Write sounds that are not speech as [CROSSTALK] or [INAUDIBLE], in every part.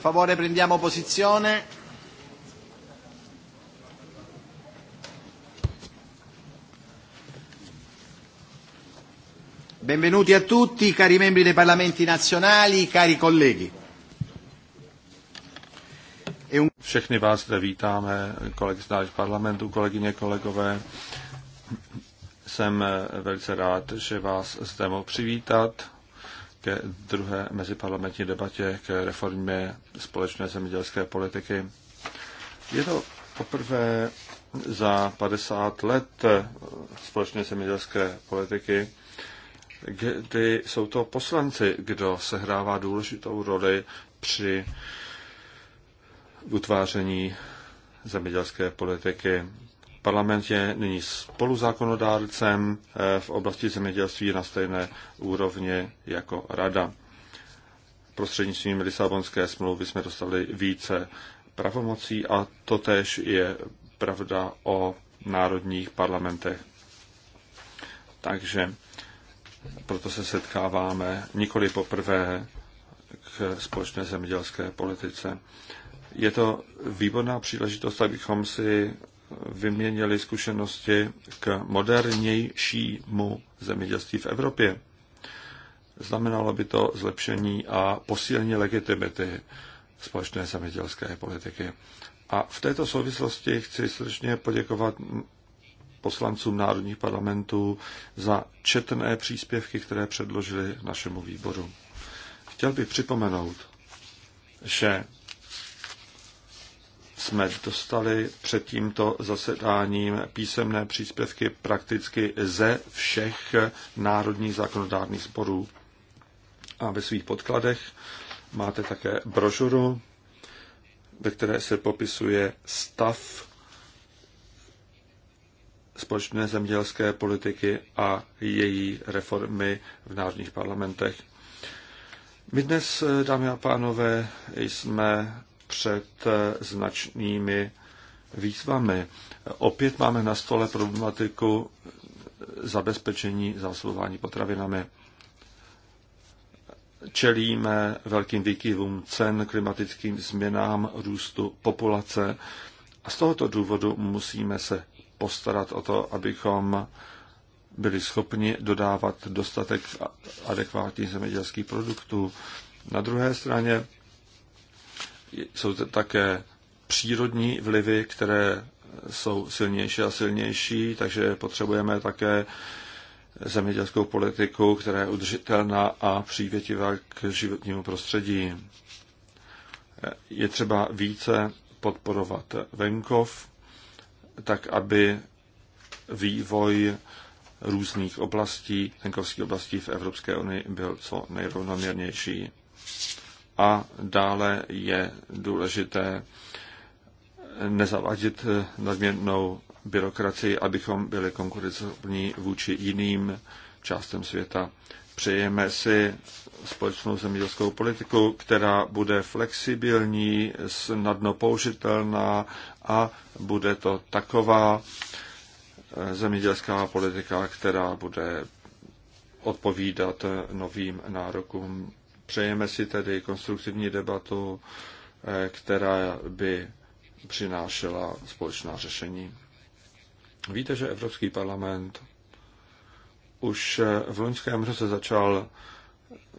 Per favore prendiamo posizione. Benvenuti a tutti, cari membri dei parlamenti nazionali, cari colleghi. Všechny vás zde vítáme, kolegy z náš parlamentu, kolegyně, kolegové. Jsem eh, velice rád, že vás zde mohu přivítat ke druhé meziparlamentní debatě k reformě společné zemědělské politiky. Je to poprvé za 50 let společné zemědělské politiky, kdy jsou to poslanci, kdo sehrává důležitou roli při utváření zemědělské politiky. Parlament je nyní spoluzákonodárcem eh, v oblasti zemědělství na stejné úrovni jako Rada. Prostřednictvím Lisabonské smlouvy jsme dostali více pravomocí a totež je pravda o národních parlamentech. Takže proto se setkáváme nikoli poprvé k společné zemědělské politice. Je to výborná příležitost, abychom si vyměnili zkušenosti k modernějšímu zemědělství v Evropě. Znamenalo by to zlepšení a posílení legitimity společné zemědělské politiky. A v této souvislosti chci srdečně poděkovat poslancům národních parlamentů za četné příspěvky, které předložili našemu výboru. Chtěl bych připomenout, že jsme dostali před tímto zasedáním písemné příspěvky prakticky ze všech národních zákonodárných sborů. A ve svých podkladech máte také brožuru, ve které se popisuje stav společné zemědělské politiky a její reformy v národních parlamentech. My dnes, dámy a pánové, jsme před eh, značnými výzvami. Opět máme na stole problematiku eh, zabezpečení zásobování potravinami. Čelíme velkým výkyvům cen, klimatickým změnám, růstu populace a z tohoto důvodu musíme se postarat o to, abychom byli schopni dodávat dostatek adekvátních zemědělských produktů. Na druhé straně jsou to také přírodní vlivy, které jsou silnější a silnější, takže potřebujeme také zemědělskou politiku, která je udržitelná a přívětivá k životnímu prostředí. Je třeba více podporovat venkov, tak aby vývoj různých oblastí, venkovských oblastí v Evropské unii byl co nejrovnoměrnější a dále je důležité nezavadit nadměrnou byrokracii, abychom byli konkurenceschopní vůči jiným částem světa. Přejeme si společnou zemědělskou politiku, která bude flexibilní, snadno použitelná a bude to taková zemědělská politika, která bude odpovídat novým nárokům Přejeme si tedy konstruktivní debatu, eh, která by přinášela společná řešení. Víte, že Evropský parlament už eh, v loňském roce začal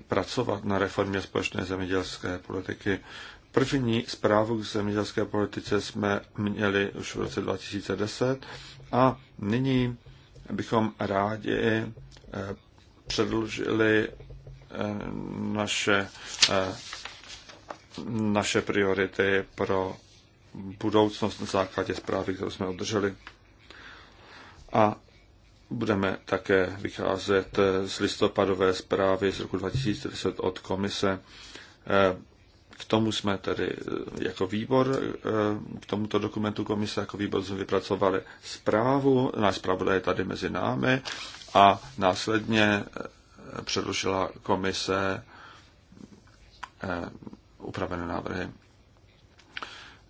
pracovat na reformě společné zemědělské politiky. První zprávu k zemědělské politice jsme měli už v roce 2010 a nyní bychom rádi eh, předložili Eh, naše, eh, naše priority pro budoucnost na základě zprávy, kterou jsme obdrželi. A budeme také vycházet z listopadové zprávy z roku 2010 od komise. Eh, k tomu jsme tedy jako výbor, k tomuto dokumentu komise jako výbor jsme vypracovali zprávu, náš zpravodaj je tady mezi námi a následně předložila komise eh, upravené návrhy.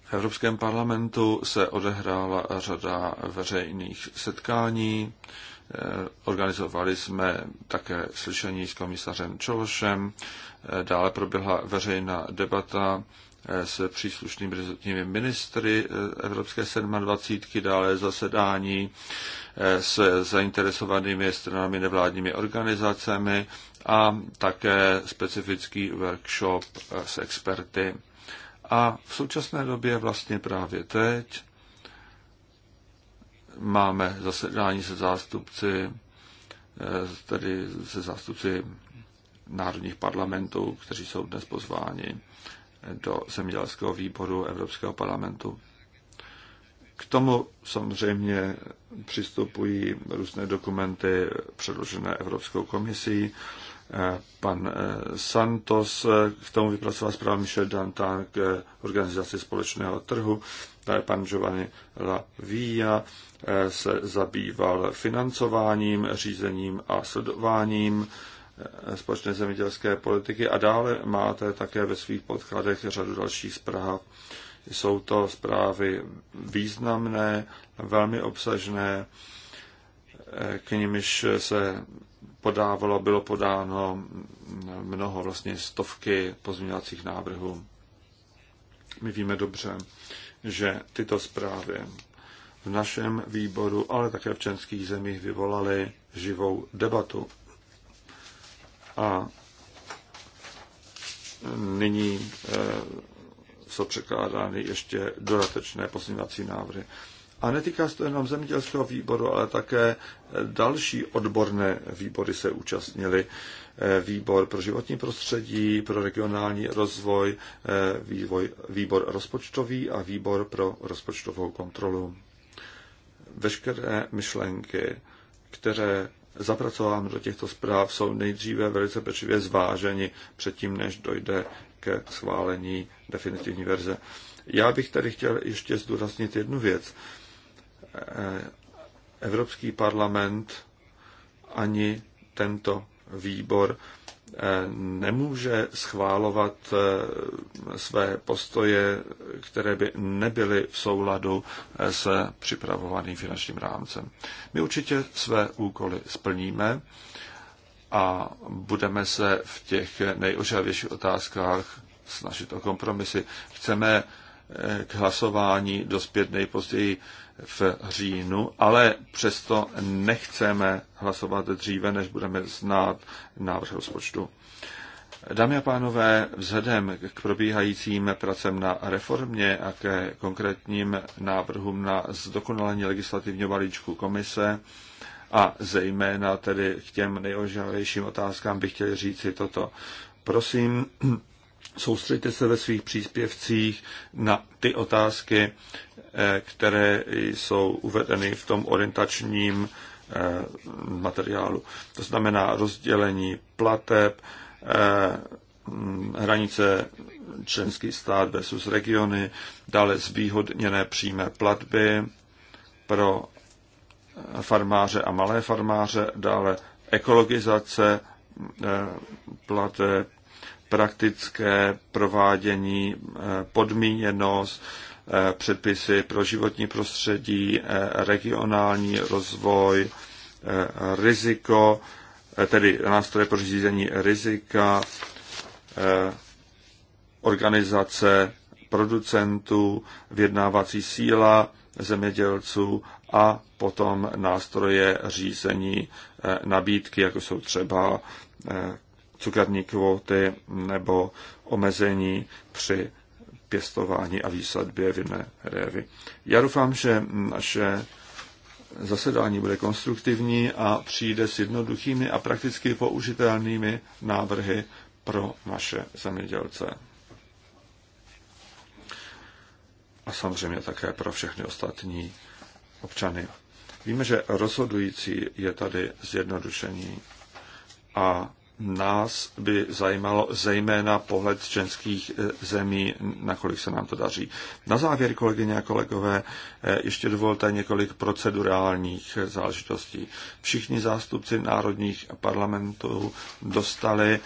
V Evropském parlamentu se odehrála řada veřejných setkání. Eh, organizovali jsme také slyšení s komisařem Čološem. Eh, dále proběhla veřejná debata s příslušnými rezortními ministry eh, Evropské 27, dále zasedání eh, s zainteresovanými stranami nevládními organizacemi a také specifický workshop eh, s experty. A v současné době vlastně právě teď máme zasedání se zástupci, tedy se zástupci národních parlamentů, kteří jsou dnes pozváni do zemědělského výboru Evropského parlamentu. K tomu samozřejmě přistupují různé dokumenty předložené Evropskou komisí. Pan eh, Santos eh, k tomu vypracoval zprávu Michel Dantan k organizaci společného trhu. Tady pan Giovanni La Villa eh, se zabýval financováním, řízením a sledováním společné zemědělské politiky a dále máte také ve svých podkladech řadu dalších zpráv. Jsou to zprávy významné, velmi obsažné, k nimiž se podávalo, bylo podáno mnoho, vlastně stovky pozměňovacích návrhů. My víme dobře, že tyto zprávy v našem výboru, ale také v českých zemích vyvolaly živou debatu. A nyní eh, jsou překládány ještě dodatečné pozměňovací návrhy. A netýká se to jenom zemědělského výboru, ale také eh, další odborné výbory se účastnili. Eh, výbor pro životní prostředí, pro regionální rozvoj, vývoj, výbor rozpočtový a výbor pro rozpočtovou kontrolu. Veškeré myšlenky, které zapracováno do těchto zpráv, jsou nejdříve velice pečlivě zváženi předtím, než dojde ke schválení definitivní verze. Já bych tady chtěl ještě zdůraznit jednu věc. Eh, Evropský parlament ani tento výbor nemůže schválovat eh, své postoje, které by nebyly v souladu eh, s připravovaným finančním rámcem. My určitě své úkoly splníme a budeme se v těch nejožavějších otázkách snažit o kompromisy. Chceme eh, k hlasování dospět nejpozději v říjnu, ale přesto nechceme hlasovat dříve, než budeme znát návrh rozpočtu. Dámy a pánové, vzhledem k probíhajícím pracem na reformě a ke konkrétním návrhům na zdokonalení legislativního balíčku komise a zejména tedy k těm nejožalejším otázkám bych chtěl říci toto. Prosím, soustředte se ve svých příspěvcích na ty otázky, eh, které jsou uvedeny v tom orientačním eh, materiálu. To znamená rozdělení plateb, eh, hranice členský stát versus regiony, dále zvýhodněné přímé platby pro farmáře a malé farmáře, dále ekologizace plateb, praktické provádění, eh, podmíněnost, eh, předpisy pro životní prostředí, eh, regionální rozvoj, riziko, tedy nástroje pro řízení rizika, organizace producentů, vyjednávací síla zemědělců a potom nástroje řízení nabídky, jako jsou třeba cukerní kvóty nebo omezení při pěstování a výsadbě vinné révy. Já doufám, že naše zasedání bude konstruktivní a přijde s jednoduchými a prakticky použitelnými návrhy pro naše zemědělce. A samozřejmě také pro všechny ostatní občany. Víme, že rozhodující je tady zjednodušení a nás by zajímalo zejména pohled členských eh, zemí, nakolik se nám to daří. Na závěr, kolegyně a kolegové, eh, ještě dovolte několik procedurálních eh, záležitostí. Všichni zástupci národních parlamentů dostali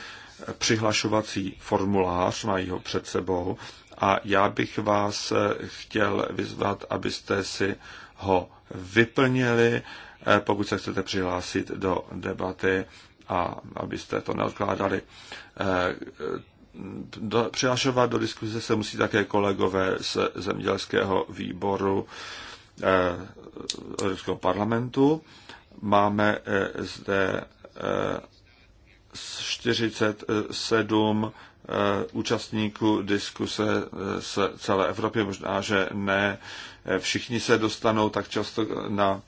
přihlašovací formulář, mají ho před sebou a já bych vás chtěl vyzvat, abyste si ho vyplnili, pokud se chcete přihlásit do debaty a abyste to neodkládali. Eh, do, přihlašovat do diskuze se musí také kolegové z zemědělského výboru eh, Evropského parlamentu. Máme eh, zde 47 účastníků diskuse z celé Evropy. Možná, že ne všichni se dostanou tak často na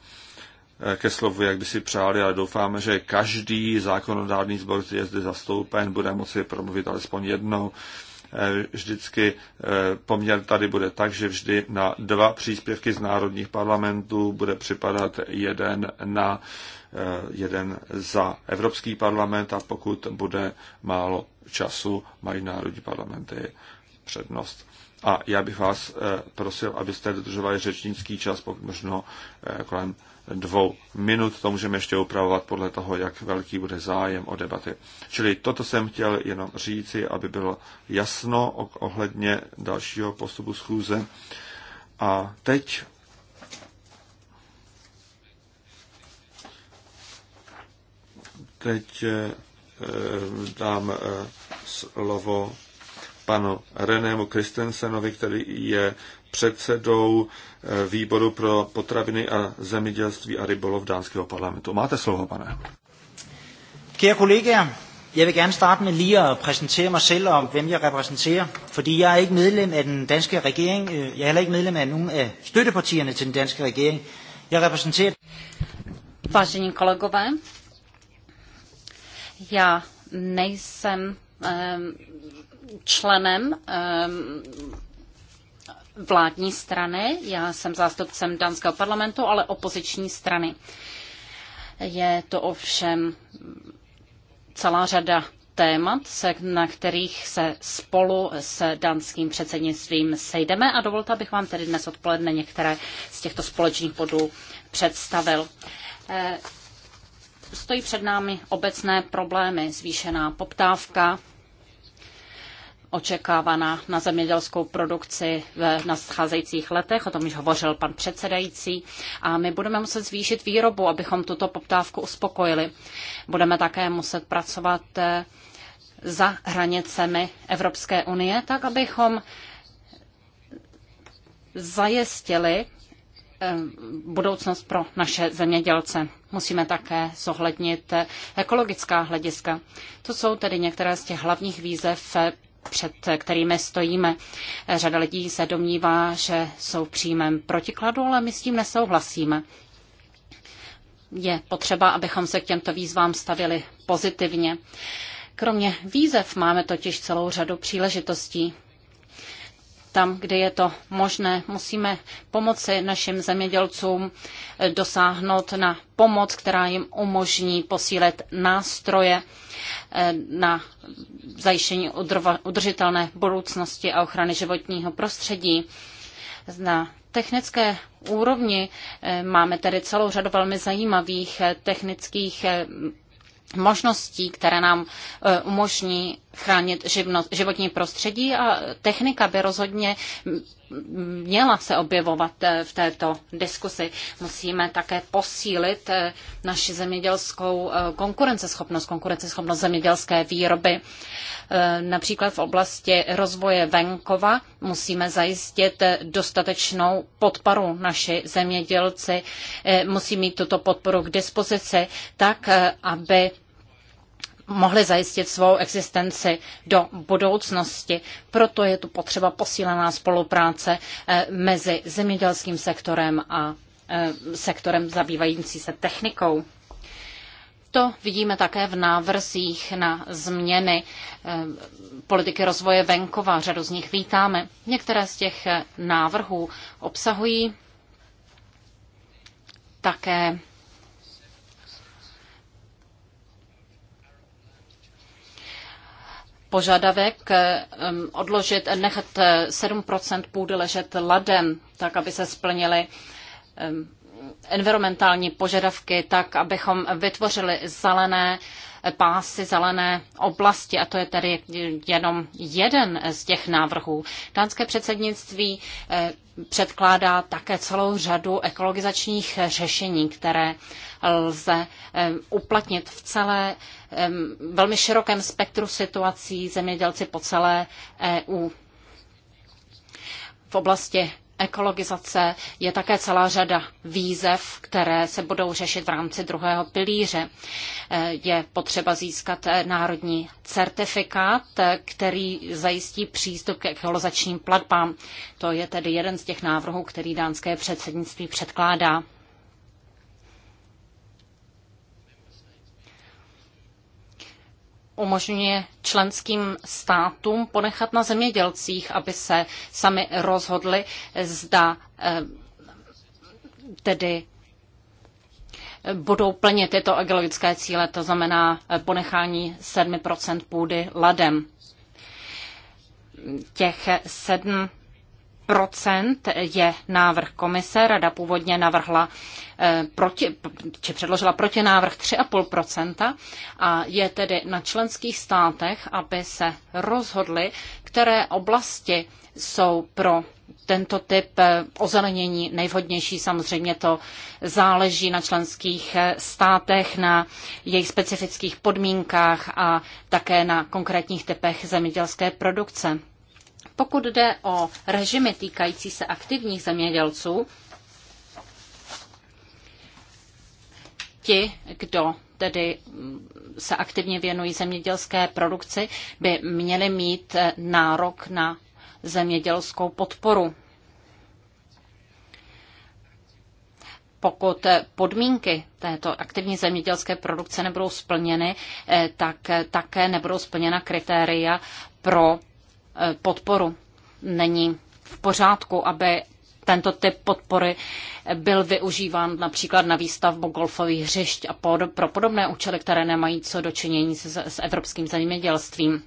Eh, ke slovu, jak by si přáli, ale doufáme, že každý zákonodárný sbor, který je zde zastoupen, bude moci promluvit alespoň jednou. Eh, vždycky eh, poměr tady bude tak, že vždy na dva příspěvky z národních parlamentů bude připadat jeden na jeden za Evropský parlament a pokud bude málo času, mají národní parlamenty přednost. A já bych vás prosil, abyste dodržovali řečnický čas, pokud možno kolem dvou minut. To můžeme ještě upravovat podle toho, jak velký bude zájem o debaty. Čili toto jsem chtěl jenom říci, aby bylo jasno ohledně dalšího postupu schůze. A teď teď eh, eh, dám eh, slovo panu Renému Kristensenovi, který je předsedou eh, výboru pro potraviny a zemědělství a rybolov dánského parlamentu. Máte slovo, pane. Kære kollegaer, jeg vil gerne starte med lige at præsentere mig selv og hvem jeg repræsenterer, fordi jeg er ikke medlem af den danske regering, øh, jeg er heller ikke medlem af nogen af støttepartierne til den danske regering. Jeg repræsenterer... Vážení kolegové, já nejsem um, členem um, vládní strany, já jsem zástupcem dánského parlamentu, ale opoziční strany. Je to ovšem celá řada témat, se, na kterých se spolu s dánským předsednictvím sejdeme a dovolte, abych vám tedy dnes odpoledne některé z těchto společných bodů představil. Eh, stojí před námi obecné problémy, zvýšená poptávka, očekávána na zemědělskou produkci v nadcházejících letech, o tom již hovořil pan předsedající, a my budeme muset zvýšit výrobu, abychom tuto poptávku uspokojili. Budeme také muset pracovat eh, za hranicemi Evropské unie, tak abychom zajistili eh, budoucnost pro naše zemědělce. Musíme také zohlednit eh, ekologická hlediska. To jsou tedy některé z těch hlavních výzev, před kterými stojíme. Řada lidí se domnívá, že jsou v přímém protikladu, ale my s tím nesouhlasíme. Je potřeba, abychom se k těmto výzvám stavili pozitivně. Kromě výzev máme totiž celou řadu příležitostí tam, kde je to možné. Musíme pomoci našim zemědělcům dosáhnout na pomoc, která jim umožní posílit nástroje eh, na zajištění udržitelné budoucnosti a ochrany životního prostředí. Na technické úrovni eh, máme tedy celou řadu velmi zajímavých eh, technických možností, které nám umožní chránit živnost, životní prostředí a technika by rozhodně měla se objevovat eh, v této diskusi. Musíme také posílit eh, naši zemědělskou eh, konkurenceschopnost, konkurenceschopnost zemědělské výroby. Například v oblasti rozvoje venkova musíme zajistit dostatečnou podporu. Naši zemědělci musí mít tuto podporu k dispozici tak, aby mohly zajistit svou existenci do budoucnosti. Proto je tu potřeba posílená spolupráce eh, mezi zemědělským sektorem a eh, sektorem zabývající se technikou. To vidíme také v návrzích na změny eh, politiky rozvoje venkova. Řadu z nich vítáme. Některé z těch návrhů obsahují také požadavek ehm, odložit, nechat 7 eh, půdy ležet ladem, tak aby se splnily ehm, environmentální požadavky, tak abychom vytvořili zelené eh, pásy zelené oblasti a to je tedy jenom jeden z těch návrhů. Dánské předsednictví eh, předkládá také celou řadu ekologizačních řešení, které lze uplatnit v celé velmi širokém spektru situací zemědělci po celé EU. V oblasti ekologizace je také celá řada výzev, které se budou řešit v rámci druhého pilíře. E, je potřeba získat národní certifikát, který zajistí přístup k ekologizačním platbám. To je tedy jeden z těch návrhů, který dánské předsednictví předkládá. umožňuje členským státům ponechat na zemědělcích, aby se sami rozhodli, zda eh, tedy eh, budou plnit tyto ekologické cíle, to znamená eh, ponechání 7 půdy ladem. Těch 7 Procent je návrh komise. Rada původně navrhla eh, proti, či předložila protinávrh 3,5 a je tedy na členských státech, aby se rozhodly, které oblasti jsou pro tento typ eh, ozelenění nejvhodnější. Samozřejmě to záleží na členských eh, státech, na jejich specifických podmínkách a také na konkrétních typech zemědělské produkce. Pokud jde o režimy týkající se aktivních zemědělců, ti, kdo tedy se aktivně věnují zemědělské produkci, by měli mít nárok na zemědělskou podporu. Pokud podmínky této aktivní zemědělské produkce nebudou splněny, eh, tak také nebudou splněna kritéria pro Eh, podporu. Není v pořádku, aby tento typ podpory byl využíván například na výstavbu golfových hřišť a pod, pro podobné účely, které nemají co dočinění s, s evropským zemědělstvím.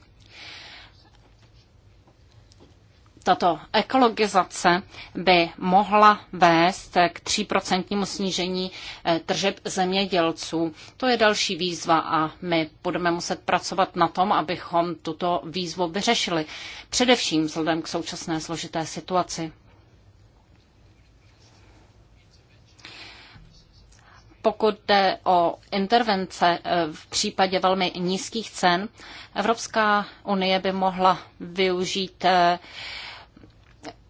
Tato ekologizace by mohla vést k 3% snížení eh, tržeb zemědělců. To je další výzva a my budeme muset pracovat na tom, abychom tuto výzvu vyřešili, především vzhledem k současné složité situaci. pokud jde o intervence eh, v případě velmi nízkých cen, Evropská unie by mohla využít eh,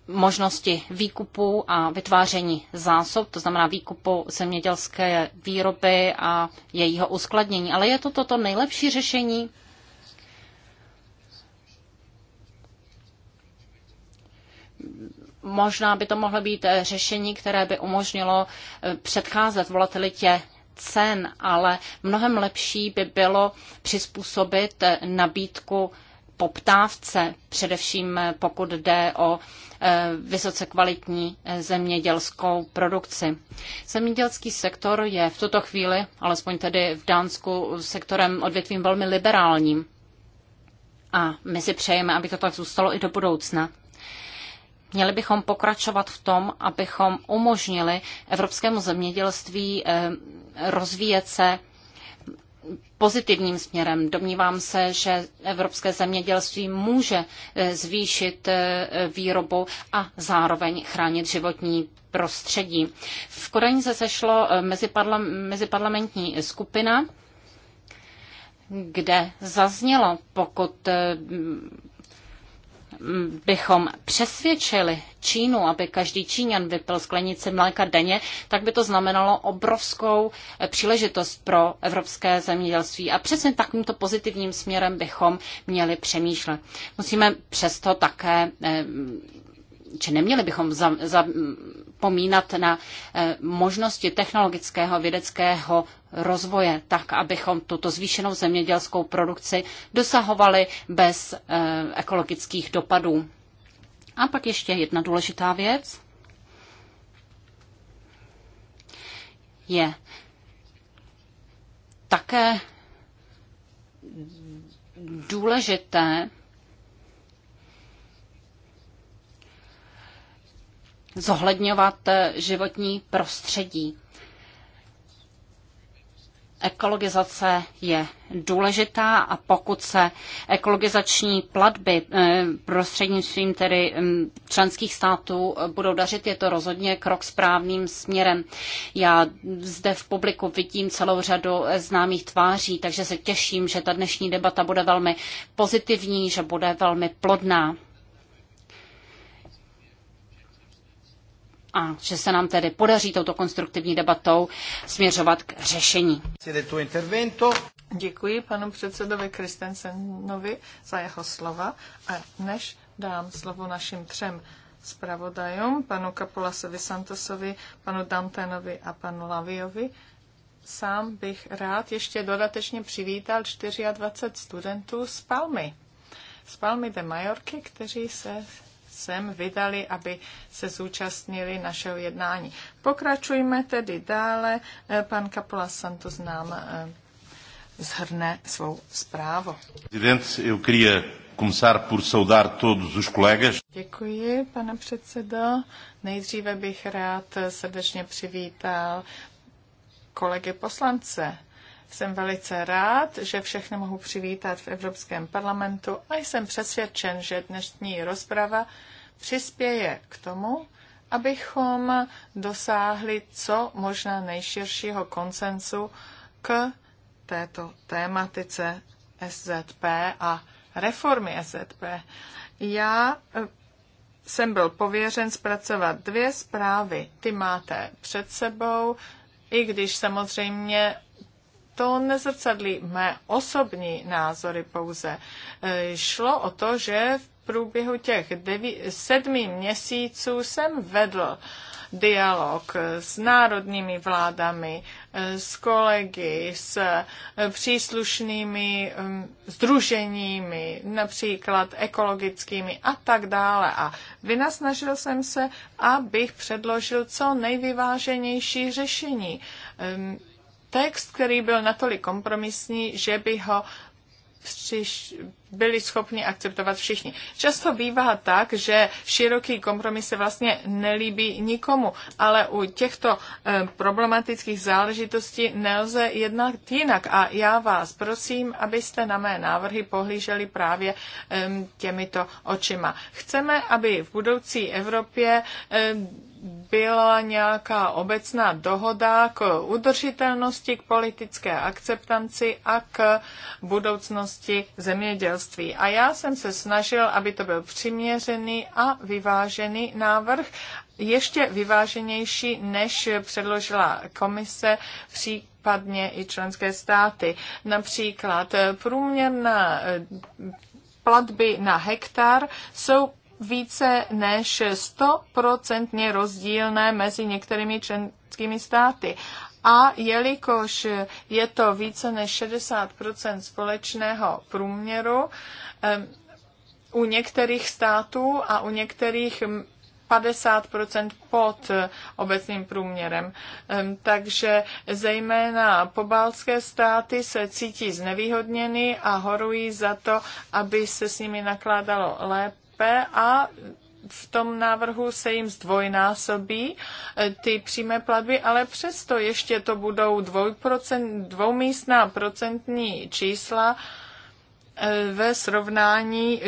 možnosti výkupu a vytváření zásob, to znamená výkupu zemědělské výroby a jejího uskladnění. Ale je to toto nejlepší řešení? Možná by to mohlo být eh, řešení, které by umožnilo eh, předcházet volatilitě cen, ale mnohem lepší by bylo přizpůsobit eh, nabídku poptávce, především pokud jde o e, vysoce kvalitní e, zemědělskou produkci. Zemědělský sektor je v tuto chvíli, alespoň tedy v Dánsku, sektorem odvětvím velmi liberálním. A my si přejeme, aby to tak zůstalo i do budoucna. Měli bychom pokračovat v tom, abychom umožnili evropskému zemědělství e, rozvíjet se pozitivním směrem. Domnívám se, že evropské zemědělství může eh, zvýšit eh, výrobu a zároveň chránit životní prostředí. V Kodani se sešlo eh, meziparlamentní skupina, kde zaznělo, pokud bychom přesvědčili Čínu, aby každý Číňan vypil sklenici mléka denně, tak by to znamenalo obrovskou eh, příležitost pro evropské zemědělství. A přesně takovýmto pozitivním směrem bychom měli přemýšlet. Musíme přesto také eh, či neměli bychom za, za, vzpomínat na eh, možnosti technologického vědeckého rozvoje, tak abychom tuto zvýšenou zemědělskou produkci dosahovali bez eh, ekologických dopadů. A pak ještě jedna důležitá věc je také důležité zohledňovat eh, životní prostředí. Ekologizace je důležitá a pokud se ekologizační platby eh, prostřednictvím tedy mm, členských států eh, budou dařit, je to rozhodně krok správným směrem. Já zde v publiku vidím celou řadu známých tváří, takže se těším, že ta dnešní debata bude velmi pozitivní, že bude velmi plodná. a že se nám tedy podaří touto konstruktivní debatou směřovat k řešení. Děkuji panu předsedovi Kristensenovi za jeho slova a než dám slovo našim třem zpravodajům, panu Kapolasovi Santosovi, panu Dantenovi a panu Laviovi, sám bych rád ještě dodatečně přivítal 24 studentů z Palmy. Z Palmy de Majorky, kteří se sem vydali, aby se zúčastnili našeho jednání. Pokračujme tedy dále. Eh, pan Kapola Santos nám eh, zhrne svou zprávu. Děkuji, pane předsedo. Nejdříve bych rád srdečně přivítal kolegy poslance jsem velice rád, že všechny mohu přivítat v Evropském parlamentu a jsem přesvědčen, že dnešní rozprava přispěje k tomu, abychom dosáhli co možná nejširšího konsenzu k této tématice SZP a reformy SZP. Já eh, jsem byl pověřen zpracovat dvě zprávy. Ty máte před sebou, i když samozřejmě to nezrcadlí mé osobní názory pouze. E, šlo o to, že v průběhu těch devi- sedmi měsíců jsem vedl dialog s národními vládami, e, s kolegy, s e, příslušnými združeními, například ekologickými a tak dále. A vynasnažil jsem se, abych předložil co nejvyváženější řešení text, který byl natolik kompromisní, že by ho přiš, byli schopni akceptovat všichni. Často bývá tak, že široký kompromis se vlastně nelíbí nikomu, ale u těchto e, problematických záležitostí nelze jednat jinak. A já vás prosím, abyste na mé návrhy pohlíželi právě e, těmito očima. Chceme, aby v budoucí Evropě e, byla nějaká obecná dohoda k udržitelnosti, k politické akceptanci a k budoucnosti zemědělství. A já jsem se snažil, aby to byl přiměřený a vyvážený návrh, ještě vyváženější, než předložila komise případně i členské státy. Například průměrná platby na hektar jsou více než 100% rozdílné mezi některými členskými státy. A jelikož je to více než 60% společného průměru, u některých států a u některých 50 pod obecným průměrem. Takže zejména pobaltské státy se cítí znevýhodněny a horují za to, aby se s nimi nakládalo lépe HDP a v tom návrhu se jim zdvojnásobí e, ty přímé platby, ale přesto ještě to budou dvouprocent, dvoumístná procentní čísla e, ve srovnání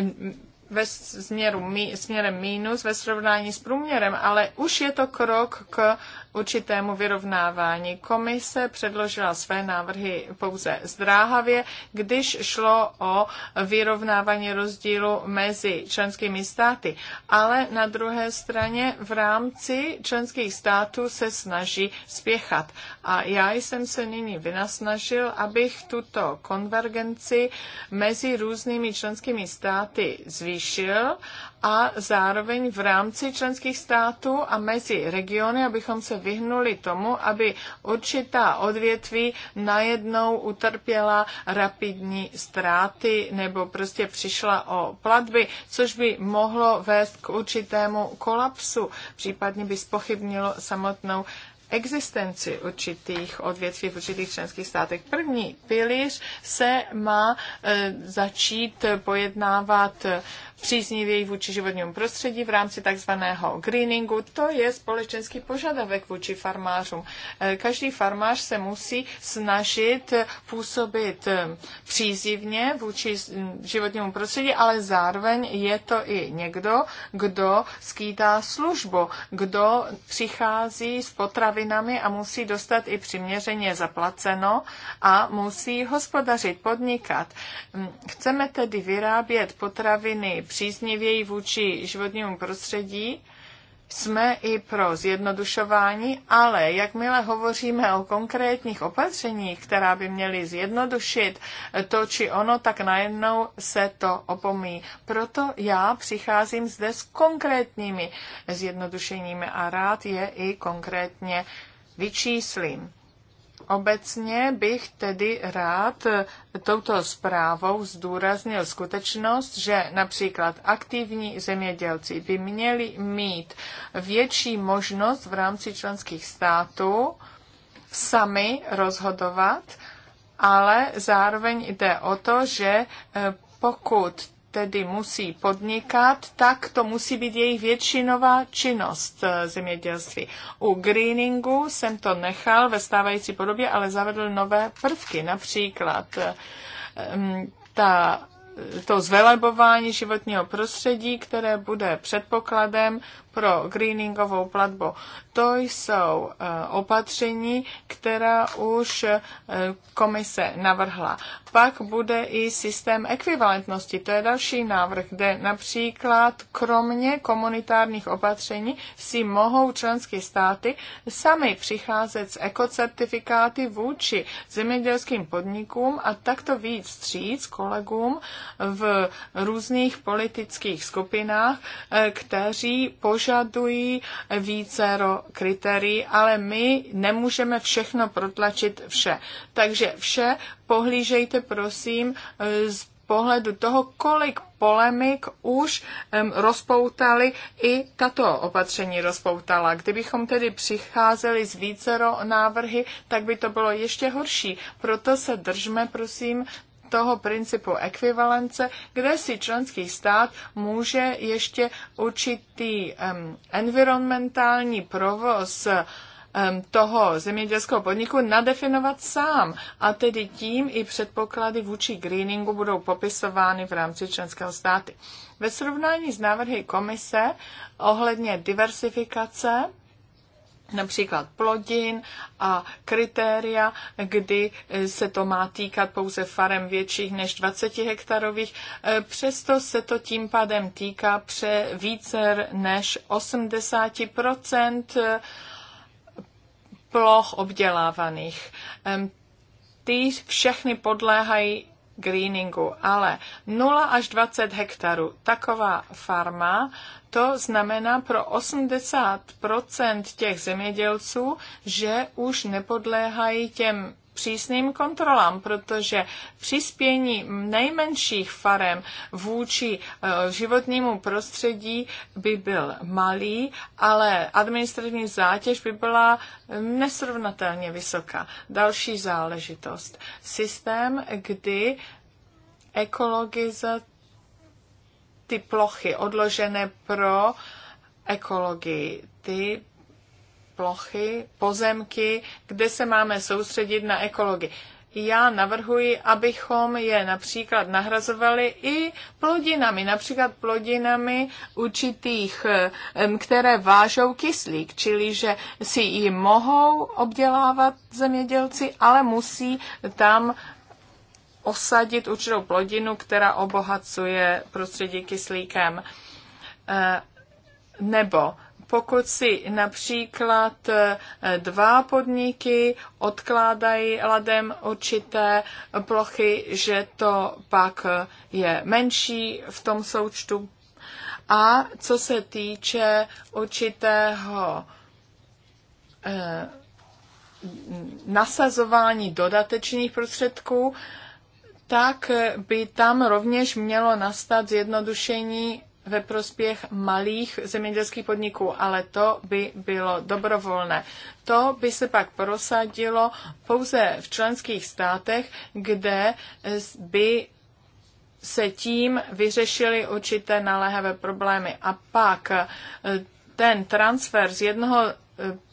ve směru, směrem mínus ve srovnání s průměrem, ale už je to krok k určitému vyrovnávání. Komise předložila své návrhy pouze zdráhavě, když šlo o vyrovnávání rozdílu mezi členskými státy. Ale na druhé straně v rámci členských států se snaží spěchat. A já jsem se nyní vynasnažil, abych tuto konvergenci mezi různými členskými státy zvýšil a zároveň v rámci členských států a mezi regiony, abychom se vyhnuli tomu, aby určitá odvětví najednou utrpěla rapidní ztráty nebo prostě přišla o platby, což by mohlo vést k určitému kolapsu, případně by spochybnilo samotnou existenci určitých odvětví v určitých členských státech. První pilíř se má e, začít pojednávat e, příznivěji vůči životnímu prostředí v rámci takzvaného greeningu. To je společenský požadavek vůči farmářům. E, každý farmář se musí snažit působit e, příznivně vůči životnímu prostředí, ale zároveň je to i někdo, kdo skýtá službu, kdo přichází s potravinami a musí dostat i přiměřeně zaplaceno a musí hospodařit, podnikat. Chceme tedy vyrábět potraviny příznivěji vůči životnímu prostředí, jsme i pro zjednodušování, ale jakmile hovoříme o konkrétních opatřeních, která by měly zjednodušit to či ono, tak najednou se to opomíjí. Proto já přicházím zde s konkrétními zjednodušeními a rád je i konkrétně vyčíslím. Obecně bych tedy rád touto zprávou zdůraznil skutečnost, že například aktivní zemědělci by měli mít větší možnost v rámci členských států sami rozhodovat, ale zároveň jde o to, že pokud tedy musí podnikat, tak to musí být jejich většinová činnost eh, zemědělství. U greeningu jsem to nechal ve stávající podobě, ale zavedl nové prvky, například eh, mm, ta, eh, to zvelebování životního prostředí, které bude předpokladem pro greeningovou platbu. To jsou eh, opatření, která už eh, komise navrhla. Pak bude i systém ekvivalentnosti. To je další návrh, kde například kromě komunitárních opatření si mohou členské státy sami přicházet s ekocertifikáty vůči zemědělským podnikům a takto víc stříc kolegům v různých politických skupinách, eh, kteří po požadují více kritérií, ale my nemůžeme všechno protlačit vše. Takže vše pohlížejte prosím z pohledu toho, kolik polemik už um, rozpoutali i tato opatření rozpoutala. Kdybychom tedy přicházeli s vícero návrhy, tak by to bylo ještě horší. Proto se držme, prosím, toho principu ekvivalence, kde si členský stát může ještě určitý um, environmentální provoz um, toho zemědělského podniku nadefinovat sám. A tedy tím i předpoklady vůči greeningu budou popisovány v rámci členského státu. Ve srovnání s návrhy komise ohledně diversifikace například plodin a kritéria, kdy eh, se to má týkat pouze farem větších než 20 hektarových, eh, přesto se to tím pádem týká pře více než 80 eh, ploch obdělávaných. Ty všechny podléhají greeningu, ale 0 až 20 hektarů, taková farma, to znamená pro 80% těch zemědělců, že už nepodléhají těm přísným kontrolám, protože přispění nejmenších farem vůči eh, životnímu prostředí by byl malý, ale administrativní zátěž by byla nesrovnatelně vysoká. Další záležitost. Systém, kdy ekologizace ty plochy odložené pro ekologii, ty plochy, pozemky, kde se máme soustředit na ekologii. Já navrhuji, abychom je například nahrazovali i plodinami, například plodinami určitých, které vážou kyslík, čili že si ji mohou obdělávat zemědělci, ale musí tam osadit určitou plodinu, která obohacuje prostředí kyslíkem. E, nebo pokud si například eh, dva podniky odkládají ladem určité plochy, že to pak eh, je menší v tom součtu. A co se týče určitého eh, nasazování dodatečných prostředků, tak by tam rovněž mělo nastat zjednodušení ve prospěch malých zemědělských podniků, ale to by bylo dobrovolné. To by se pak prosadilo pouze v členských státech, kde by se tím vyřešily určité naléhavé problémy. A pak eh, ten transfer z jednoho eh,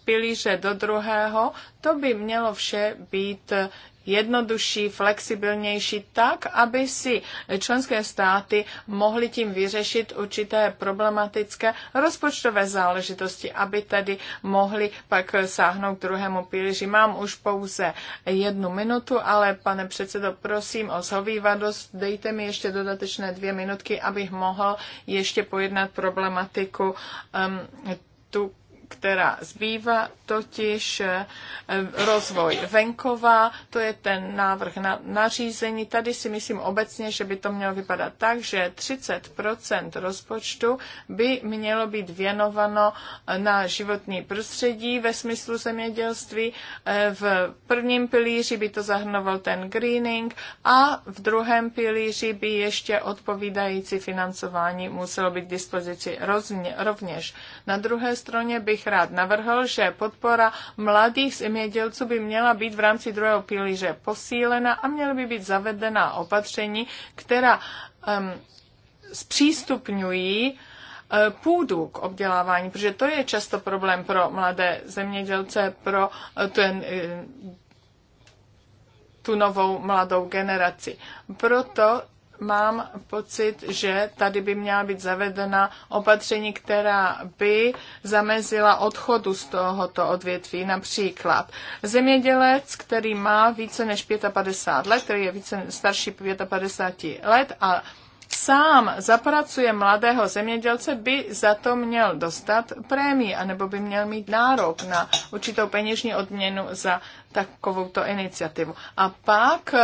pilíře do druhého, to by mělo vše být eh, jednodušší, flexibilnější, tak, aby si členské státy mohly tím vyřešit určité problematické rozpočtové záležitosti, aby tedy mohli pak sáhnout k druhému pilíři. Mám už pouze jednu minutu, ale pane předsedo, prosím o zhovývadost, dejte mi ještě dodatečné dvě minutky, abych mohl ještě pojednat problematiku um, tu která zbývá, totiž eh, rozvoj venkova, to je ten návrh na nařízení. Tady si myslím obecně, že by to mělo vypadat tak, že 30 rozpočtu by mělo být věnovano eh, na životní prostředí ve smyslu zemědělství. Eh, v prvním pilíři by to zahrnoval ten greening a v druhém pilíři by ještě odpovídající financování muselo být k dispozici rovněž. Na druhé straně bych bych rád navrhl, že podpora mladých zemědělců by měla být v rámci druhého pilíře posílena a měly by být zavedena opatření, která um, zpřístupňují e, půdu k obdělávání, protože to je často problém pro mladé zemědělce, pro e, ten, e, tu novou mladou generaci. Proto mám pocit, že tady by měla být zavedena opatření, která by zamezila odchodu z tohoto odvětví. Například zemědělec, který má více než 55 let, který je více starší 55 let a sám zapracuje mladého zemědělce, by za to měl dostat prémii, anebo by měl mít nárok na určitou peněžní odměnu za takovouto iniciativu. A pak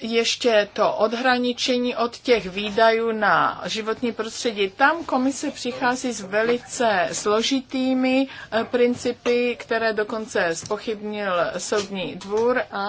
ještě to odhraničení od těch výdajů na životní prostředí. Tam komise přichází s velice složitými eh, principy, které dokonce spochybnil soudní dvůr a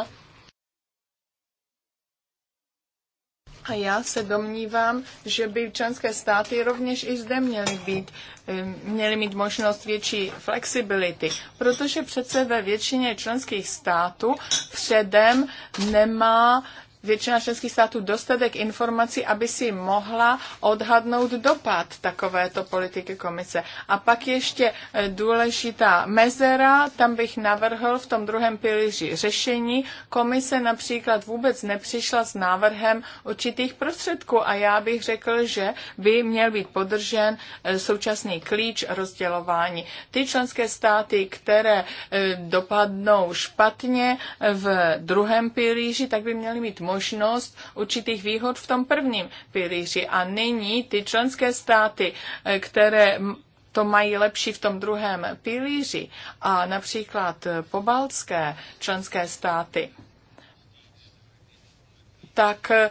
A já se domnívám, že by členské státy rovněž i zde měly, být, eh, měly mít možnost větší flexibility, protože přece ve většině členských států předem nemá většina členských států dostatek informací, aby si mohla odhadnout dopad takovéto politiky komise. A pak ještě e, důležitá mezera, tam bych navrhl v tom druhém pilíři řešení. Komise například vůbec nepřišla s návrhem určitých prostředků a já bych řekl, že by měl být podržen e, současný klíč rozdělování. Ty členské státy, které e, dopadnou špatně v druhém pilíři, tak by měly mít možnost určitých výhod v tom prvním pilíři. A nyní ty členské státy, eh, které to mají lepší v tom druhém pilíři a například eh, pobaltské členské státy, tak eh,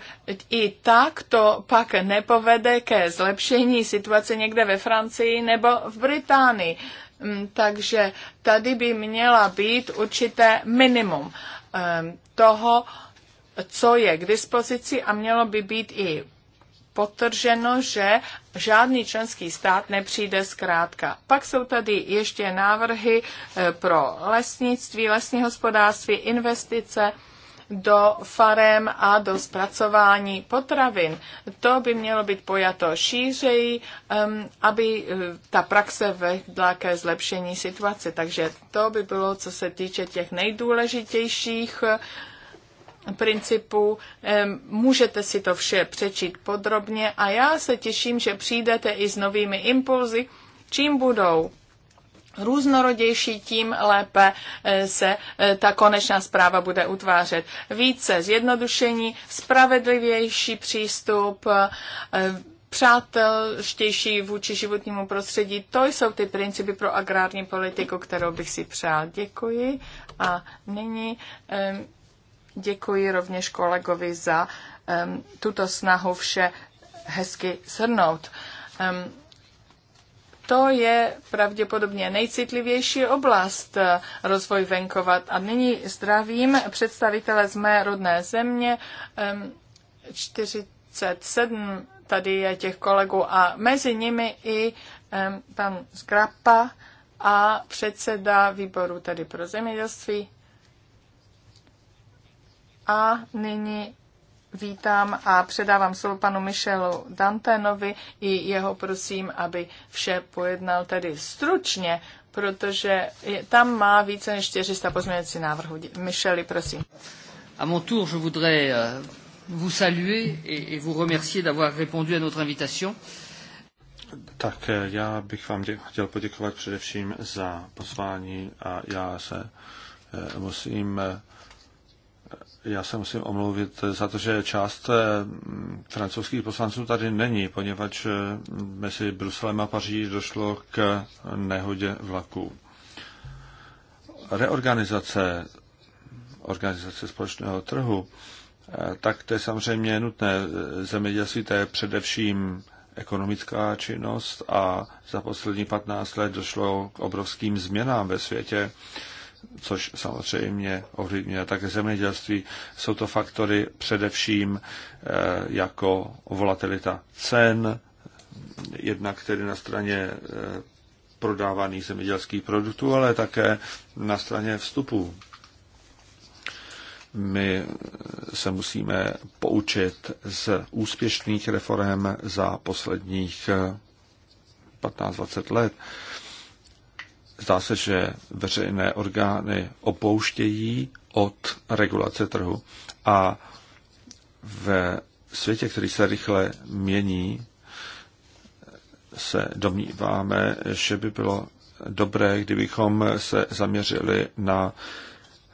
i tak to pak nepovede ke zlepšení situace někde ve Francii nebo v Británii. Mm, takže tady by měla být určité minimum ehm, toho, co je k dispozici a mělo by být i potrženo, že žádný členský stát nepřijde zkrátka. Pak jsou tady ještě návrhy eh, pro lesnictví, lesní hospodářství, investice do farem a do zpracování potravin. To by mělo být pojato šířeji, aby eh, ta praxe vedla ke zlepšení situace. Takže to by bylo, co se týče těch nejdůležitějších principů. Můžete si to vše přečít podrobně a já se těším, že přijdete i s novými impulzy, čím budou různorodější, tím lépe eh, se eh, ta konečná zpráva bude utvářet. Více zjednodušení, spravedlivější přístup, eh, přátelštější vůči životnímu prostředí. To jsou ty principy pro agrární politiku, kterou bych si přál. Děkuji. A nyní Děkuji rovněž kolegovi za um, tuto snahu vše hezky shrnout. Um, to je pravděpodobně nejcitlivější oblast eh, rozvoj venkovat. A nyní zdravím představitele z mé rodné země. Um, 47 tady je těch kolegů a mezi nimi i um, pan Skrapa a předseda výboru tady pro zemědělství a nyní vítám a předávám slovo panu Michelu Dantenovi i jeho prosím, aby vše pojednal tedy stručně, protože je, tam má více než 400 pozměňovacích návrhů. Micheli, prosím. A mon tour, je voudrais euh, vous saluer et, vous remercier d'avoir répondu à notre invitation. Tak eh, já bych vám dě- chtěl poděkovat především za pozvání a já se eh, musím eh, já se musím omluvit za to, že část eh, francouzských poslanců tady není, poněvadž eh, mezi Bruselem a Paříží došlo k nehodě vlaků. Reorganizace organizace společného trhu, eh, tak to je samozřejmě nutné. Zemědělství to je především ekonomická činnost a za poslední 15 let došlo k obrovským změnám ve světě což samozřejmě ovlivňuje také zemědělství. Jsou to faktory především eh, jako volatilita cen, jednak tedy na straně eh, prodávaných zemědělských produktů, ale také na straně vstupů. My se musíme poučit z úspěšných reform za posledních 15-20 eh, let. Zdá se, že veřejné orgány opouštějí od regulace trhu a ve světě, který se rychle mění, se domníváme, že by bylo dobré, kdybychom se zaměřili na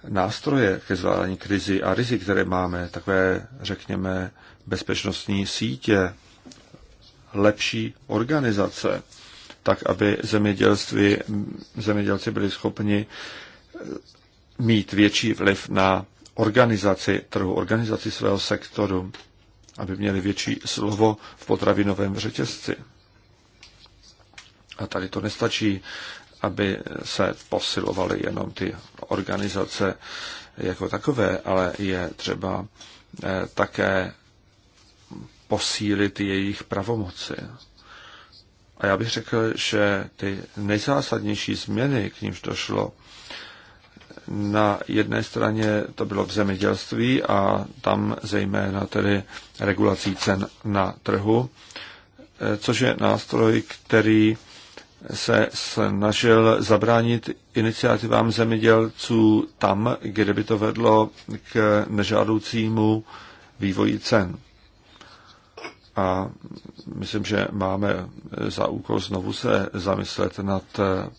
nástroje ke zvládání krizi a rizik, které máme, takové, řekněme, bezpečnostní sítě, lepší organizace tak aby zemědělství, zemědělci byli schopni eh, mít větší vliv na organizaci trhu, organizaci svého sektoru, aby měli větší slovo v potravinovém řetězci. A tady to nestačí, aby se posilovaly jenom ty organizace jako takové, ale je třeba eh, také posílit jejich pravomoci. A já bych řekl, že ty nejzásadnější změny, k nímž došlo, na jedné straně to bylo v zemědělství a tam zejména tedy regulací cen na trhu, eh, což je nástroj, který se snažil zabránit iniciativám zemědělců tam, kde by to vedlo k nežádoucímu vývoji cen a myslím, že máme za úkol znovu se zamyslet nad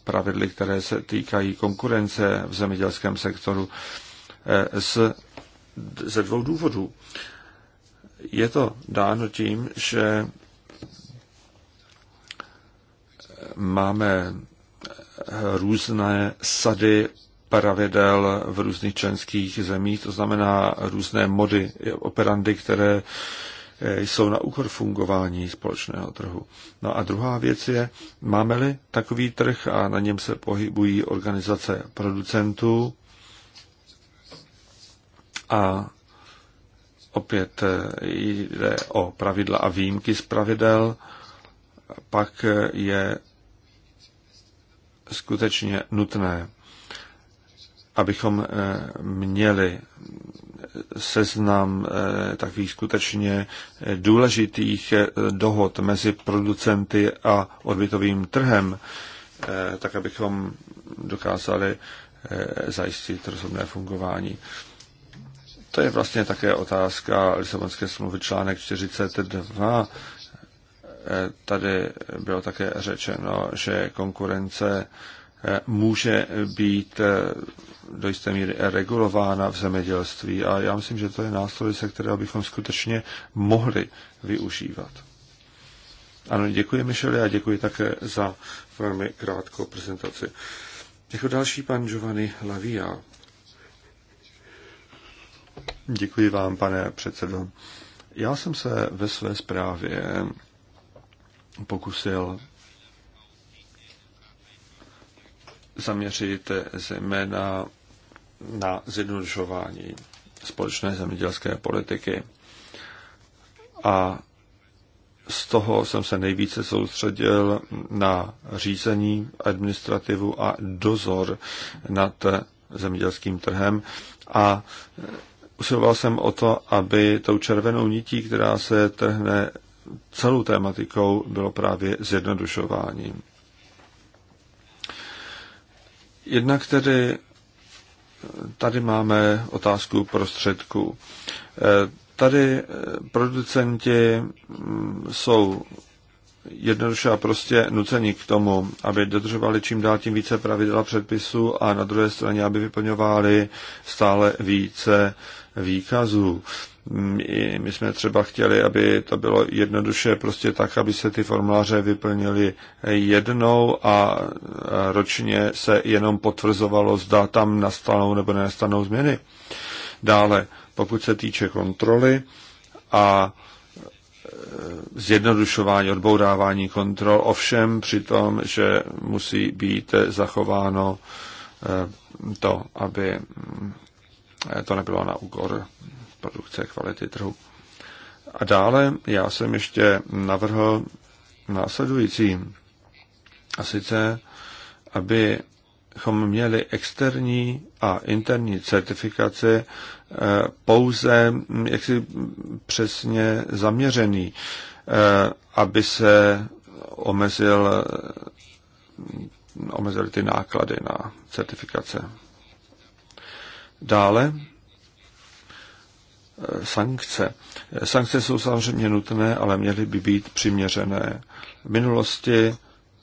pravidly, které se týkají konkurence v zemědělském sektoru eh, z, ze dvou důvodů. Je to dáno tím, že máme různé sady pravidel v různých členských zemích, to znamená různé mody operandy, které Eh, jsou na úkor fungování společného trhu. No a druhá věc je, máme-li takový trh a na něm se pohybují organizace producentů a opět eh, jde o pravidla a výjimky z pravidel, pak eh, je skutečně nutné abychom eh, měli seznam eh, takových skutečně eh, důležitých dohod mezi producenty a odbytovým trhem, tak abychom dokázali zajistit rozumné fungování. To je vlastně také otázka Lisabonské smlouvy článek 42. Tady bylo také řečeno, že konkurence může být do jisté míry regulována v zemědělství a já myslím, že to je nástroj, se kterého bychom skutečně mohli využívat. Ano, děkuji Michele a děkuji také za velmi krátkou prezentaci. Jako další pan Giovanni Lavia. Děkuji vám, pane předsedo. Já jsem se ve své zprávě pokusil zaměřit zejména na zjednodušování společné zemědělské politiky. A z toho jsem se nejvíce soustředil na řízení, administrativu a dozor nad zemědělským trhem a usiloval jsem o to, aby tou červenou nití, která se trhne celou tématikou, bylo právě zjednodušování. Jednak tedy eh, tady máme otázku prostředků. Eh, tady eh, producenti mm, jsou jednoduše a prostě nuceni k tomu, aby dodržovali čím dál tím více pravidla předpisů a na druhé straně, aby vyplňovali stále více výkazů. My, mm, my jsme třeba chtěli, aby to bylo jednoduše prostě tak, aby se ty formuláře vyplnili jednou a ročně se jenom potvrzovalo, zda tam nastanou nebo nenastanou změny. Dále, pokud se týče kontroly a e, zjednodušování, odbourávání kontrol, ovšem při tom, že musí být zachováno e, to, aby mm, to nebylo na úkor produkce, kvality trhu. A dále já jsem ještě navrhl následující. A sice, abychom měli externí a interní certifikaci eh, pouze mm, jaksi přesně zaměřený, eh, aby se omezil, omezil ty náklady na certifikace. Dále sankce. Sankce jsou samozřejmě nutné, ale měly by být přiměřené. V minulosti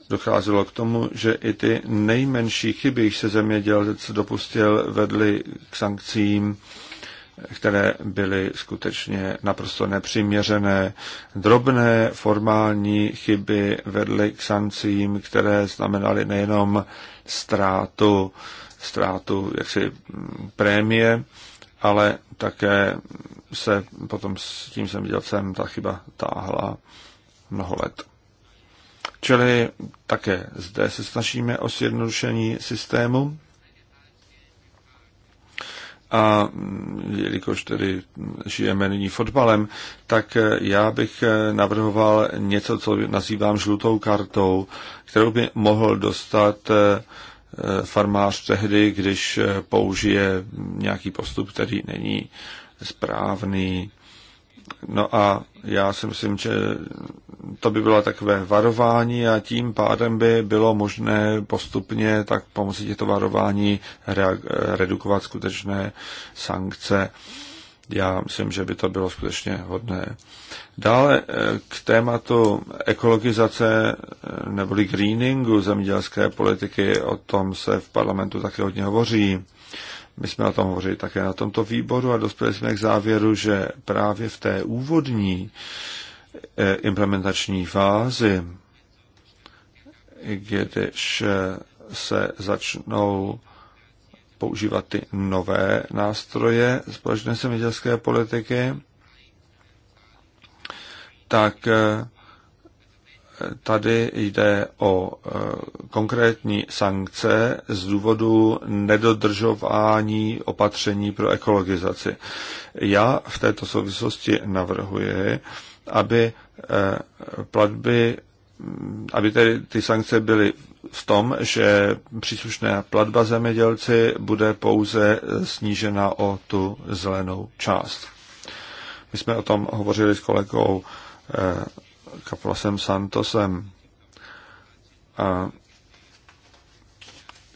docházelo k tomu, že i ty nejmenší chyby, když se zemědělec dopustil, vedly k sankcím, které byly skutečně naprosto nepřiměřené. Drobné formální chyby vedly k sankcím, které znamenaly nejenom ztrátu, ztrátu jaksi mm, prémie, ale také se potom s tím zemědělcem ta chyba táhla mnoho let. Čili také zde se snažíme o sjednodušení systému. A jelikož tedy žijeme nyní fotbalem, tak já bych navrhoval něco, co nazývám žlutou kartou, kterou by mohl dostat Eh, farmář tehdy, když eh, použije nějaký postup, který není správný. No a já si myslím, že to by bylo takové varování a tím pádem by bylo možné postupně tak pomocí těchto varování eh, redukovat skutečné sankce. Já myslím, že by to bylo skutečně hodné. Dále eh, k tématu ekologizace eh, neboli greeningu zemědělské politiky, o tom se v parlamentu také hodně hovoří. My jsme o tom hovořili také na tomto výboru a dospěli jsme k závěru, že právě v té úvodní eh, implementační fázi, když se začnou používat ty nové nástroje společné zemědělské politiky, tak eh, tady jde o eh, konkrétní sankce z důvodu nedodržování opatření pro ekologizaci. Já v této souvislosti navrhuji, aby eh, platby, aby tedy ty sankce byly v tom, že příslušná platba zemědělci bude pouze snížena o tu zelenou část. My jsme o tom hovořili s kolegou eh, Kaplasem Santosem. A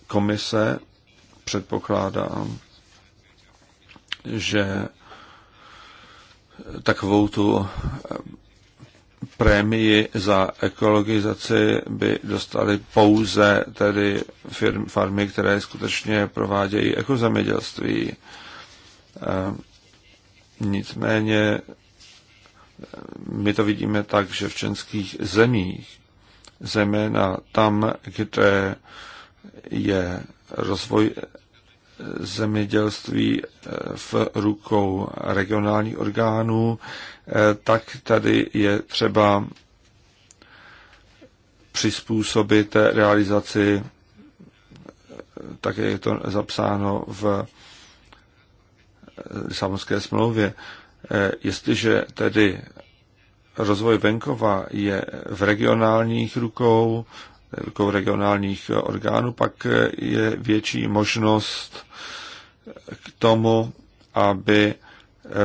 komise předpokládá, že takovou tu prémii za ekologizaci by dostaly pouze tedy firm, farmy, které skutečně provádějí ekozemědělství. Eh, nicméně eh, my to vidíme tak, že v českých zemích, zejména tam, kde je rozvoj eh, zemědělství v rukou regionálních orgánů, Eh, tak tady je třeba přizpůsobit realizaci, eh, tak je to zapsáno v eh, Lisabonské smlouvě. Jestliže tedy rozvoj venkova je v regionálních rukou, rukou regionálních orgánů, pak je větší možnost k tomu, aby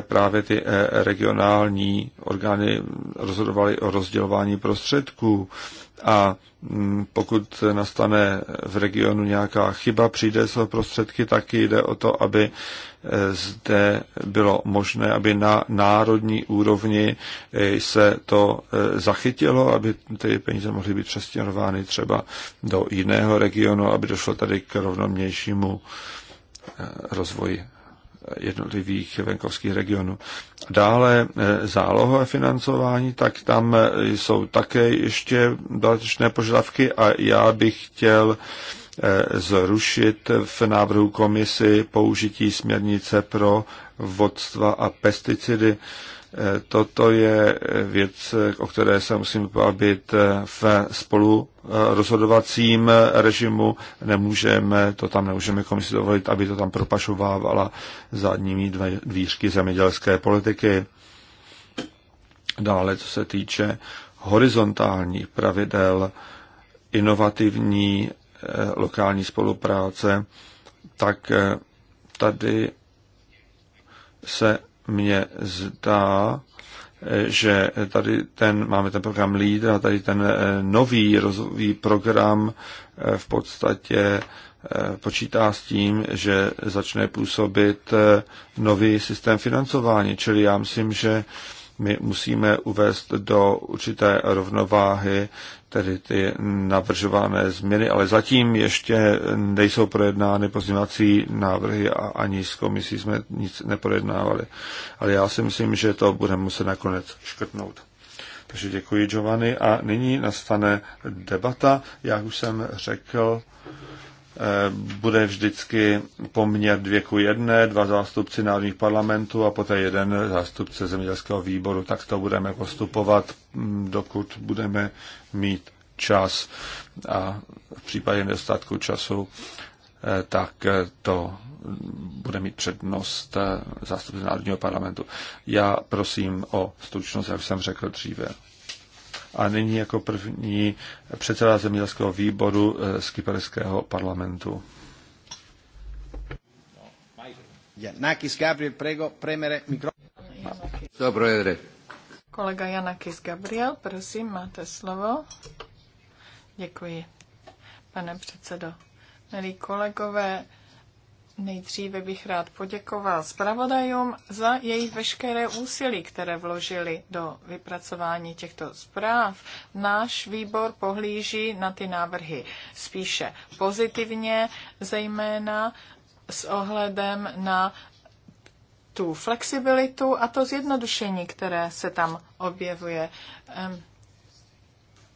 právě ty eh, regionální orgány rozhodovaly o rozdělování prostředků a mm, pokud nastane v regionu nějaká chyba, přijde o prostředky, tak jde o to, aby eh, zde bylo možné, aby na národní úrovni eh, se to zachytilo, aby ty peníze mohly být přestěhovány třeba do jiného regionu, aby došlo tady k rovnomějšímu rozvoji jednotlivých venkovských regionů. Dále eh, zálohové financování, tak tam eh, jsou také ještě dodatečné požadavky a já bych chtěl eh, zrušit v návrhu komisi použití směrnice pro vodstva a pesticidy. Eh, toto je eh, věc, eh, o které se musím bavit v spolu rozhodovacím režimu. Nemůžeme, to tam nemůžeme komisi dovolit, aby to tam propašovávala zadními dvířky zemědělské politiky. Dále, co se týče horizontálních pravidel, inovativní lokální spolupráce, tak tady se mně zdá, že tady ten, máme ten program LEADER a tady ten eh, nový rozvojový program eh, v podstatě eh, počítá s tím, že začne působit nový systém financování. Čili já myslím, že my musíme uvést do určité rovnováhy tedy ty navržované změny, ale zatím ještě nejsou projednány pozměňovací návrhy a ani s komisí jsme nic neprojednávali. Ale já si myslím, že to budeme muset nakonec škrtnout. Takže děkuji Giovanni a nyní nastane debata. Jak už jsem řekl, Eh, bude vždycky poměr dvě ku jedné, dva zástupci národních parlamentů a poté jeden zástupce zemědělského výboru. Tak to budeme postupovat, hm, dokud budeme mít čas a v případě nedostatku času eh, tak eh, to bude mít přednost zástupce Národního parlamentu. Já prosím o stručnost, jak jsem řekl dříve. A nyní jako první předseda zemědělského výboru eh, z kyperského parlamentu. Janakis Gabriel, prego, premere mikro. Kolega Janakis Gabriel, prosím, máte slovo. Děkuji, pane předsedo. Milí kolegové, Nejdříve bych rád poděkoval zpravodajům za jejich veškeré úsilí, které vložili do vypracování těchto zpráv. Náš výbor pohlíží na ty návrhy spíše pozitivně, zejména s ohledem na tu flexibilitu a to zjednodušení, které se tam objevuje. Ehm,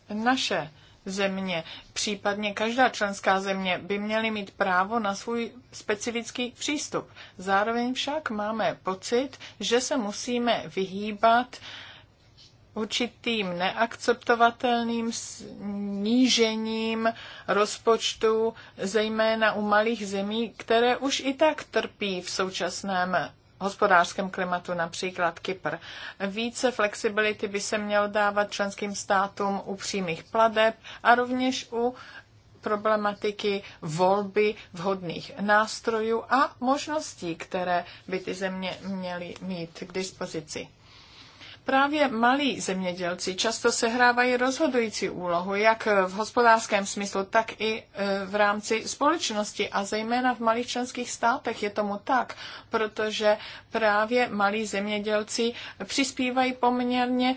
naše země, případně každá členská země by měly mít právo na svůj specifický přístup. Zároveň však máme pocit, že se musíme vyhýbat určitým neakceptovatelným snížením rozpočtu, zejména u malých zemí, které už i tak trpí v současném hospodářském klimatu, například Kypr. Více flexibility by se mělo dávat členským státům u přímých pladeb a rovněž u problematiky volby vhodných nástrojů a možností, které by ty země měly mít k dispozici. Právě malí zemědělci často sehrávají rozhodující úlohu, jak v hospodářském smyslu, tak i e, v rámci společnosti a zejména v malých členských státech je tomu tak, protože právě malí zemědělci přispívají poměrně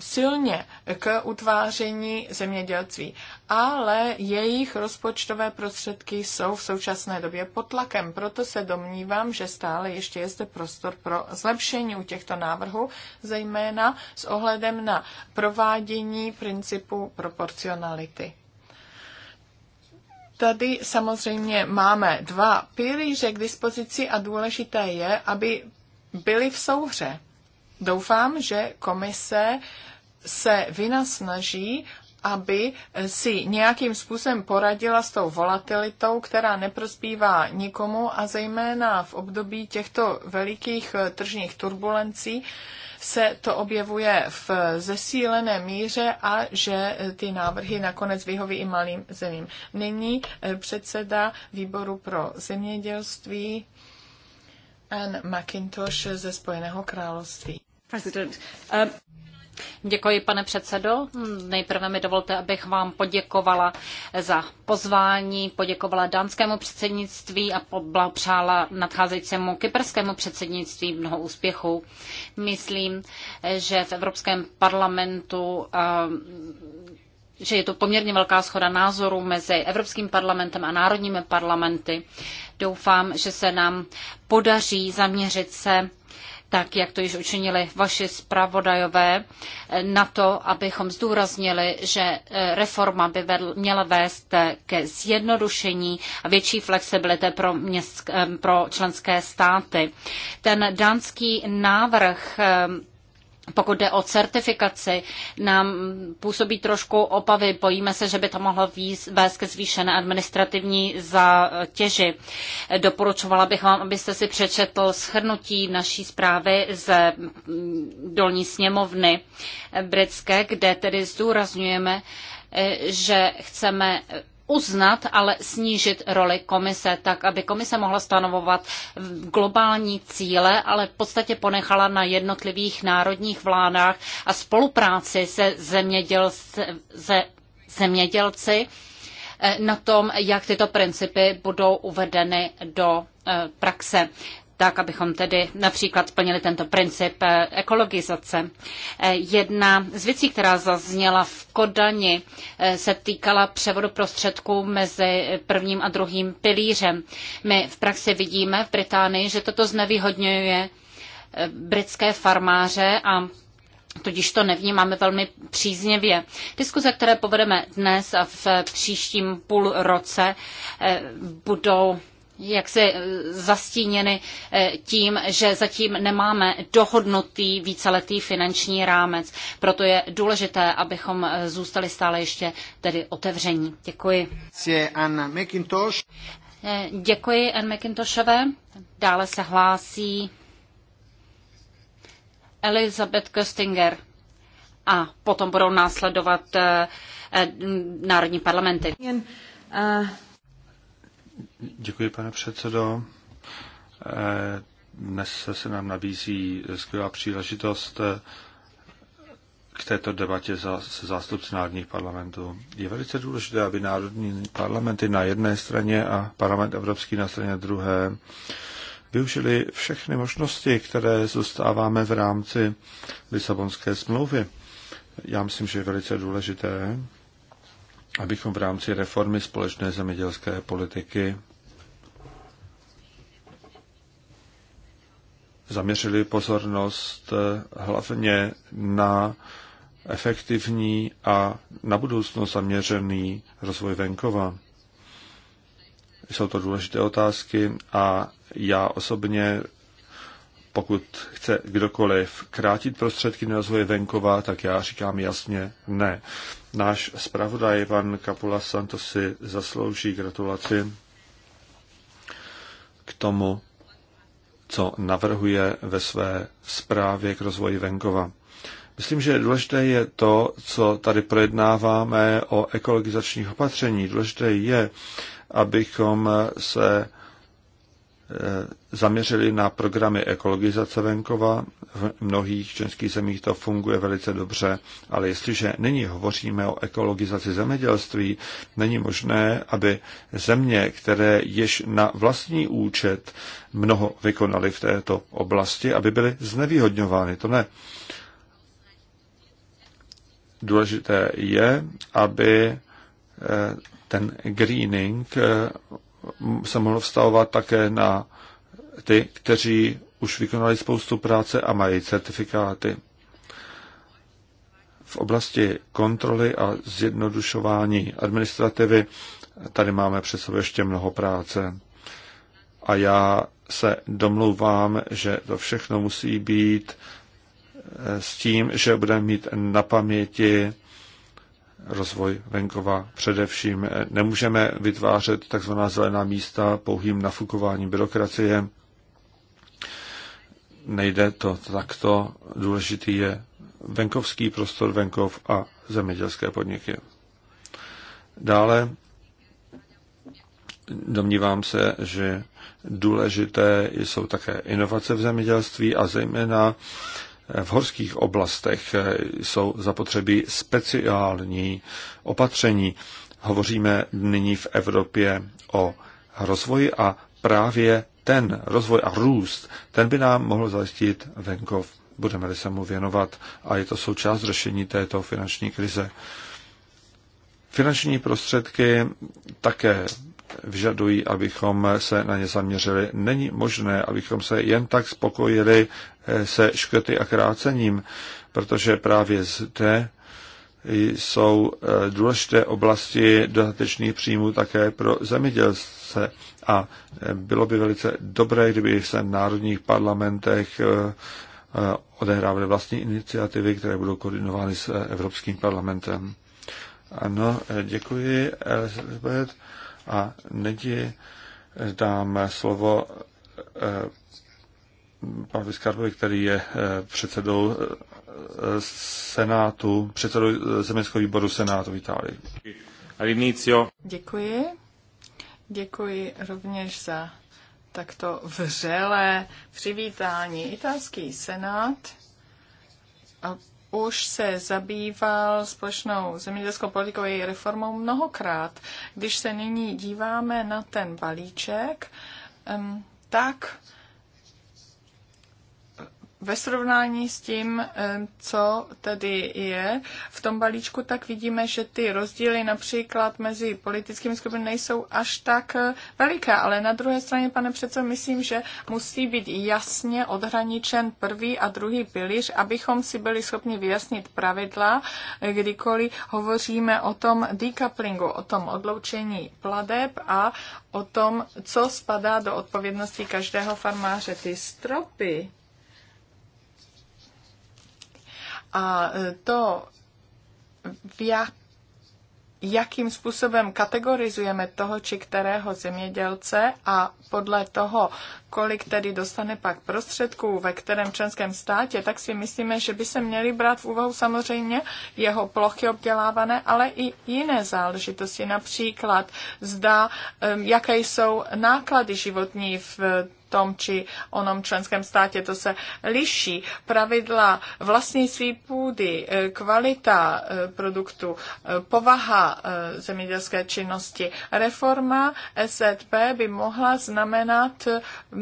silně k utváření zemědělství, ale jejich rozpočtové prostředky jsou v současné době pod tlakem. Proto se domnívám, že stále ještě je zde prostor pro zlepšení u těchto návrhů, zejména s ohledem na provádění principu proporcionality. Tady samozřejmě máme dva pilíře k dispozici a důležité je, aby byly v souhře doufám, že komise se vynasnaží aby si nějakým způsobem poradila s tou volatilitou, která neprospívá nikomu a zejména v období těchto velikých eh, tržních turbulencí se to objevuje v zesílené míře a že eh, ty návrhy nakonec vyhoví i malým zemím. Nyní eh, předseda výboru pro zemědělství Anne McIntosh ze Spojeného království. Um, Děkuji, pane předsedo. Nejprve mi dovolte, abych vám poděkovala za pozvání, poděkovala dánskému předsednictví a poblahopřála nadcházejícímu kyperskému předsednictví mnoho úspěchů. Myslím, že v Evropském parlamentu um, že je to poměrně velká schoda názorů mezi Evropským parlamentem a národními parlamenty. Doufám, že se nám podaří zaměřit se tak jak to již učinili vaši zpravodajové, na to, abychom zdůraznili, že eh, reforma by vedl, měla vést eh, ke zjednodušení a větší flexibilitě pro, měst, eh, pro členské státy. Ten dánský návrh pokud jde o certifikaci, nám působí trošku opavy. Bojíme se, že by to mohlo vést ke zvýšené administrativní zátěži. Doporučovala bych vám, abyste si přečetl shrnutí naší zprávy z dolní sněmovny britské, kde tedy zdůrazňujeme, že chceme uznat, ale snížit roli komise, tak aby komise mohla stanovovat globální cíle, ale v podstatě ponechala na jednotlivých národních vládách a spolupráci se, zemědělce, zemědělci eh, na tom, jak tyto principy budou uvedeny do eh, praxe tak abychom tedy například splnili tento princip eh, ekologizace. Eh, jedna z věcí, která zazněla v Kodani, eh, se týkala převodu prostředků mezi prvním a druhým pilířem. My v praxi vidíme v Británii, že toto znevýhodňuje britské farmáře a tudíž to nevnímáme velmi příznivě. Diskuze, které povedeme dnes a v příštím půl roce, budou jaksi eh, zastíněny eh, tím, že zatím nemáme dohodnutý víceletý finanční rámec. Proto je důležité, abychom eh, zůstali stále ještě tedy otevření. Děkuji. Děkuji Anne McIntoshové. Dále se hlásí Elizabeth Köstinger. A potom budou následovat národní parlamenty. Uh, Děkuji, pane předsedo. Eh, dnes se nám nabízí skvělá příležitost eh, k této debatě se zástupci národních parlamentů. Je velice důležité, aby národní parlamenty na jedné straně a parlament evropský na straně druhé využili všechny možnosti, které zůstáváme v rámci Lisabonské smlouvy. Já myslím, že je velice důležité, abychom v rámci reformy společné zemědělské politiky zaměřili pozornost eh, hlavně na efektivní a na budoucnost zaměřený rozvoj venkova. Jsou to důležité otázky a já osobně pokud chce kdokoliv krátit prostředky na rozvoje venkova, tak já říkám jasně ne. Náš zpravodaj, pan Kapula Santos, si zaslouží gratulaci k tomu, co navrhuje ve své zprávě k rozvoji venkova. Myslím, že důležité je to, co tady projednáváme o ekologizačních opatření. Důležité je, abychom se Eh, zaměřili na programy ekologizace venkova. V mnohých českých zemích to funguje velice dobře, ale jestliže nyní hovoříme o ekologizaci zemědělství, není možné, aby země, které již na vlastní účet mnoho vykonaly v této oblasti, aby byly znevýhodňovány. To ne. Důležité je, aby eh, ten greening eh, se mohlo vztahovat také na ty, kteří už vykonali spoustu práce a mají certifikáty. V oblasti kontroly a zjednodušování administrativy tady máme před sebou ještě mnoho práce. A já se domlouvám, že to všechno musí být eh, s tím, že budeme mít na paměti rozvoj venkova především. Eh, nemůžeme vytvářet takzvaná zelená místa pouhým nafukováním byrokracie. Nejde to takto. Důležitý je venkovský prostor, venkov a zemědělské podniky. Dále domnívám se, že důležité jsou také inovace v zemědělství a zejména v horských oblastech eh, jsou zapotřebí speciální opatření. Hovoříme nyní v Evropě o rozvoji a právě ten rozvoj a růst, ten by nám mohl zajistit venkov. Budeme-li se mu věnovat a je to součást řešení této finanční krize. Finanční prostředky také vyžadují, abychom se na ně zaměřili. Není možné, abychom se jen tak spokojili se škrty a krácením, protože právě zde jsou e, důležité oblasti dodatečných příjmů také pro zemědělce. A e, bylo by velice dobré, kdyby se v národních parlamentech e, odehrávaly vlastní iniciativy, které budou koordinovány s Evropským parlamentem. Ano, děkuji, Elizabeth. A nyní dám slovo pan Viskardovi, který je eh, předsedou eh, Senátu, předsedou eh, Zemeského výboru Senátu v Itálii. Děkuji. Děkuji rovněž za takto vřelé přivítání. Italský senát už se zabýval společnou zemědělskou politikou její reformou mnohokrát. Když se nyní díváme na ten balíček, tak ve srovnání s tím, eh, co tedy je v tom balíčku, tak vidíme, že ty rozdíly například mezi politickými skupinami nejsou až tak eh, veliké. Ale na druhé straně, pane předsedo, myslím, že musí být jasně odhraničen první a druhý pilíř, abychom si byli schopni vyjasnit pravidla, eh, kdykoliv hovoříme o tom decouplingu, o tom odloučení pladeb a o tom, co spadá do odpovědnosti každého farmáře. Ty stropy a e, to, v jak, jakým způsobem kategorizujeme toho či kterého zemědělce a podle toho, kolik tedy dostane pak prostředků ve kterém členském státě, tak si myslíme, že by se měly brát v úvahu samozřejmě jeho plochy obdělávané, ale i jiné záležitosti, například zda, jaké jsou náklady životní v tom či onom členském státě, to se liší. Pravidla vlastnictví půdy, e, kvalita e, produktu, e, povaha zemědělské činnosti. Reforma SZP by mohla znamenat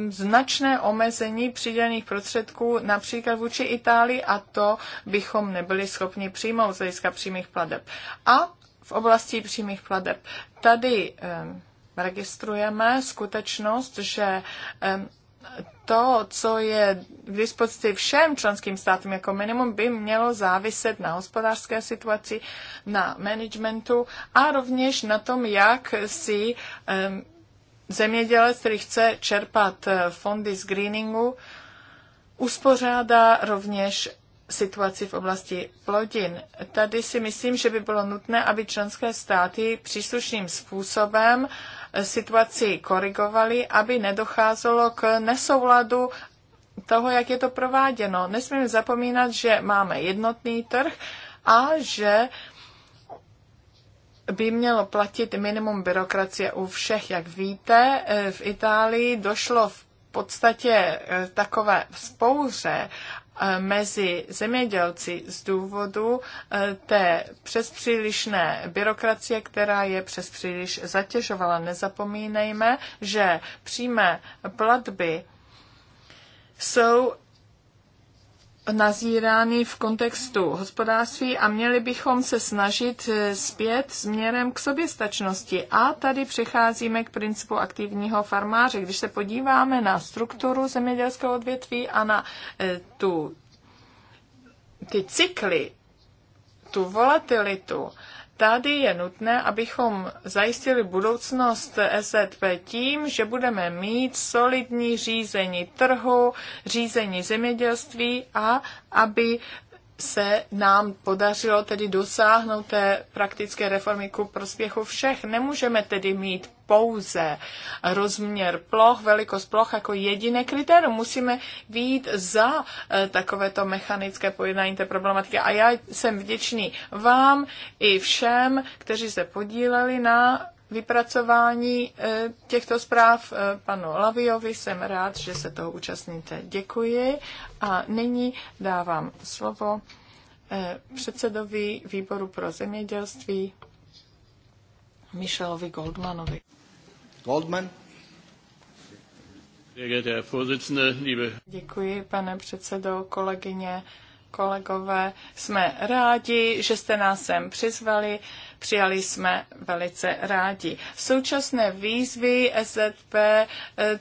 značné omezení přidělených prostředků například vůči Itálii a to bychom nebyli schopni přijmout z hlediska přímých pladeb. A v oblasti přímých pladeb. Tady ehm, registrujeme skutečnost, že ehm, to, co je k dispozici všem členským státům jako minimum, by mělo záviset na hospodářské situaci, na managementu a rovněž na tom, jak si ehm, zemědělec, který chce čerpat eh, fondy z greeningu, uspořádá rovněž situaci v oblasti plodin. Tady si myslím, že by bylo nutné, aby členské státy příslušným způsobem eh, situaci korigovaly, aby nedocházelo k nesouladu toho, jak je to prováděno. Nesmíme zapomínat, že máme jednotný trh a že uh, by mělo platit minimum byrokracie u všech. Jak víte, eh, v Itálii došlo v podstatě eh, takové spouře eh, mezi zemědělci z důvodu té přespřílišné byrokracie, která je přespříliš zatěžovala. Nezapomínejme, že přímé platby jsou nazírány v kontextu hospodářství a měli bychom se snažit eh, zpět směrem k soběstačnosti. A tady přecházíme k principu aktivního farmáře. Když se podíváme na strukturu zemědělského odvětví a na eh, tu, ty cykly, tu volatilitu, tady je nutné, abychom zajistili budoucnost SZP tím, že budeme mít solidní řízení trhu, řízení zemědělství a aby se nám podařilo tedy dosáhnout té praktické reformy ku prospěchu všech. Nemůžeme tedy mít pouze rozměr ploch, velikost ploch jako jediné kritérium. Musíme výjít za eh, takovéto mechanické pojednání té problematiky. A já jsem vděčný vám i všem, kteří se podíleli na vypracování eh, těchto zpráv eh, panu Laviovi. Jsem rád, že se toho účastníte. Děkuji a nyní dávám slovo eh, předsedovi výboru pro zemědělství Michelovi Goldmanovi. Goldman. Děkuji, pane předsedo, kolegyně, kolegové. Jsme rádi, že jste nás sem přizvali přijali jsme velice rádi. Současné výzvy SZP e,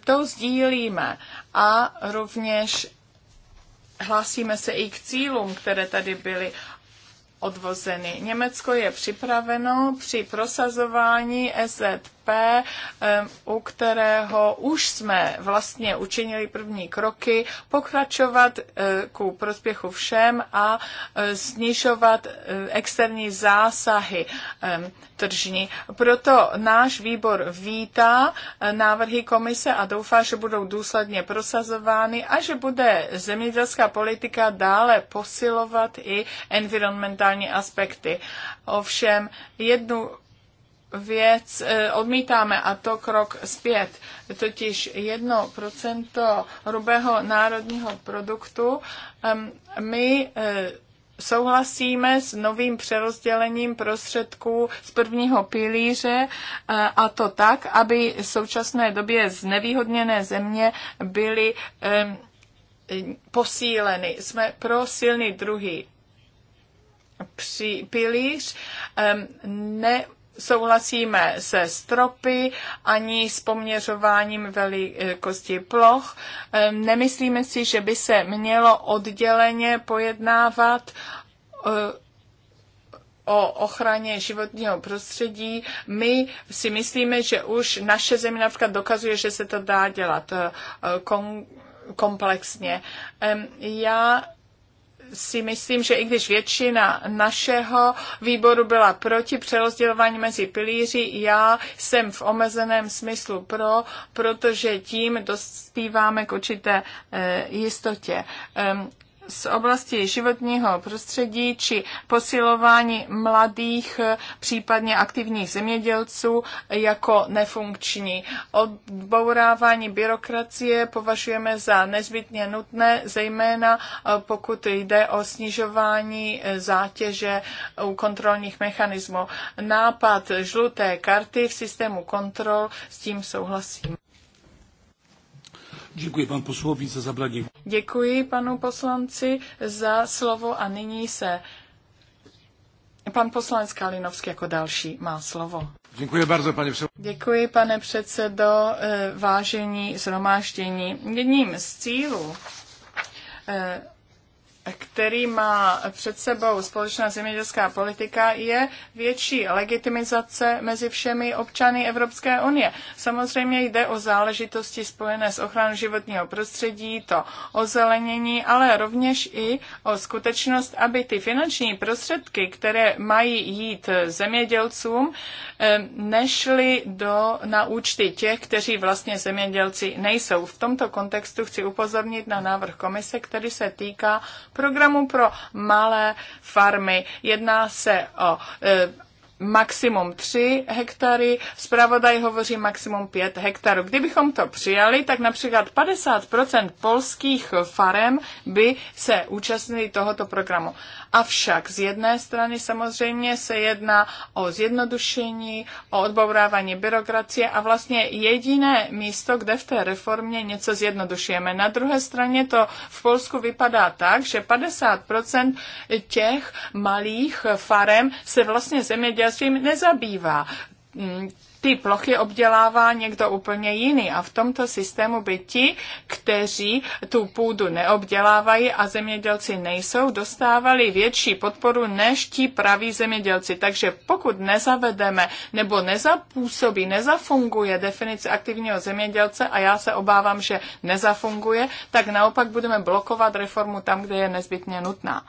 to sdílíme a rovněž hlásíme se i k cílům, které tady byly odvozeny. Německo je připraveno při prosazování SZP p, u kterého už jsme vlastně učinili první kroky, pokračovat eh, ku prospěchu všem a eh, snižovat eh, externí zásahy tržní. Proto náš výbor vítá návrhy komise a doufá, že budou důsledně prosazovány a že bude zemědělská politika dále posilovat i environmentální aspekty. Ovšem jednu věc e, odmítáme a to krok zpět. Totiž 1% hrubého národního produktu my e, souhlasíme s novým přerozdělením prostředků z prvního pilíře e, a to tak, aby v současné době znevýhodněné země byly posíleny. Jsme pro silný druhý pilíř. Ne, souhlasíme se stropy ani s poměřováním velikosti ploch. Nemyslíme si, že by se mělo odděleně pojednávat eh, o ochraně životního prostředí. My si myslíme, že už naše země například dokazuje, že se to dá dělat eh, komplexně. Já si myslím, že i když většina našeho výboru byla proti přerozdělování mezi pilíři, já jsem v omezeném smyslu pro, protože tím dospíváme k určité eh, jistotě z oblasti životního prostředí či posilování mladých, eh, případně aktivních zemědělců jako nefunkční. Odbourávání byrokracie považujeme za nezbytně nutné, zejména eh, pokud jde o snižování eh, zátěže u kontrolních mechanismů. Nápad žluté karty v systému kontrol s tím souhlasím. Děkuji panu poslanci za zabraní. Děkuji panu poslanci za slovo a nyní se pan poslanec Kalinovský jako další má slovo. Děkuji bardzo, pane předsedo. Děkuji, pane předsedo, eh, vážení zhromáždění. Jedním z cílů eh, který má před sebou společná zemědělská politika, je větší legitimizace mezi všemi občany Evropské unie. Samozřejmě jde o záležitosti spojené s ochranou životního prostředí, to ozelenění, ale rovněž i o skutečnost, aby ty finanční prostředky, které mají jít zemědělcům, nešly do, na účty těch, kteří vlastně zemědělci nejsou. V tomto kontextu chci upozornit na návrh komise, který se týká programu pro malé farmy. Jedná se o e, maximum 3 hektary, zpravodaj hovoří maximum 5 hektarů. Kdybychom to přijali, tak například 50% polských farem by se účastnili tohoto programu. Avšak z jedné strany samozřejmě se jedná o zjednodušení, o odbourávání byrokracie a vlastně jediné místo, kde v té reformě něco zjednodušujeme. Na druhé straně to v Polsku vypadá tak, že 50% těch malých farem se vlastně zemědělstvím nezabývá ty plochy obdělává někdo úplně jiný a v tomto systému by ti, kteří tu půdu neobdělávají a zemědělci nejsou, dostávali větší podporu než ti praví zemědělci. Takže pokud nezavedeme nebo nezapůsobí, nezafunguje definice aktivního zemědělce a já se obávám, že nezafunguje, tak naopak budeme blokovat reformu tam, kde je nezbytně nutná.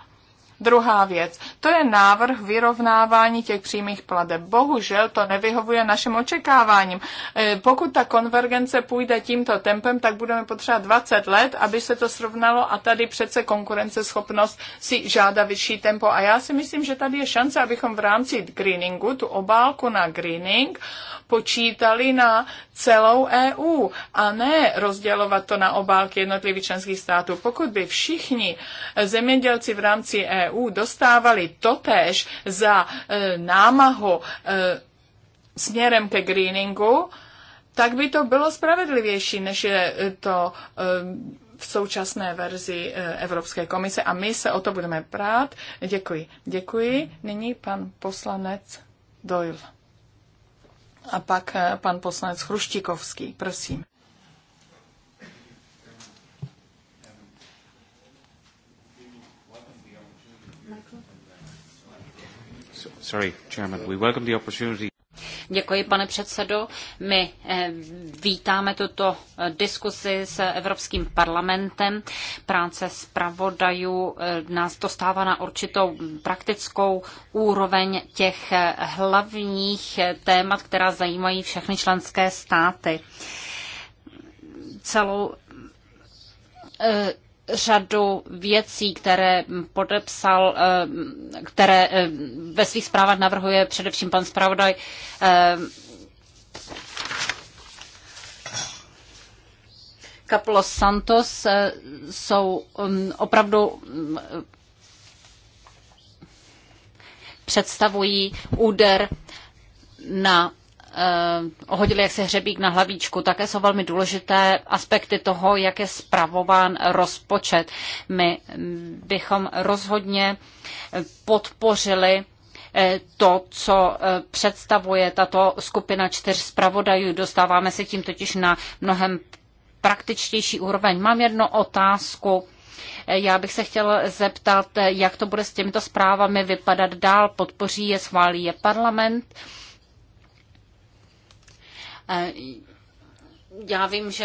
Druhá věc, to je návrh vyrovnávání těch přímých plateb. Bohužel to nevyhovuje našim očekáváním. E, pokud ta konvergence půjde tímto tempem, tak budeme potřebovat 20 let, aby se to srovnalo a tady přece konkurenceschopnost si žádá vyšší tempo. A já si myslím, že tady je šance, abychom v rámci greeningu, tu obálku na greening, počítali na celou EU a ne rozdělovat to na obálky jednotlivých členských států. Pokud by všichni zemědělci v rámci EU dostávali totéž za e, námahu e, směrem ke greeningu, tak by to bylo spravedlivější, než je e, to e, v současné verzi e, Evropské komise a my se o to budeme prát. Děkuji. Děkuji. Nyní pan poslanec Doyle. A pak eh, pan poslanec Chruščikovský, prosím. Sorry, Chairman. We welcome the opportunity. Děkuji, pane předsedo. My eh, vítáme tuto eh, diskusi s Evropským parlamentem. Práce zpravodajů eh, nás dostává na určitou praktickou úroveň těch hlavních témat, která zajímají všechny členské státy. Celou řadu věcí, které podepsal, eh, které eh, ve svých zprávách navrhuje především pan zpravodaj. Eh, Capolo Santos jsou mm, opravdu mm, představují úder na Eh, ohodili jaksi hřebík na hlavíčku. Také jsou velmi důležité aspekty toho, jak je spravován rozpočet. My bychom rozhodně podpořili eh, to, co eh, představuje tato skupina čtyř zpravodajů. Dostáváme se tím totiž na mnohem praktičtější úroveň. Mám jednu otázku. Já bych se chtěla zeptat, jak to bude s těmito zprávami vypadat dál. Podpoří je, schválí je parlament. E, já vím, že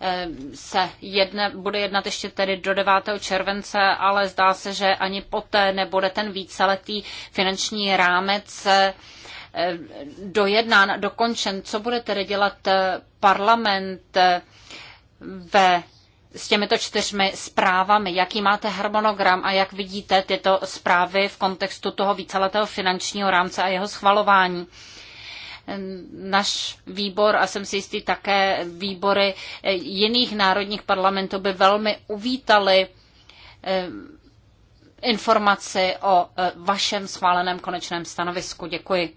e, se jedne, bude jednat ještě tedy do 9. července, ale zdá se, že ani poté nebude ten víceletý finanční rámec e, dojednán, dokončen. Co bude tedy dělat parlament ve s těmito čtyřmi zprávami, jaký máte harmonogram a jak vidíte tyto zprávy v kontextu toho víceletého finančního rámce a jeho schvalování. Uh, naš výbor a jsem si jistý také výbory jiných národních parlamentů by velmi uvítali eh, informaci o eh, vašem schváleném konečném stanovisku. Děkuji.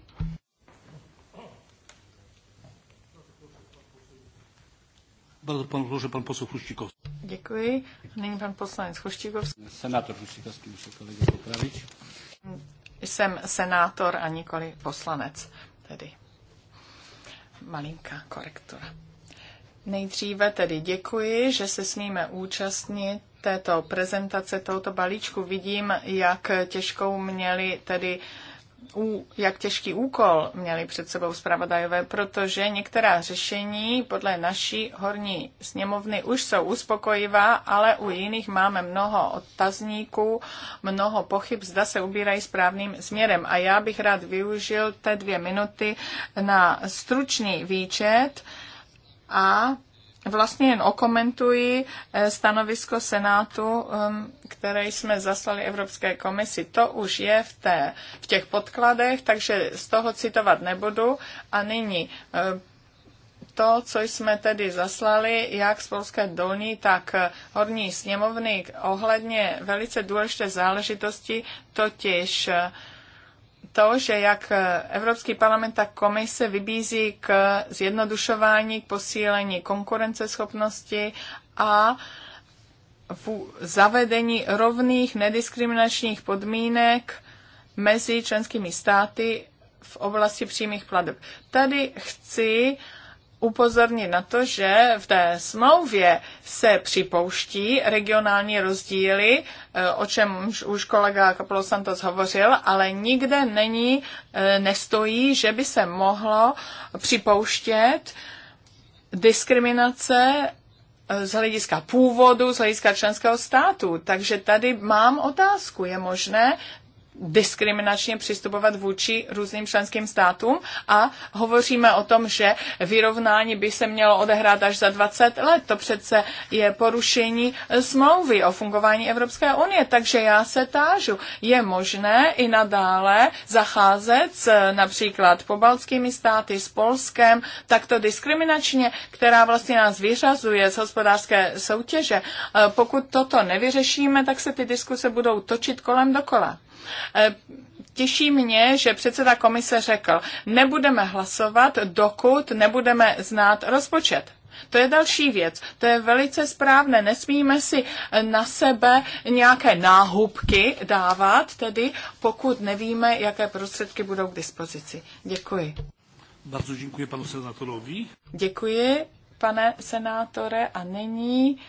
Bardzo pan, proszę, pan poseł Chruścikowski. Dziękuję. Nyní pan poslanec Chruścikowski. Senator Chruścikowski, muszę kolegę poprawić. Jsem senátor a nikoli poslanec. Tedy malinká korektura. Nejdříve tedy děkuji, že se smíme účastnit této prezentace tohoto balíčku. Vidím, jak těžkou měli tedy uh, jak těžký úkol měli před sebou zpravodajové, protože některá řešení podle naší horní sněmovny už jsou uspokojivá, ale u jiných máme mnoho otazníků, mnoho pochyb, zda se ubírají správným směrem. A já bych rád využil te dvě minuty na stručný výčet a vlastně jen okomentuji eh, stanovisko Senátu, které jsme zaslali Evropské komisi. To už je v, té, v těch podkladech, takže z toho citovat nebudu. A nyní to, co jsme tedy zaslali jak z Polské dolní, tak eh, horní sněmovny ohledně velice důležité záležitosti, totiž eh, to, že jak Evropský parlament, tak komise vybízí k zjednodušování, k posílení konkurenceschopnosti a v zavedení rovných nediskriminačních podmínek mezi členskými státy v oblasti přímých plateb. Tady chci upozornit na to, že v té smlouvě se připouští regionální rozdíly, eh, o čem už kolega Kapolo Santos hovořil, ale nikde není, eh, nestojí, že by se mohlo připouštět diskriminace eh, z hlediska původu, z hlediska členského státu. Takže tady mám otázku. Je možné diskriminačně přistupovat vůči různým členským státům a hovoříme o tom, že vyrovnání by se mělo odehrát až za 20 let. To přece je porušení smlouvy o fungování Evropské unie, takže já se tážu. Je možné i nadále zacházet s například pobaltskými státy, s Polskem, takto diskriminačně, která vlastně nás vyřazuje z hospodářské soutěže. E, pokud toto nevyřešíme, tak se ty diskuse budou točit kolem dokola. E, Těší mě, že předseda komise řekl, nebudeme hlasovat, dokud nebudeme znát rozpočet. To je další věc. To je velice správné. Nesmíme si na sebe nějaké náhubky dávat, tedy pokud nevíme, jaké prostředky budou k dispozici. Děkuji. Bardzo děkuji panu senátorovi. Děkuji, pane senátore. A nyní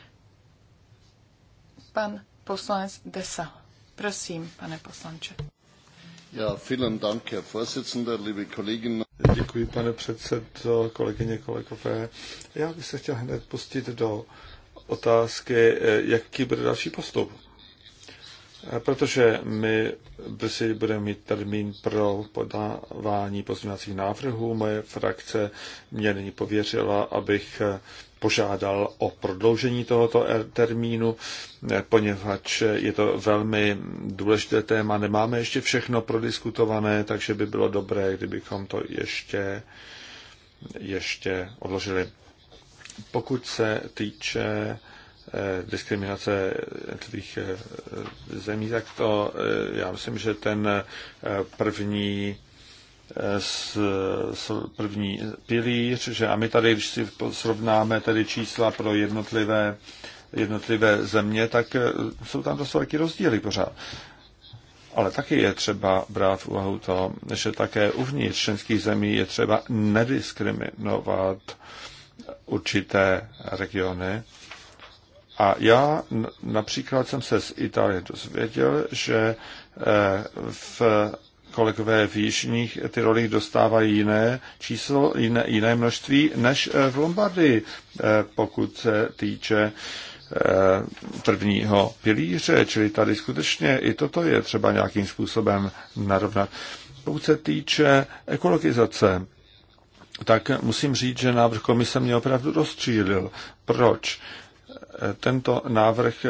pan poslanec Desa. Prosím, pane poslanče. Já, vielen Dank, Herr Vorsitzender, liebe Kolleginnen. Děkuji, pane předsedo, kolegyně, kolegové. Já bych se chtěl hned pustit do otázky, eh, jaký bude další postup. Eh, protože my brzy budeme mít termín pro podávání pozměňovacích návrhů. Moje frakce mě nyní pověřila, abych eh, požádal o prodloužení tohoto er- termínu, eh, poněvadž je to velmi důležité téma. Nemáme ještě všechno prodiskutované, takže by bylo dobré, kdybychom to ještě, ještě odložili. Pokud se týče eh, diskriminace těch eh, zemí, tak to já myslím, že ten první s, s první pilíř, že a my tady, když si srovnáme tedy čísla pro jednotlivé, jednotlivé země, tak e, jsou tam dost velký rozdíly pořád. Ale taky je třeba brát v úvahu to, že také uvnitř členských zemí je třeba nediskriminovat určité regiony. A já například jsem se z Itálie dozvěděl, že e, v kolegové v jižních Tyrolích dostávají jiné číslo, jiné, jiné množství než eh, v Lombardii, eh, pokud se týče eh, prvního pilíře, čili tady skutečně i toto je třeba nějakým způsobem narovnat. Pokud se týče ekologizace, tak musím říct, že návrh komise mě opravdu rozstřílil. Proč? tento návrh eh,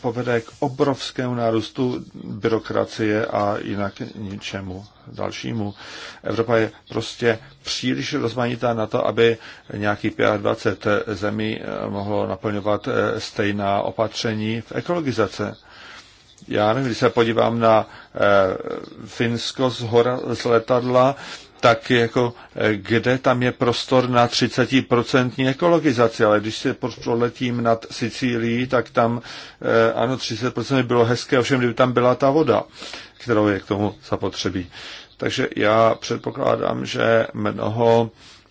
povede k obrovskému nárůstu byrokracie a jinak ničemu dalšímu. Evropa je prostě příliš rozmanitá na to, aby nějaký 25 zemí eh, mohlo naplňovat eh, stejná opatření v ekologizace. Já nevím, když se podívám na Finsko z, hora, z letadla, tak jako eh, kde tam je prostor na 30% ekologizaci, ale když se proletím nad Sicílií, tak tam eh, ano, 30% bylo hezké, ovšem kdyby tam byla ta voda, kterou je k tomu zapotřebí. Takže já předpokládám, že mnoho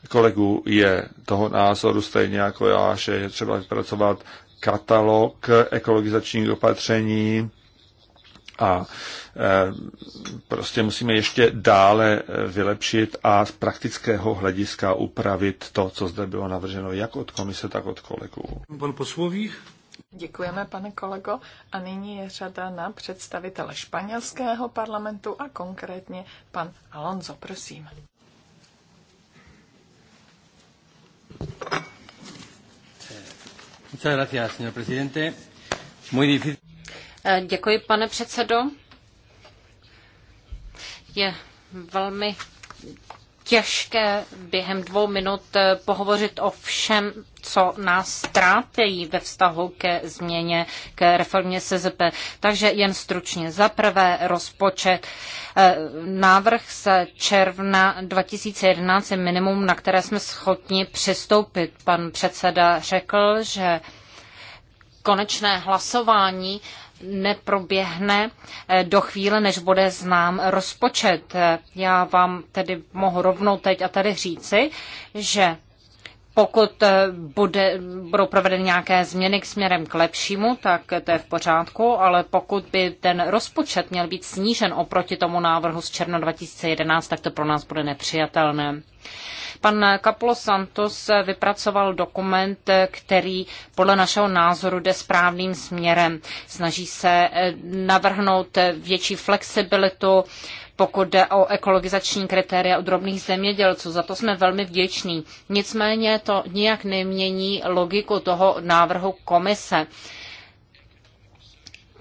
kolegů je toho názoru stejně jako já, že je třeba vypracovat katalog ekologizačních opatření a Eh, prostě musíme ještě dále eh, vylepšit a z praktického hlediska upravit to, co zde bylo navrženo, jak od komise, tak od kolegů. Pan posloví. Děkujeme, pane kolego. A nyní je řada na představitele španělského parlamentu a konkrétně pan Alonso, prosím. Eh, děkuji, pane předsedo je velmi těžké během dvou minut eh, pohovořit o všem, co nás trápí ve vztahu ke změně, k reformě SZP. Takže jen stručně. Za prvé rozpočet. Eh, návrh z června 2011 je minimum, na které jsme schopni přistoupit. Pan předseda řekl, že konečné hlasování neproběhne eh, do chvíle, než bude znám rozpočet. Já vám tedy mohu rovnou teď a tady říci, že pokud eh, bude, budou provedeny nějaké změny k směrem k lepšímu, tak to je v pořádku, ale pokud by ten rozpočet měl být snížen oproti tomu návrhu z června 2011, tak to pro nás bude nepřijatelné. Pan Kaplo Santos vypracoval dokument, který podle našeho názoru jde správným směrem. Snaží se eh, navrhnout větší flexibilitu, pokud jde o ekologizační kritéria u drobných zemědělců. Za to jsme velmi vděční. Nicméně to nijak nemění logiku toho návrhu komise.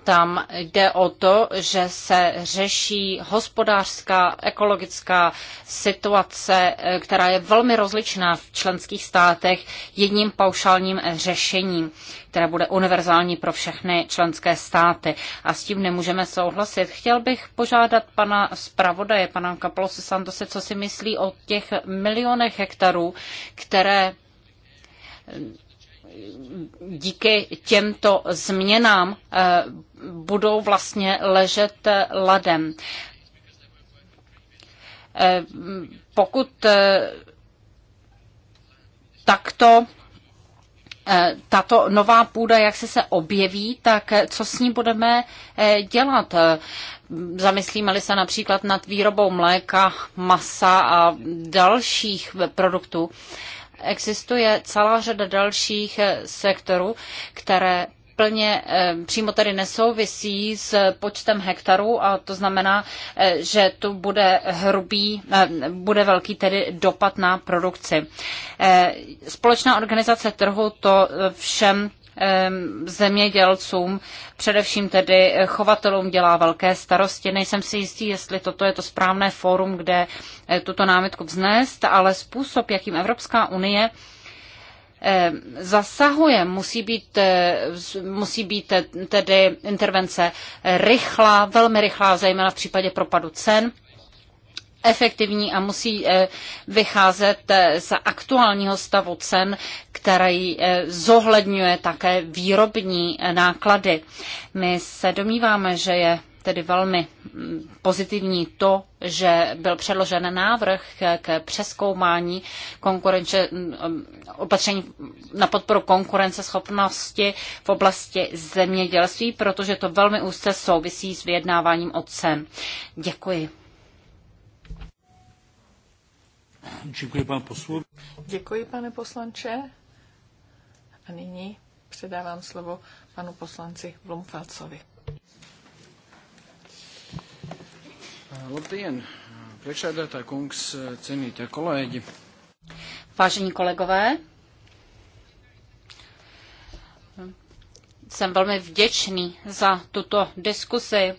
Tam jde o to, že se řeší hospodářská, ekologická situace, eh, která je velmi rozličná v členských státech jedním paušálním eh, řešením, které bude univerzální pro všechny členské státy. A s tím nemůžeme souhlasit. Chtěl bych požádat pana zpravodaje, pana Kapolose Santose, co si myslí o těch milionech hektarů, které díky těmto změnám eh, budou vlastně ležet eh, ladem. Eh, pokud takto tato nová půda, jak se se objeví, tak co s ní budeme dělat? Zamyslíme-li se například nad výrobou mléka, masa a dalších produktů existuje celá řada dalších eh, sektorů, které plně eh, přímo tady nesouvisí s počtem hektarů a to znamená, eh, že tu bude hrubý, bude velký tedy dopad na produkci. Společná organizace trhu to všem zemědělcům, především tedy chovatelům dělá velké starosti. Nejsem si jistý, jestli toto je to správné fórum, kde eh, tuto námitku vznést, ale způsob, jakým Evropská unie zasahuje, musí být, eh, musí být eh, tedy intervence rychlá, velmi rychlá, zejména v případě propadu cen efektivní a musí eh, vycházet eh, z aktuálního stavu cen, který eh, zohledňuje také výrobní náklady. My se domníváme, že je tedy velmi mm, pozitivní to, že byl předložen návrh k přeskoumání konkurence, mm, mm, opatření na podporu konkurenceschopnosti v oblasti zemědělství, protože to velmi úzce souvisí s vyjednáváním o cen. Děkuji. Děkuji, pan poslu. Děkuji, pane poslanče. A nyní předávám slovo panu poslanci Blumfalcovi. Vážení kolegové, jsem velmi vděčný za tuto diskusi.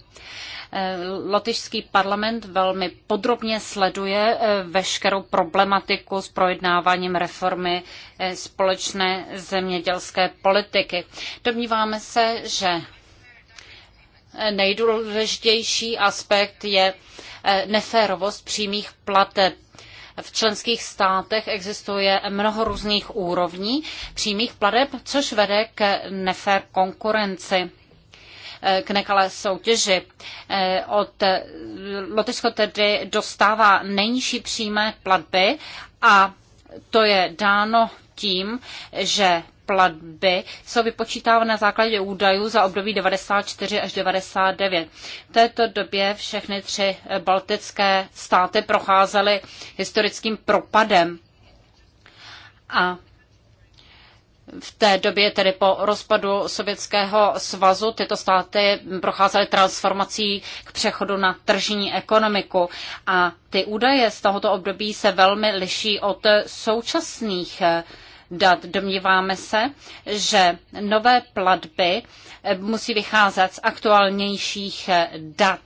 Eh, lotyšský parlament velmi podrobně sleduje eh, veškerou problematiku s projednáváním reformy eh, společné zemědělské politiky. Domníváme se, že nejdůležitější aspekt je neférovost přímých plateb v členských státech existuje mnoho různých úrovní přímých plateb, což vede k nefér konkurenci k nekalé soutěži. Eh, od eh, Lotyšsko tedy dostává nejnižší přímé platby a to je dáno tím, že platby jsou vypočítávány na základě údajů za období 94 až 99. V této době všechny tři baltické státy procházely historickým propadem. A v té době, tedy po rozpadu Sovětského svazu, tyto státy procházely transformací k přechodu na tržní ekonomiku a ty údaje z tohoto období se velmi liší od současných dat. Domníváme se, že nové platby musí vycházet z aktuálnějších dat.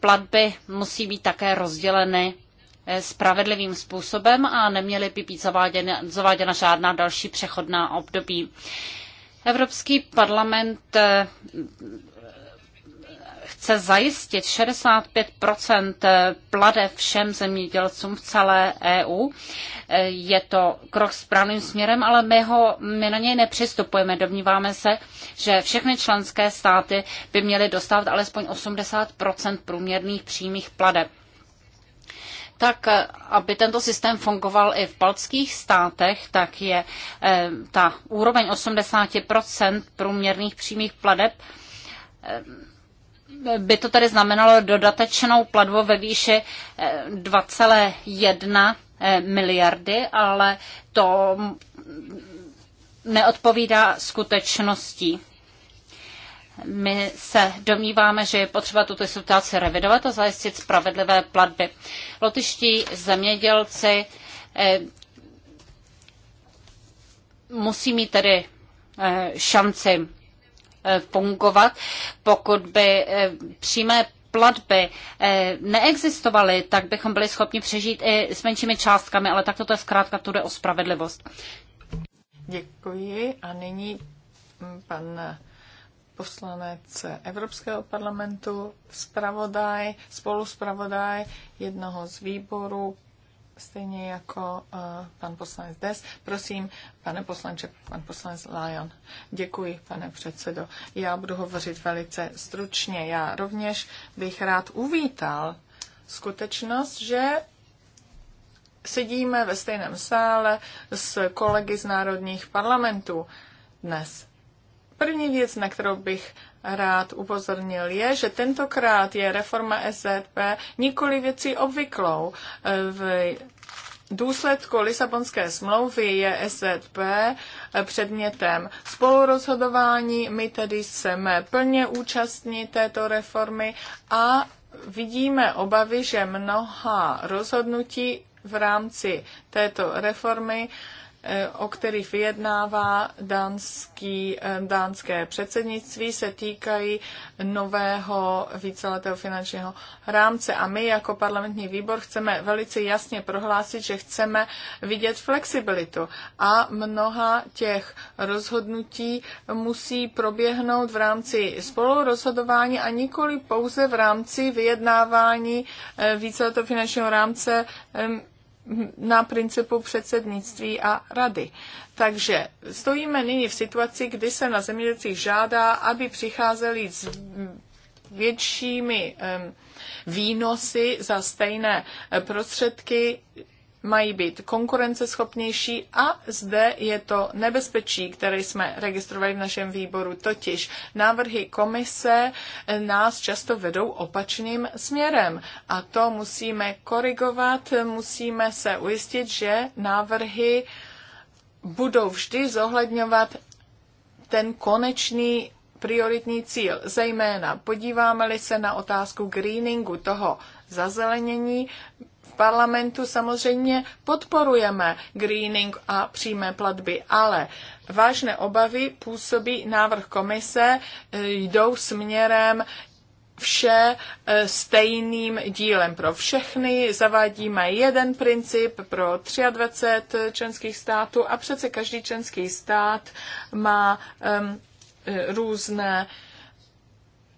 Platby musí být také rozděleny spravedlivým způsobem a neměly by být zaváděna, zaváděna žádná další přechodná období. Evropský parlament eh, chce zajistit 65 eh, plade všem zemědělcům v celé EU. Eh, je to krok správným směrem, ale my, ho, my na něj nepřistupujeme. Domníváme se, že všechny členské státy by měly dostat alespoň 80 průměrných přímých pladeb tak eh, aby tento systém fungoval i v baltských státech, tak je eh, ta úroveň 80% průměrných přímých pladeb eh, by to tedy znamenalo dodatečnou platbu ve výši 2,1 miliardy, ale to neodpovídá skutečnosti. My se domníváme, že je potřeba tuto situaci revidovat a zajistit spravedlivé platby. Lotyští zemědělci eh, musí mít tedy eh, šanci eh, fungovat, pokud by přímé platby neexistovaly, tak bychom byli schopni přežít i s menšími částkami, ale tak toto je zkrátka, tu jde o spravedlivost. Děkuji a nyní pan poslanec Evropského parlamentu, spravodaj, spoluspravodaj jednoho z výborů, stejně jako uh, pan poslanec Des. Prosím, pane poslanče, pan poslanec Lyon. Děkuji, pane předsedo. Já budu hovořit velice stručně. Já rovněž bych rád uvítal skutečnost, že sedíme ve stejném sále s kolegy z národních parlamentů dnes. První věc, na kterou bych rád upozornil, je, že tentokrát je reforma SZP nikoli věcí obvyklou. V důsledku Lisabonské smlouvy je SZP předmětem spolurozhodování. My tedy jsme plně účastní této reformy a vidíme obavy, že mnoha rozhodnutí v rámci této reformy uh, Eh, o kterých vyjednává dánský, eh, dánské předsednictví, se týkají nového víceletého finančního rámce. A my jako parlamentní výbor chceme velice jasně prohlásit, že chceme vidět flexibilitu. A mnoha těch rozhodnutí musí proběhnout v rámci spolurozhodování a nikoli pouze v rámci vyjednávání eh, víceletého finančního rámce na principu předsednictví a rady. Takže stojíme nyní v situaci, kdy se na zemědělcích žádá, aby přicházeli s většími výnosy za stejné prostředky mají být konkurenceschopnější a zde je to nebezpečí, které jsme registrovali v našem výboru, totiž návrhy komise nás často vedou opačným směrem a to musíme korigovat, musíme se ujistit, že návrhy budou vždy zohledňovat ten konečný prioritní cíl. Zejména podíváme-li se na otázku greeningu, toho zazelenění, parlamentu samozřejmě podporujeme greening a přímé platby, ale vážné obavy působí návrh komise, e, jdou směrem vše e, stejným dílem pro všechny. Zavádíme jeden princip pro 23 členských států a přece každý členský stát má um, různé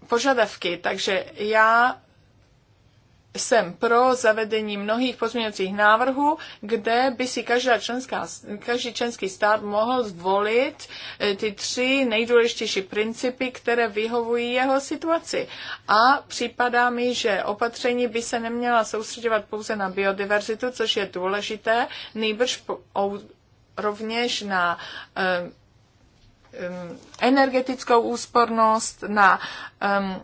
požadavky. Takže já jsem pro zavedení mnohých pozměňovacích návrhů, kde by si každá členská, každý členský stát mohl zvolit e, ty tři nejdůležitější principy, které vyhovují jeho situaci. A připadá mi, že opatření by se neměla soustředovat pouze na biodiverzitu, což je důležité, nejbrž rovněž na e, energetickou úspornost, na um,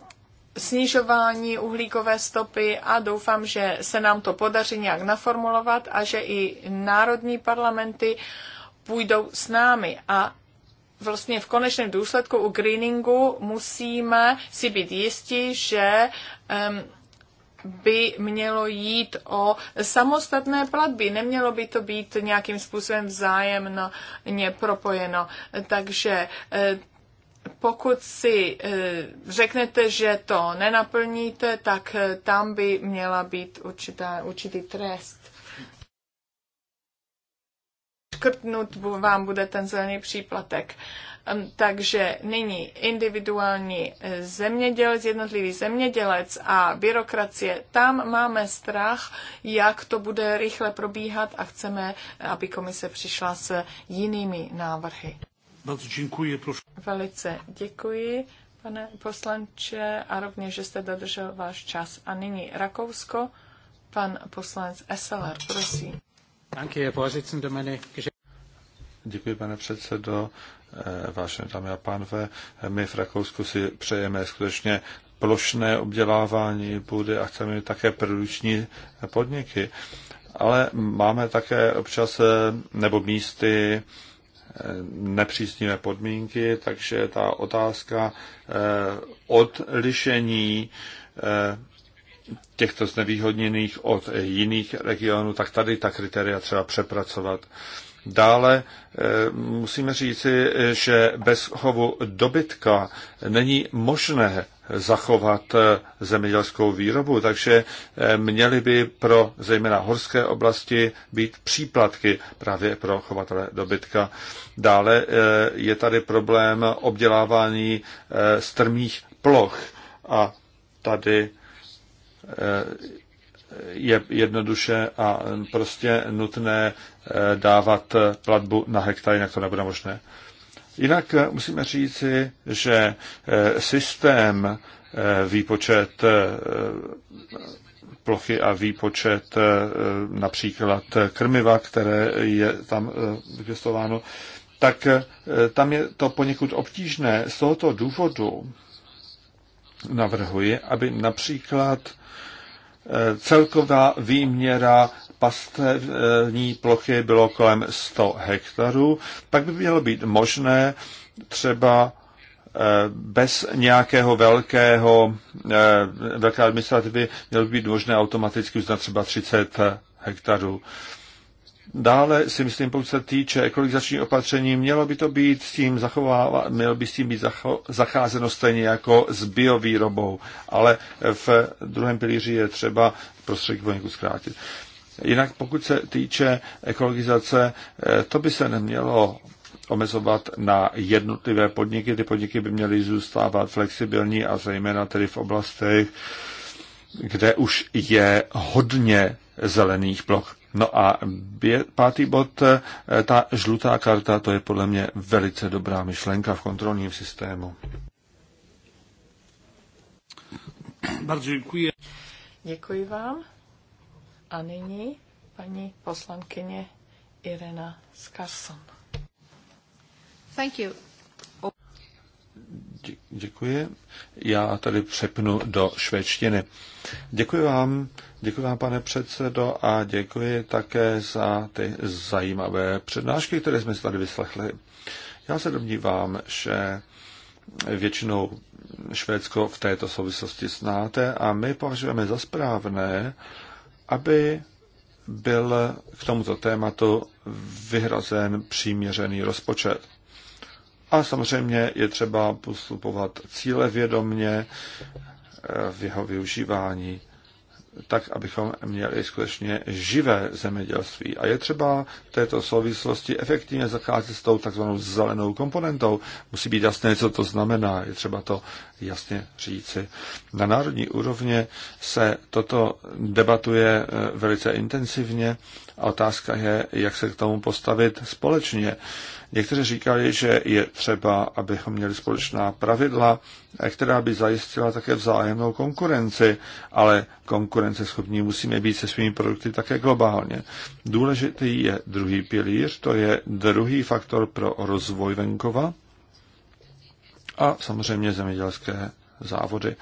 snižování uhlíkové stopy a doufám, že se nám to podaří nějak naformulovat a že i národní parlamenty půjdou s námi a vlastně v konečném důsledku u greeningu musíme si být jistí, že um, by mělo jít o samostatné platby. Nemělo by to být nějakým způsobem vzájemně propojeno. Takže eh, pokud si eh, řeknete, že to nenaplníte, tak eh, tam by měla být určitá, určitý trest. Škrtnut vám bude ten zelený příplatek. Takže nyní individuální eh, zemědělec, jednotlivý zemědělec a byrokracie. Tam máme strach, jak to bude rychle probíhat a chceme, aby komise přišla s jinými návrhy. Bardzo dziękuję, proszę. Velice děkuji, pane poslanče, a rovněž, že jste dodržel váš čas. A nyní Rakousko, pan poslanec Eseler, prosím. Děkuji, pane předsedo. Eh, vážené dámy a pánové, my v Rakousku si přejeme skutečně plošné obdělávání půdy a chceme také produční podniky. Ale máme také občas eh, nebo místy nepříznivé podmínky, takže ta otázka eh, odlišení eh, těchto znevýhodněných od jiných regionů, tak tady ta kritéria třeba přepracovat. Dále eh, musíme říci, že bez chovu dobytka není možné zachovat eh, zemědělskou výrobu, takže eh, měly by pro zejména horské oblasti být příplatky právě pro chovatele dobytka. Dále je tady problém obdělávání strmých ploch a tady je jednoduše a prostě nutné Eh, dávat eh, platbu na hektar, jinak to nebude možné. Jinak eh, musíme říci, že systém výpočet plochy a výpočet například krmiva, které je tam vypěstováno, tak tam je to poněkud obtížné. Z tohoto důvodu navrhuji, aby například celková výměra pastevní plochy bylo kolem 100 hektarů, Tak by mělo být možné třeba eh, bez nějakého velkého, eh, velké administrativy mělo by být možné automaticky uznat třeba 30 hektarů. Dále si myslím, pokud se týče ekologizační opatření, mělo by to být s tím zachovávat, mělo by s tím být zacho, zacházeno stejně jako s biovýrobou, ale v druhém pilíři je třeba prostředky poněkud zkrátit. Jinak pokud se týče ekologizace, eh, to by se nemělo omezovat na jednotlivé podniky. Ty podniky by měly zůstávat flexibilní a zejména tedy v oblastech, kde už je hodně zelených ploch. No a pátý bod, eh, ta žlutá karta, to je podle mě velice dobrá myšlenka v kontrolním systému. Bardzo děkuji. Děkuji vám. A nyní paní poslankyně Irena Skarson. Thank you. Děkuji. Já tady přepnu do švédštiny. Děkuji vám, děkuji vám, pane předsedo, a děkuji také za ty zajímavé přednášky, které jsme si tady vyslechli. Já se domnívám, že většinou Švédsko v této souvislosti znáte a my považujeme za správné, aby byl k tomuto tématu vyhrazen příměřený rozpočet. A samozřejmě je třeba postupovat cílevědomně v jeho využívání tak, abychom měli skutečně živé zemědělství. A je třeba v této souvislosti efektivně zacházet s tou takzvanou zelenou komponentou. Musí být jasné, co to znamená. Je třeba to jasně říci. Na národní úrovně se toto debatuje eh, velice intenzivně a otázka je, jak se k tomu postavit společně. Někteří říkali, že je třeba, abychom měli společná pravidla, která by zajistila také vzájemnou konkurenci, ale konkurenceschopní musíme být se svými produkty také globálně. Důležitý je druhý pilíř, to je druhý faktor pro rozvoj venkova a samozřejmě zemědělské závody.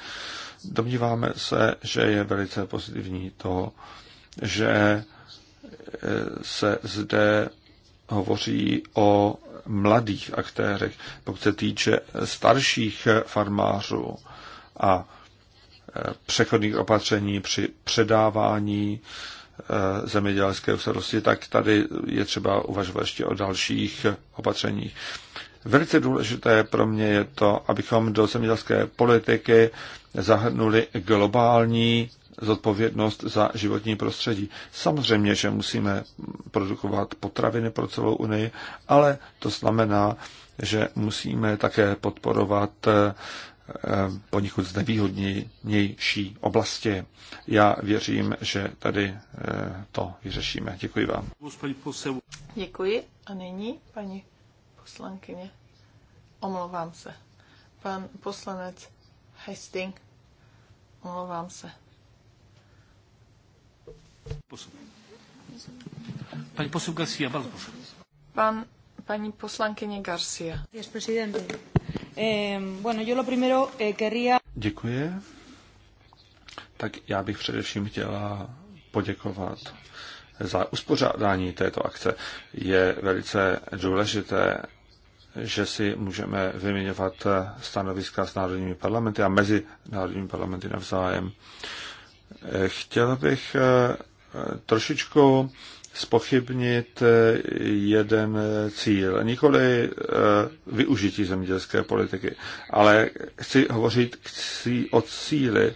Domníváme se, že je velice pozitivní to, že se zde hovoří o mladých aktérech. Pokud se týče starších farmářů a e, přechodných opatření při předávání e, zemědělské usadosti, tak tady je třeba uvažovat ještě o dalších opatřeních. Velice důležité pro mě je to, abychom do zemědělské politiky zahrnuli globální zodpovědnost za životní prostředí. Samozřejmě, že musíme produkovat potraviny pro celou Unii, ale to znamená, že musíme také podporovat eh, poněkud znevýhodnější oblasti. Já věřím, že tady eh, to vyřešíme. Děkuji vám. Děkuji. A nyní paní poslankyně. Omlouvám se. Pan poslanec Hastings. Omlouvám se. Pani Garcia, bardzo proszę. Pan, poslankyně Garcia. Eh, Děkuji. Tak já bych především chtěla poděkovat za uspořádání této akce. Je velice důležité, že si můžeme vyměňovat stanoviska s národními parlamenty a mezi národními parlamenty navzájem. Chtěl bych eh, trošičku spochybnit eh, jeden eh, cíl. Nikoli eh, využití zemědělské politiky, ale chci hovořit o cíli.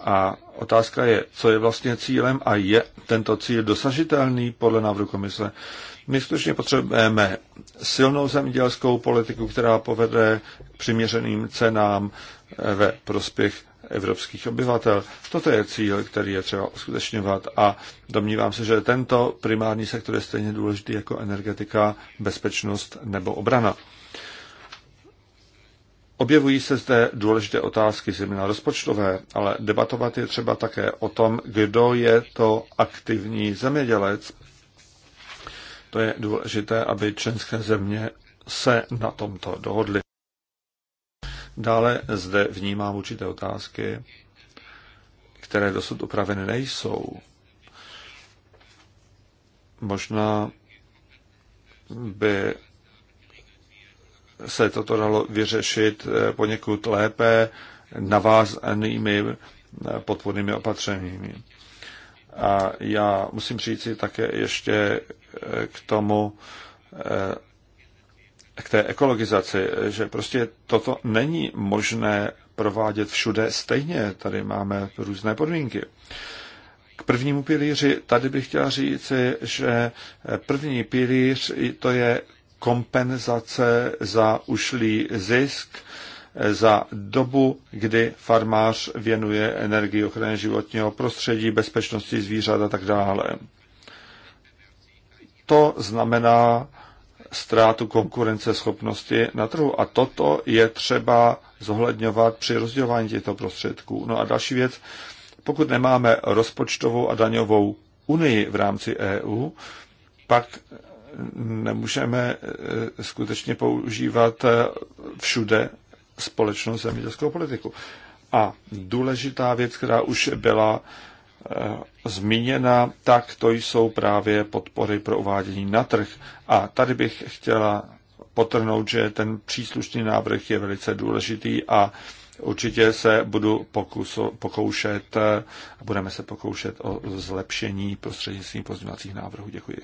A otázka je, co je vlastně cílem a je tento cíl dosažitelný podle návrhu komise. My skutečně potřebujeme silnou zemědělskou politiku, která povede k přiměřeným cenám ve prospěch evropských obyvatel. Toto je cíl, který je třeba uskutečňovat a domnívám se, že tento primární sektor je stejně důležitý jako energetika, bezpečnost nebo obrana. Objevují se zde důležité otázky, zejména rozpočtové, ale debatovat je třeba také o tom, kdo je to aktivní zemědělec. To je důležité, aby členské země se na tomto dohodly. Dále zde vnímám určité otázky, které dosud upraveny nejsou. Možná by se toto dalo vyřešit eh, poněkud lépe navázanými eh, podpornými opatřeními. A já musím říct si také ještě eh, k tomu k té ekologizaci, že prostě toto není možné provádět všude stejně. Tady máme různé podmínky. K prvnímu pilíři tady bych chtěl říci, že první pilíř to je kompenzace za ušlý zisk za dobu, kdy farmář věnuje energii ochrany životního prostředí, bezpečnosti zvířat a tak dále. To znamená ztrátu konkurenceschopnosti na trhu. A toto je třeba zohledňovat při rozdělování těchto prostředků. No a další věc, pokud nemáme rozpočtovou a daňovou unii v rámci EU, pak nemůžeme e, skutečně používat e, všude společnou zemědělskou politiku. A důležitá věc, která už byla Eh, zmíněna, tak to jsou právě podpory pro uvádění na trh. A tady bych chtěla potrhnout, že ten příslušný návrh je velice důležitý a určitě se budu pokusu, pokoušet, eh, budeme se pokoušet o zlepšení prostřednictvím pozměňovacích návrhů. Děkuji.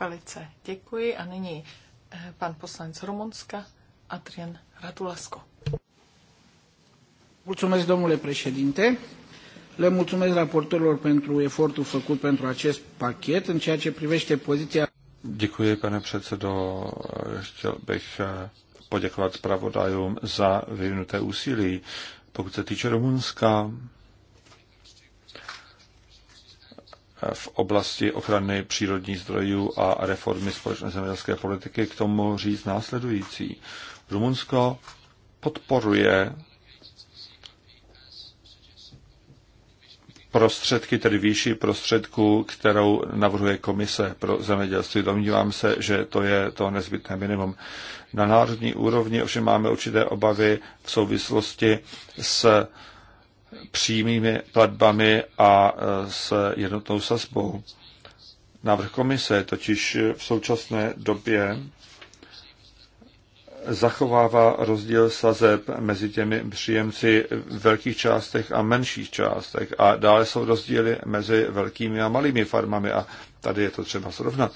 Velice děkuji a nyní eh, pan poslanec Rumunska Adrian Radulasko. Mulțumesc, domnule președinte. Le mulțumesc raportorilor pentru efortul făcut pentru acest pachet în ceea ce privește poziția. Děkuji, pane předsedo. Chtěl bych eh, poděkovat zpravodajům za vyvinuté úsilí. Pokud se týče Rumunska, v oblasti ochrany přírodních zdrojů a reformy společné zemědělské politiky k tomu říct následující. Rumunsko podporuje prostředky, tedy výši prostředků, kterou navrhuje komise pro zemědělství. Domnívám se, že to je to nezbytné minimum. Na národní úrovni ovšem máme určité obavy v souvislosti s přímými platbami a e, s jednotnou sazbou. Návrh komise totiž v současné době zachovává rozdíl sazeb mezi těmi příjemci velkých částech a menších částech. A dále jsou rozdíly mezi velkými a malými farmami a tady je to třeba srovnat.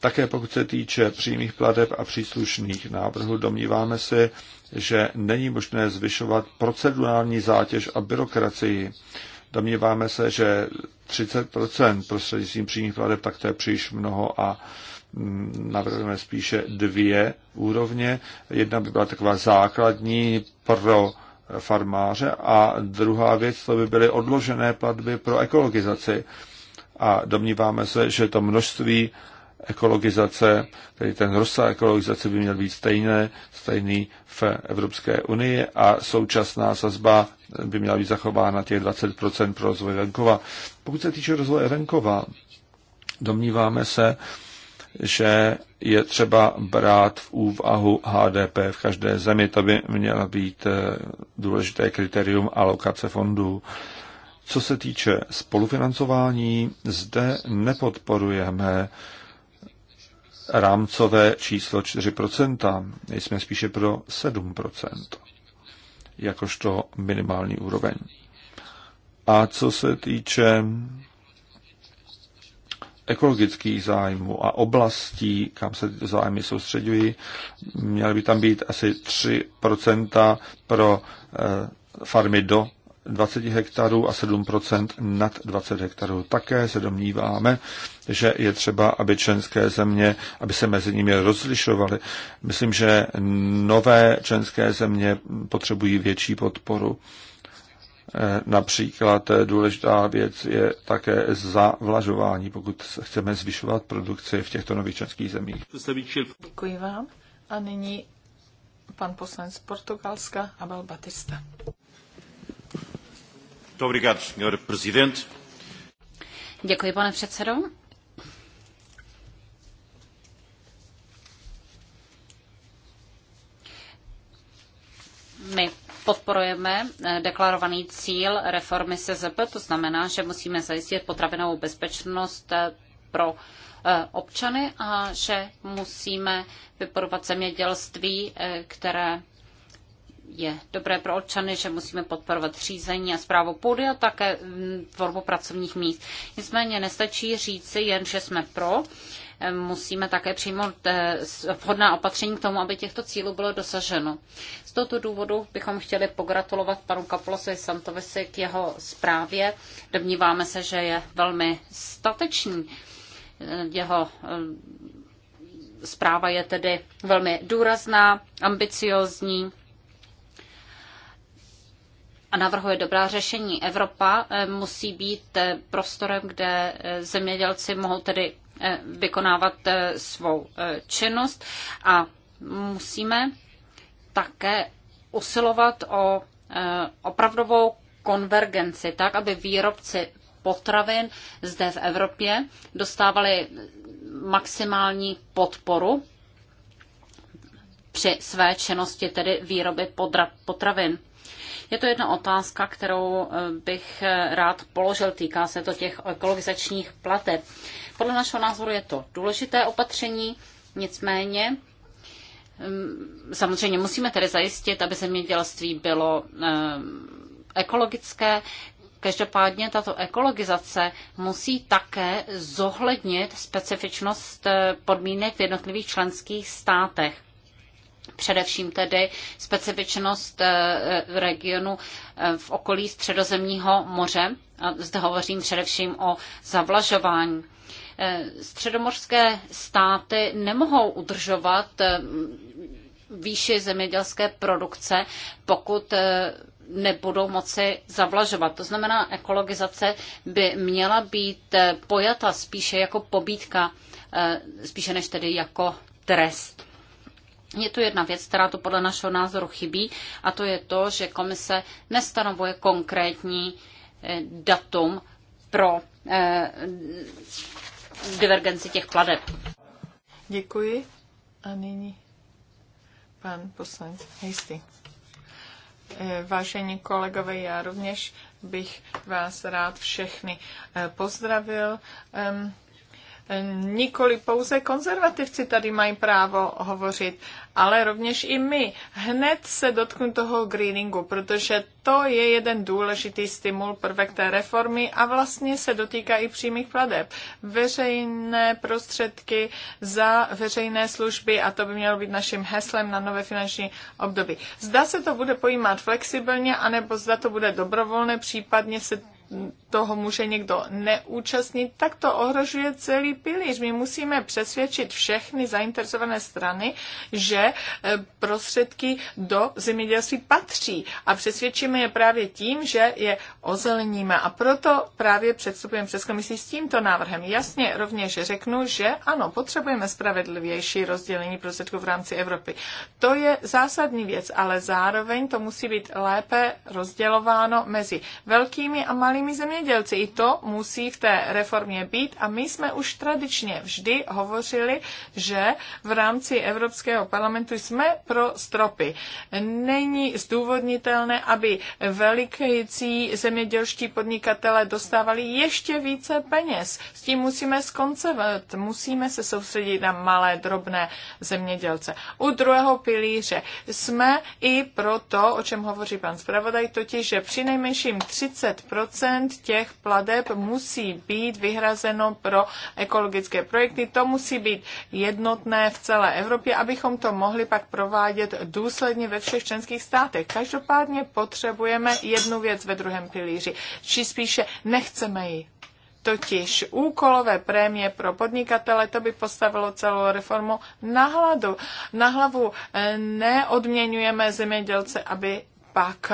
Také pokud se týče přímých plateb a příslušných návrhů, domníváme se, že není možné zvyšovat procedurální zátěž a byrokracii. Domníváme se, že 30% prostřednictvím přímých plateb, tak to je příliš mnoho a navrhujeme spíše dvě úrovně. Jedna by byla taková základní pro farmáře a druhá věc to by byly odložené platby pro ekologizaci. A domníváme se, že to množství ekologizace, tedy ten rozsah ekologizace by měl být stejné, stejný v Evropské unii a současná sazba by měla být zachována těch 20% pro rozvoj venkova. Pokud se týče rozvoje venkova, domníváme se, že je třeba brát v úvahu HDP v každé zemi. To by mělo být eh, důležité kritérium alokace fondů. Co se týče spolufinancování, zde nepodporujeme rámcové číslo 4%, nejsme spíše pro 7%, jakožto minimální úroveň. A co se týče ekologických zájmů a oblastí, kam se tyto zájmy soustředují. Měly by tam být asi 3% pro eh, farmy do 20 hektarů a 7 nad 20 hektarů. Také se domníváme, že je třeba, aby členské země, aby se mezi nimi rozlišovaly. Myslím, že nové členské země potřebují větší podporu Eh, například eh, důležitá věc je také zavlažování, pokud chceme zvyšovat produkci v těchto nových českých zemích. Děkuji vám. A nyní pan poslanec Portugalska Abel Batista. Děkuji, pane předsedo. My podporujeme eh, deklarovaný cíl reformy SZP, to znamená, že musíme zajistit potravinovou bezpečnost eh, pro eh, občany a že musíme vyporovat zemědělství, které je dobré pro občany, že musíme podporovat řízení a zprávu půdy a také mm, tvorbu pracovních míst. Nicméně nestačí říci jen, že jsme pro, musíme také přijmout eh, vhodná opatření k tomu, aby těchto cílů bylo dosaženo. Z tohoto důvodu bychom chtěli pogratulovat panu Kapolosovi Santovisi k jeho zprávě. Domníváme se, že je velmi statečný. Eh, jeho eh, zpráva je tedy velmi důrazná, ambiciozní a navrhuje dobrá řešení. Evropa musí být prostorem, kde zemědělci mohou tedy Eh, vykonávat eh, svou eh, činnost a musíme také usilovat o opravdovou konvergenci, tak aby výrobci potravin zde v Evropě dostávali maximální podporu při své činnosti, tedy výroby potravin. Je to jedna otázka, kterou bych rád položil. Týká se to těch ekologizačních plateb. Podle našeho názoru je to důležité opatření, nicméně mm, samozřejmě musíme tedy zajistit, aby zemědělství bylo eh, ekologické. Každopádně tato ekologizace musí také zohlednit specifičnost eh, podmínek v jednotlivých členských státech především tedy specifičnost eh, regionu v okolí Středozemního moře. Zde hovořím především o zavlažování. Eh, středomorské státy nemohou udržovat eh, výši zemědělské produkce, pokud eh, nebudou moci zavlažovat. To znamená, ekologizace by měla být pojata spíše jako pobídka, spíše než tedy jako trest. Je tu jedna věc, která to podle našeho názoru chybí, a to je to, že komise nestanovuje konkrétní datum pro divergenci těch pladeb. Děkuji. A nyní pan poslanec Hejsty. Eh, vážení kolegové, já rovněž bych vás rád všechny eh, pozdravil. Nikoli pouze konzervativci tady mají právo hovořit, ale rovněž i my. Hned se dotknu toho greeningu, protože to je jeden důležitý stimul prvek té reformy a vlastně se dotýká i přímých pladeb. Veřejné prostředky za veřejné služby a to by mělo být naším heslem na nové finanční období. Zda se to bude pojímat flexibilně, anebo zda to bude dobrovolné, případně se toho může někdo neúčastnit, tak to ohrožuje celý pilíř. My musíme přesvědčit všechny zainteresované strany, že e, prostředky do zemědělství patří a přesvědčíme je právě tím, že je ozeleníme. A proto právě předstupujeme přes komisí s tímto návrhem. Jasně rovněž řeknu, že ano, potřebujeme spravedlivější rozdělení prostředků v rámci Evropy. To je zásadní věc, ale zároveň to musí být lépe rozdělováno mezi velkými a malými malými zemědělci. I to musí v té reformě být a my jsme už tradičně vždy hovořili, že v rámci Evropského parlamentu jsme pro stropy. Není zdůvodnitelné, aby velikající zemědělští podnikatele dostávali ještě více peněz. S tím musíme skoncovat, musíme se soustředit na malé, drobné zemědělce. U druhého pilíře jsme i pro to, o čem hovoří pan zpravodaj, totiž, že přinejmenším 30 těch pladeb musí být vyhrazeno pro ekologické projekty. To musí být jednotné v celé Evropě, abychom to mohli pak provádět důsledně ve všech členských státech. Každopádně potřebujeme jednu věc ve druhém pilíři, či spíše nechceme ji totiž úkolové prémie pro podnikatele, to by postavilo celou reformu na, hladu, na hlavu. Eh, neodměňujeme zemědělce, aby pak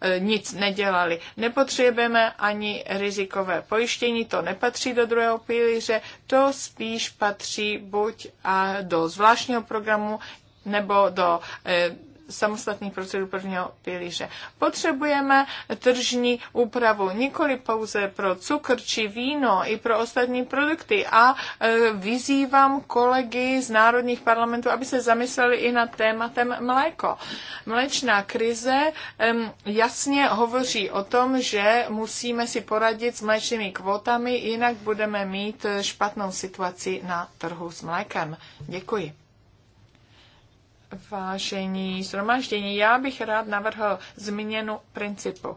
eh, nic nedělali. Nepotřebujeme ani rizikové pojištění, to nepatří do druhého pilíře, to spíš patří buď a do zvláštního programu nebo do eh, samostatný procedur prvního pilíře. Potřebujeme tržní úpravu nikoli pouze pro cukr či víno, i pro ostatní produkty a e, vyzývám kolegy z národních parlamentů, aby se zamysleli i nad tématem mléko. Mléčná krize jasně hovoří o tom, že musíme si poradit s mléčnými kvotami, jinak budeme mít špatnou situaci na trhu s mlékem. Děkuji. Vážení zhromaždění, já bych rád navrhl změnu principu.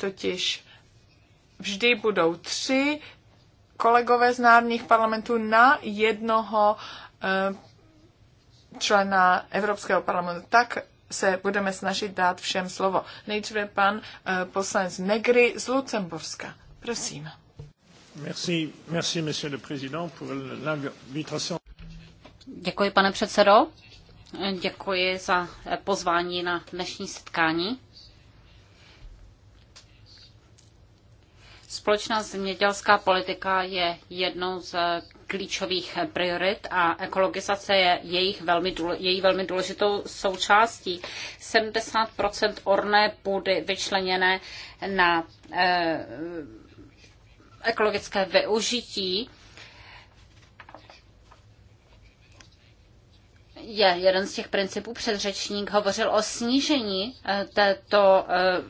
Totiž vždy budou tři kolegové z národních parlamentů na jednoho eh, člena Evropského parlamentu. Tak se budeme snažit dát všem slovo. Nejdříve pan eh, poslanec Negry z Lucemburska. Prosím. Merci, merci, monsieur le président, pour l'invitation. Děkuji, pane předsedo, Děkuji za pozvání na dnešní setkání. Společná zemědělská politika je jednou z klíčových priorit a ekologizace je jejich velmi důle, její velmi důležitou součástí. 70 orné půdy vyčleněné na eh, ekologické využití je jeden z těch principů. Předřečník hovořil o snížení eh, této eh,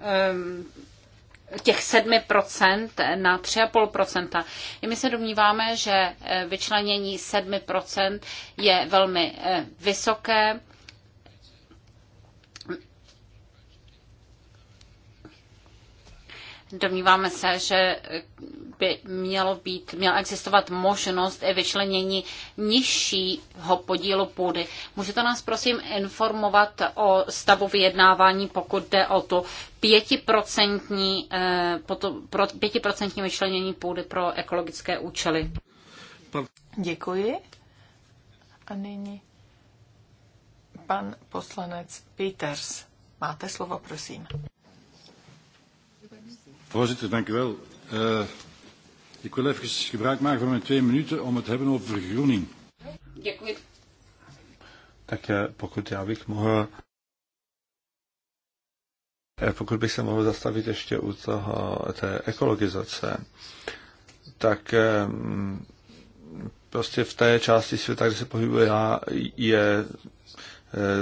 eh, těch 7% na 3,5%. I my se domníváme, že vyčlenění 7% je velmi vysoké Domníváme se, že by mělo být, měla existovat možnost vyčlenění nižšího podílu půdy. Můžete nás prosím informovat o stavu vyjednávání, pokud jde o to pětiprocentní, eh, pětiprocentní vyčlenění půdy pro ekologické účely? Děkuji. A nyní pan poslanec Peters. Máte slovo, prosím. Voorzitter, dank u wel. Uh, ik wil even gebruik maken van mijn twee minuten om het te hebben over vergroening. Děkuji. Tak eh, pokud já bych mohl eh, pokud bych se mohl zastavit ještě u toho, té ekologizace, tak prostě v té části světa, kde se pohybuje já, je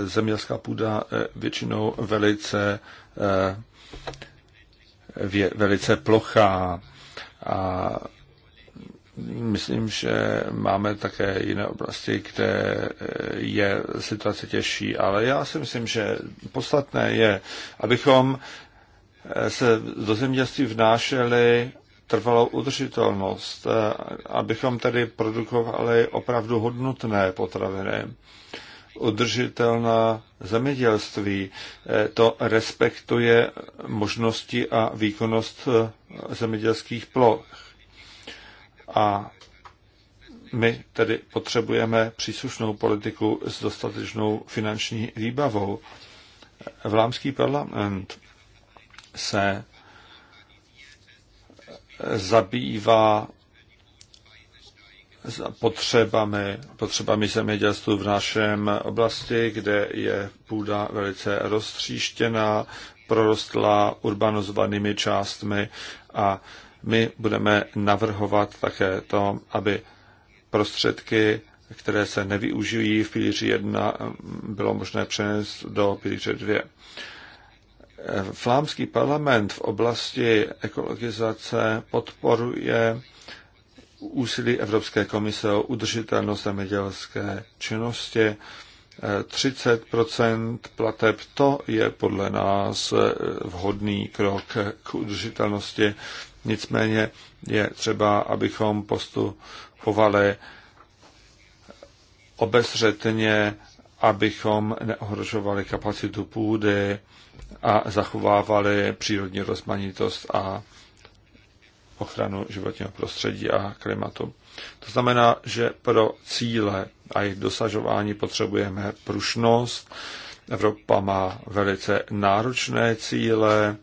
zemědělská půda většinou velice velice plochá a myslím, že máme také jiné oblasti, kde eh, je situace těžší, ale já si myslím, že podstatné je, abychom eh, se do zemědělství vnášeli trvalou udržitelnost, eh, abychom tedy produkovali opravdu hodnotné potraviny udržitelná zemědělství. Eh, to respektuje možnosti a výkonnost eh, zemědělských ploch. A my tedy potřebujeme příslušnou politiku s dostatečnou finanční výbavou. Vlámský parlament se zabývá za potřebami, potřebami zemědělství v našem oblasti, kde je půda velice roztříštěná, prorostla urbanozovanými částmi a my budeme navrhovat také to, aby prostředky, které se nevyužijí v pilíři 1, bylo možné přenést do pilíře 2. Flámský parlament v oblasti ekologizace podporuje úsilí Evropské komise o udržitelnost zemědělské činnosti. 30 plateb to je podle nás vhodný krok k udržitelnosti. Nicméně je třeba, abychom postupovali obezřetně, abychom neohrožovali kapacitu půdy a zachovávali přírodní rozmanitost a ochranu životního prostředí a klimatu. To znamená, že pro cíle a jejich dosažování potřebujeme prušnost. Evropa má velice náročné cíle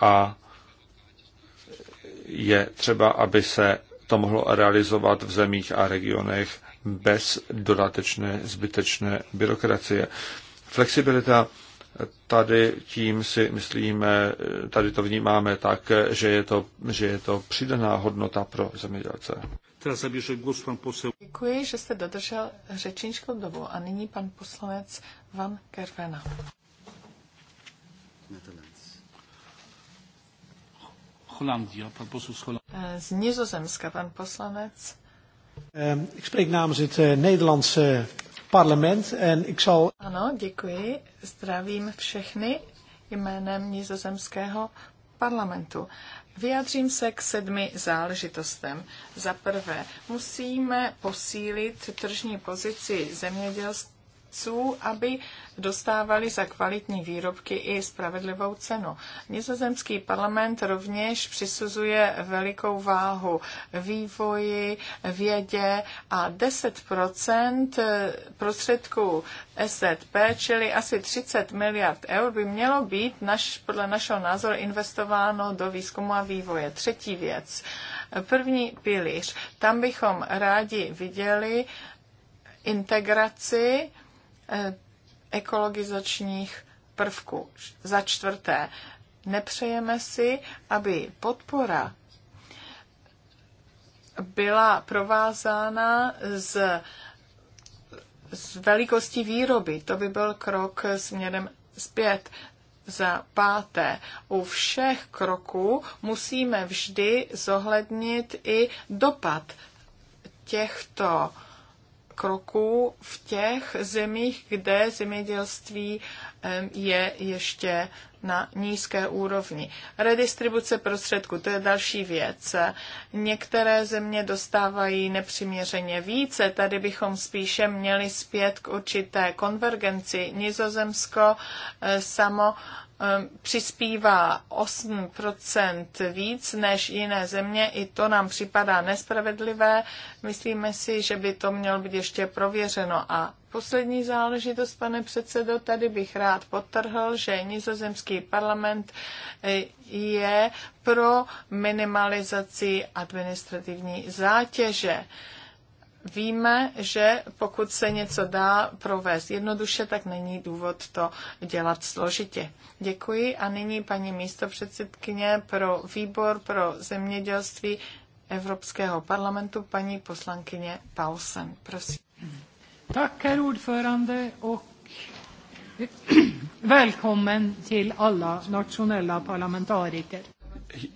a je třeba, aby se to mohlo realizovat v zemích a regionech bez dodatečné zbytečné byrokracie. Flexibilita tady tím si myslíme, tady to vnímáme tak, že je to, že je to přidaná hodnota pro zemědělce. Děkuji, že jste dodržel řečničkou dobu. A nyní pan poslanec Van Kervena. Holandia, eh, Z Nizozemska pan poslanec. Ehm, ik spreek namens het eh, Nederlandse parlament. ik zal... Ano, děkuji. Zdravím všechny jménem nizozemského parlamentu. Vyjádřím se k sedmi záležitostem. Za prvé, musíme posílit tržní pozici zemědělství výrobců, aby dostávali za kvalitní výrobky i spravedlivou cenu. Nizozemský parlament rovněž přisuzuje velikou váhu vývoji, vědě a 10 prostředků SZP, čili asi 30 miliard eur, by mělo být naš, podle našeho názoru investováno do výzkumu a vývoje. Třetí věc. První pilíř. Tam bychom rádi viděli integraci Eh, ekologizačních prvků. Za čtvrté, nepřejeme si, aby podpora byla provázána s, s velikostí výroby. To by byl krok směrem zpět. Za páté, u všech kroků musíme vždy zohlednit i dopad těchto kroků v těch zemích, kde zemědělství je ještě na nízké úrovni. Redistribuce prostředků, to je další věc. Některé země dostávají nepřiměřeně více, tady bychom spíše měli zpět k určité konvergenci. Nizozemsko eh, samo Ehm, přispívá 8% víc než jiné země, i to nám připadá nespravedlivé. Myslíme si, že by to mělo být ještě prověřeno. A poslední záležitost, pane předsedo, tady bych rád potrhl, že nizozemský parlament eh, je pro minimalizaci administrativní zátěže. Víme, že pokud se něco dá provést jednoduše, tak není důvod to dělat složitě. Děkuji a nyní paní místopředsedkyně pro výbor pro zemědělství Evropského parlamentu, paní poslankyně Paulsen. Prosím. Tak, herr ordförande, och [CLEARS THROAT] välkommen till alla nationella parlamentariker.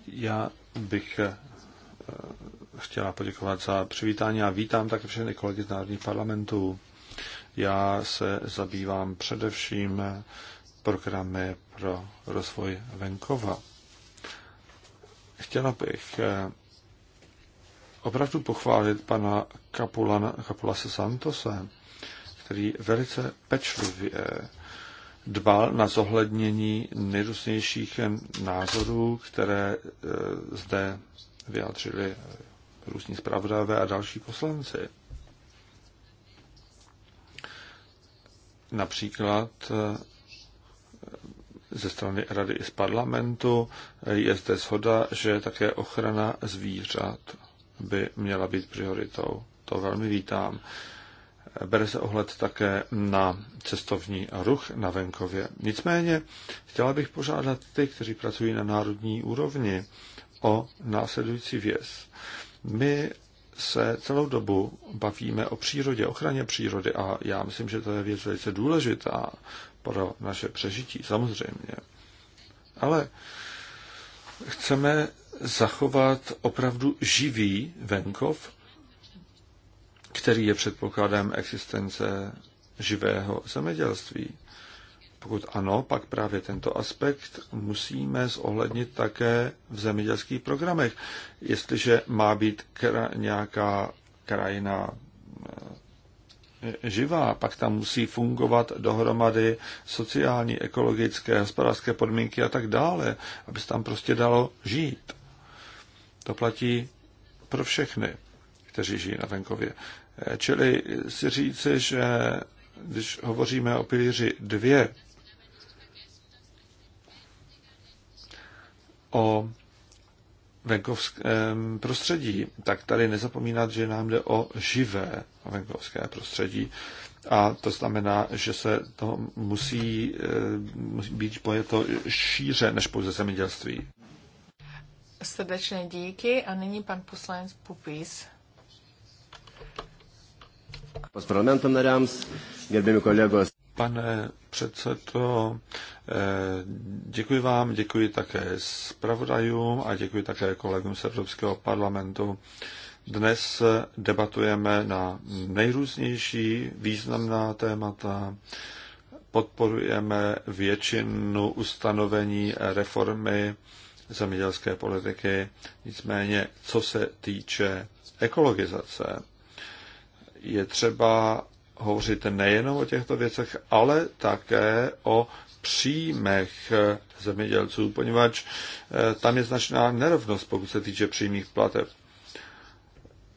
Já bych eh, chtěla poděkovat za přivítání a vítám také všechny kolegy z národních parlamentů. Já se zabývám především programy pro rozvoj venkova. Chtěla bych eh, opravdu pochválit pana Kapulana, Kapulase Santose, který velice pečlivě dbal na zohlednění nejrůznějších eh, názorů, které eh, zde vyjádřili různí zpravodajové a další poslanci. Například eh, ze strany Rady i z parlamentu je zde shoda, že také ochrana zvířat by měla být prioritou. To velmi vítám. Bere se ohled také na cestovní ruch na venkově. Nicméně chtěla bych požádat ty, kteří pracují na národní úrovni, o následující věc. My se celou dobu bavíme o přírodě, ochraně přírody a já myslím, že to je věc velice důležitá pro naše přežití, samozřejmě. Ale chceme zachovat opravdu živý venkov, který je předpokladem existence živého zemědělství. Pokud ano, pak právě tento aspekt musíme zohlednit také v zemědělských programech. Jestliže má být kra, nějaká krajina eh, živá, pak tam musí fungovat dohromady sociální, ekologické, hospodářské podmínky a tak dále, aby se tam prostě dalo žít. To platí pro všechny, kteří žijí na venkově. Eh, čili si říci, že když hovoříme o pilíři dvě o venkovském prostředí, tak tady nezapomínat, že nám jde o živé venkovské prostředí. A to znamená, že se to musí, musí být pojeto šíře než pouze zemědělství. Srdečné díky a nyní pan poslanec Pupis. Pas parlamentom nariams, gerbimi kolegos. Pane předsedo, eh, děkuji vám, děkuji také zpravodajům a děkuji také kolegům z Evropského parlamentu. Dnes debatujeme na nejrůznější významná témata. Podporujeme většinu ustanovení reformy zemědělské politiky. Nicméně, co se týče ekologizace, je třeba hovořit nejenom o těchto věcech, ale také o příjmech zemědělců, poněvadž eh, tam je značná nerovnost, pokud se týče přímých plateb.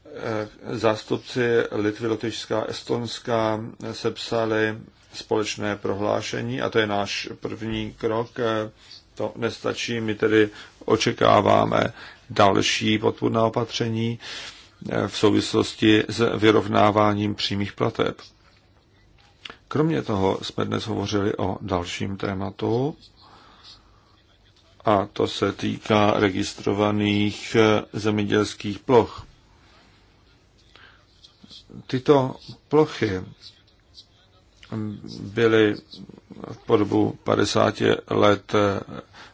Eh, zástupci Litvy, Lotyšská, Estonská sepsali společné prohlášení a to je náš první krok. Eh, to nestačí, my tedy očekáváme další podpůrná opatření v souvislosti s vyrovnáváním přímých plateb. Kromě toho jsme dnes hovořili o dalším tématu, a to se týká registrovaných eh, zemědělských ploch. Tyto plochy byly v podobu 50 let eh,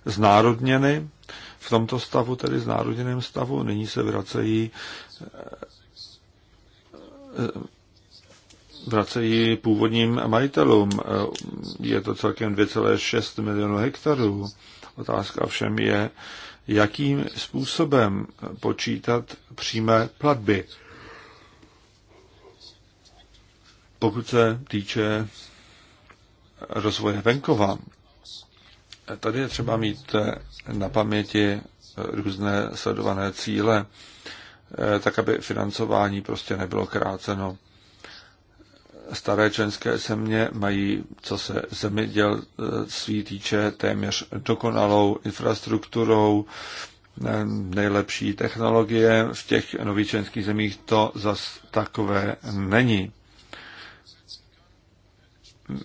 znárodněny, v tomto stavu, tedy znárodněném stavu, nyní se vracejí Eh, vracejí původním majitelům. Eh, je to celkem 2,6 milionů hektarů. Otázka všem je, jakým způsobem počítat přímé platby. Pokud se týče rozvoje venkova, tady je třeba mít na paměti různé sledované cíle. Eh, tak aby financování prostě nebylo kráceno. Staré členské země mají, co se zemědělství eh, týče, téměř dokonalou infrastrukturou, eh, nejlepší technologie. V těch nových členských zemích to zas takové není.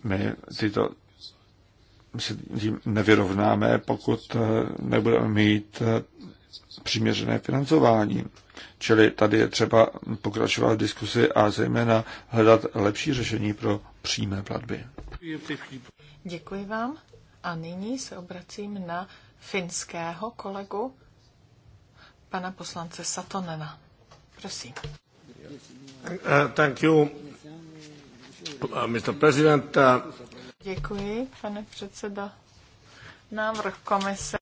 My tyto si tím nevyrovnáme, pokud nebudeme mít přiměřené financování. Čili tady je třeba pokračovat v diskusi a zejména hledat lepší řešení pro přímé platby. Děkuji vám. A nyní se obracím na finského kolegu, pana poslance Satonena. Prosím. Uh, thank you, uh, Mr. President. Uh, Děkuji, pane předseda. Návrh komise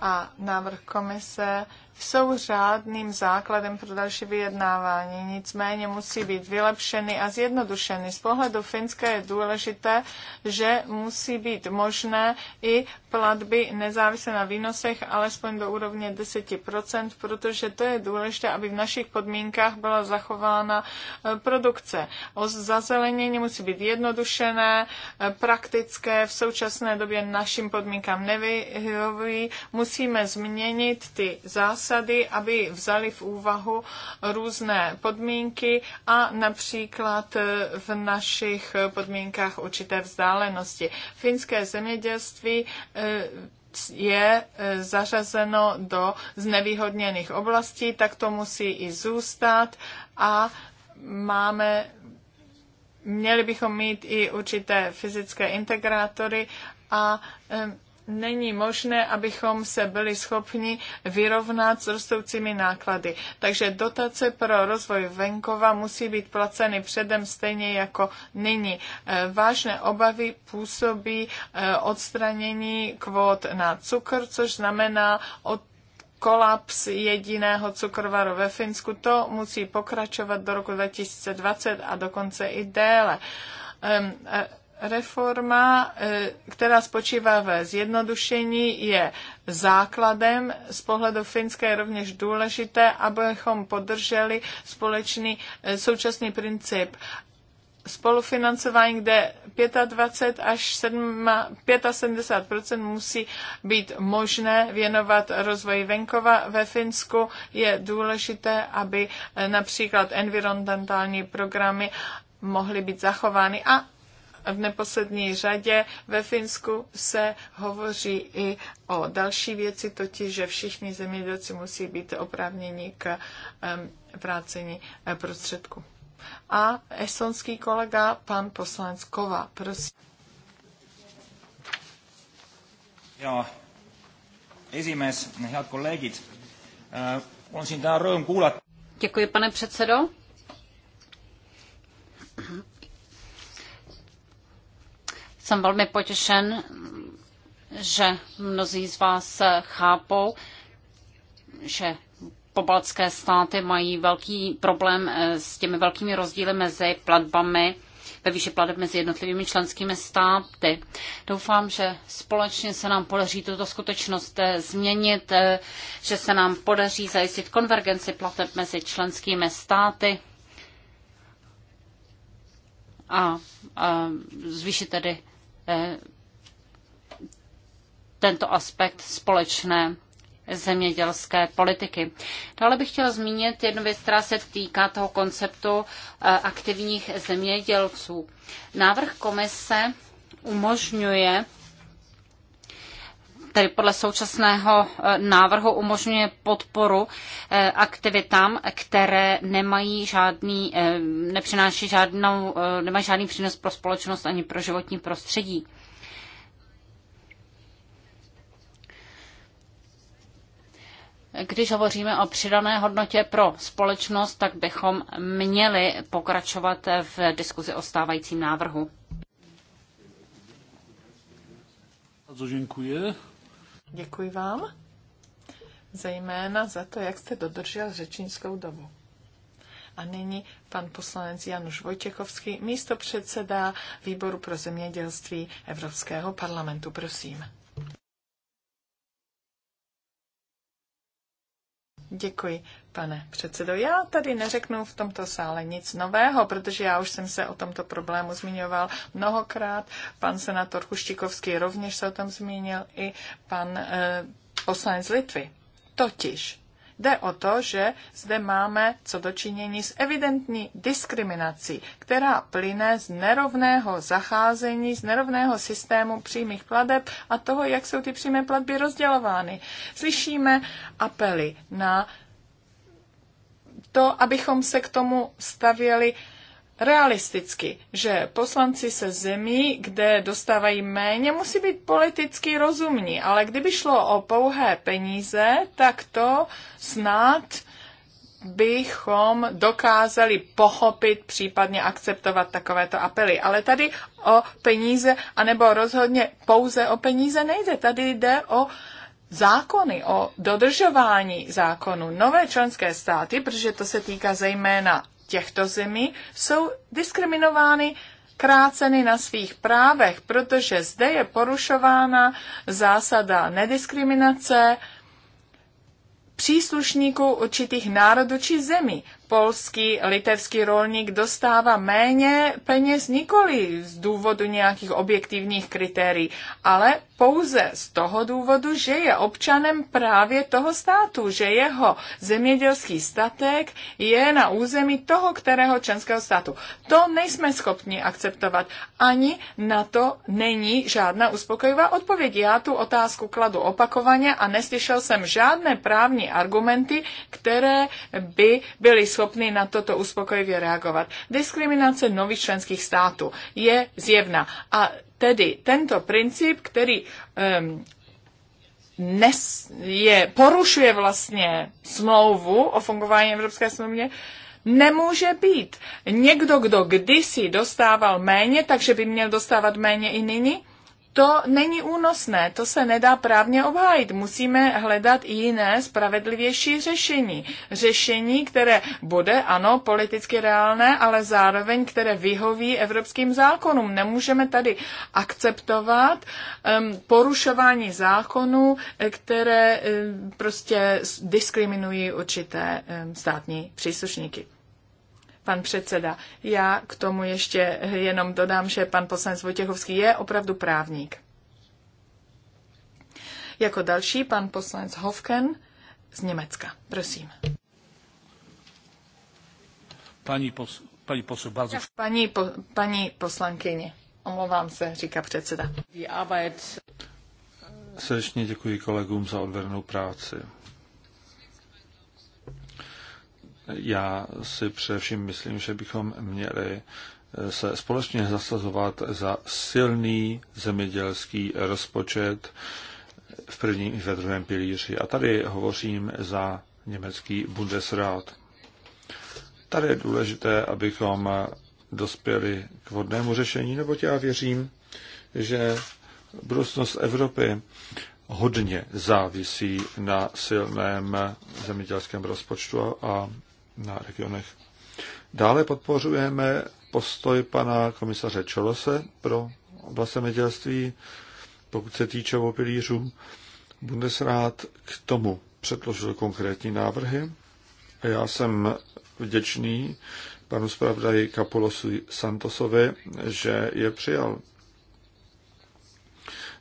a návrh komise jsou řádným základem pro další vyjednávání, nicméně musí být vylepšeny a zjednodušeny. Z pohledu Finska je důležité, že musí být možné i platby nezávisle na výnosech alespoň do úrovně 10%, protože to je důležité, aby v našich podmínkách byla zachována eh, produkce. O zazelenění musí být jednodušené, eh, praktické, v současné době našim podmínkám nevyhovují. Musíme změnit ty zásady zásady, aby vzali v úvahu různé podmínky a například eh, v našich eh, podmínkách určité vzdálenosti. Finské zemědělství eh, je zařazeno do znevýhodněných oblastí, tak to musí i zůstat a máme, měli bychom mít i určité fyzické integrátory a není možné, abychom se byli schopni vyrovnat s rostoucími náklady. Takže dotace pro rozvoj venkova musí být placeny předem stejně jako nyní. E, vážné obavy působí e, odstranění kvót na cukr, což znamená od kolaps jediného cukrovaru ve Finsku. To musí pokračovat do roku 2020 a dokonce i déle e, Reforma, e, která spočívá ve zjednodušení, je základem z pohledu Finska je rovněž důležité, abychom podrželi společný e, současný princip spolufinancování, kde 25 až 7, 75 musí být možné věnovat rozvoji venkova ve Finsku. Je důležité, aby e, například environmentální programy mohly být zachovány a v neposlední řadě ve Finsku se hovoří i o další věci, totiž, že všichni zemědělci musí být oprávněni k vrácení eh, prostředku. A estonský kolega, pan poslanec Kova, prosím. Ja esimees, head kolegid, uh, eh, on siin täna rõõm kuulata. Děkuji, pane předsedo. Jsem velmi potěšen, že mnozí z vás chápou, že pobaltské státy mají velký problém eh, s těmi velkými rozdíly mezi platbami ve výši plateb mezi jednotlivými členskými státy. Doufám, že společně se nám podaří tuto skutečnost eh, změnit, eh, že se nám podaří zajistit konvergenci plateb mezi členskými státy a, a zvýšit tedy Eh, tento aspekt společné zemědělské politiky. Dále bych chtěla zmínit jednu věc, která se týká toho konceptu eh, aktivních zemědělců. Návrh komise umožňuje tedy podle současného eh, návrhu umožňuje podporu eh, aktivitám, které nemají žádný, eh, nepřináší žádnou, nemají žádný přínos pro společnost ani pro životní prostředí. Když hovoříme o přidané hodnotě pro společnost, tak bychom měli pokračovat v diskuzi o stávajícím návrhu. Bardzo dziękuję. Děkuji vám, zejména za to, jak jste dodržel řečnickou dobu. A nyní pan poslanec Januš Vojtěchovský, místo předseda Výboru pro zemědělství Evropského parlamentu. Prosím. Děkuji pane předsedo. Já tady neřeknu v tomto sále nic nového, protože já už jsem se o tomto problému zmiňoval mnohokrát. Pan senátor Huštíkovský rovněž se o tom zmínil i pan e, poslanec Litvy. Totiž Jde o to, že zde máme co dočinění s evidentní diskriminací, která plyne z nerovného zacházení, z nerovného systému přímých plateb a toho, jak jsou ty přímé platby rozdělovány. Slyšíme apely na to, abychom se k tomu stavěli realisticky, že poslanci se zemí, kde dostávají méně, musí být politicky rozumní, ale kdyby šlo o pouhé peníze, tak to snad bychom dokázali pochopit, případně akceptovat takovéto apely. Ale tady o peníze, anebo rozhodně pouze o peníze nejde. Tady jde o uh, zákony o dodržování zákonu nové členské státy, protože to se týká zejména těchto zemí, jsou diskriminovány kráceny na svých právech, protože zde je porušována zásada nediskriminace příslušníků určitých národů či zemí polský, litevský rolník dostává méně peněz nikoli z důvodu nějakých objektivních kritérií, ale pouze z toho důvodu, že je občanem právě toho státu, že jeho zemědělský statek je na území toho, kterého členského státu. To nejsme schopni akceptovat. Ani na to není žádná uspokojivá odpověď. Já tu otázku kladu opakovaně a neslyšel jsem žádné právní argumenty, které by byly schopni schopný na toto uspokojivě reagovat. Diskriminace nových členských států je zjevná. A tedy tento princip, který um, nes, je, porušuje vlastně smlouvu o fungování Evropské smlouvy, nemůže být. Někdo, kdo kdysi dostával méně, takže by měl dostávat méně i nyní? to není únosné, to se nedá právně obhájit. Musíme hledat jiné, spravedlivější řešení. Řešení, které bude, ano, politicky reálné, ale zároveň, které vyhoví evropským zákonům. Nemůžeme tady akceptovat um, porušování zákonů, které um, prostě diskriminují určité um, státní příslušníky pan předseda. Já k tomu ještě jenom dodám, že pan poslanec Vojtěchovský je opravdu právník. Jako další pan poslanec Hofken z Německa. Prosím. Paní, pos, paní, posu, bardzo... paní, po, paní poslankyně, omlouvám se, říká předseda. Srdečně děkuji kolegům za odvernou práci. Já si především myslím, že bychom měli eh, se společně zasazovat za silný zemědělský rozpočet v prvním i ve druhém pilíři. A tady hovořím za německý Bundesrat. Tady je důležité, abychom dospěli k vodnému řešení, nebo já věřím, že budoucnost Evropy hodně závisí na silném zemědělském rozpočtu a na regionech. Dále podpořujeme postoj pana komisaře Čolose pro oblast zemědělství, pokud se týče obou pilířů. Bundesrat k tomu předložil konkrétní návrhy a já jsem vděčný panu zpravodaji Kapulosu Santosovi, že je přijal.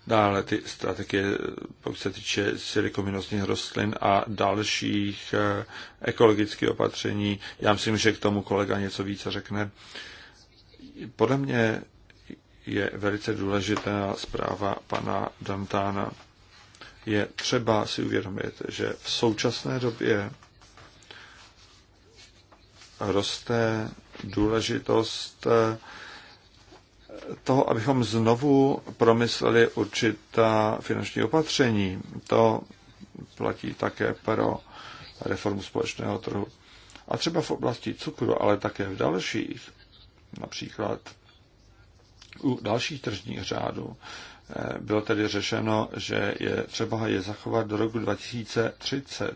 Dále ty strategie, pokud se týče silikominosních rostlin a dalších eh, ekologických opatření, já myslím, že k tomu kolega něco více řekne. Podle mě je velice důležitá zpráva pana Dantána. Je třeba si uvědomit, že v současné době roste důležitost eh, toho, abychom znovu promysleli určitá finanční opatření. To platí také pro reformu společného trhu. A třeba v oblasti cukru, ale také v dalších, například u dalších tržních řádů, eh, bylo tedy řešeno, že je třeba je zachovat do roku 2030.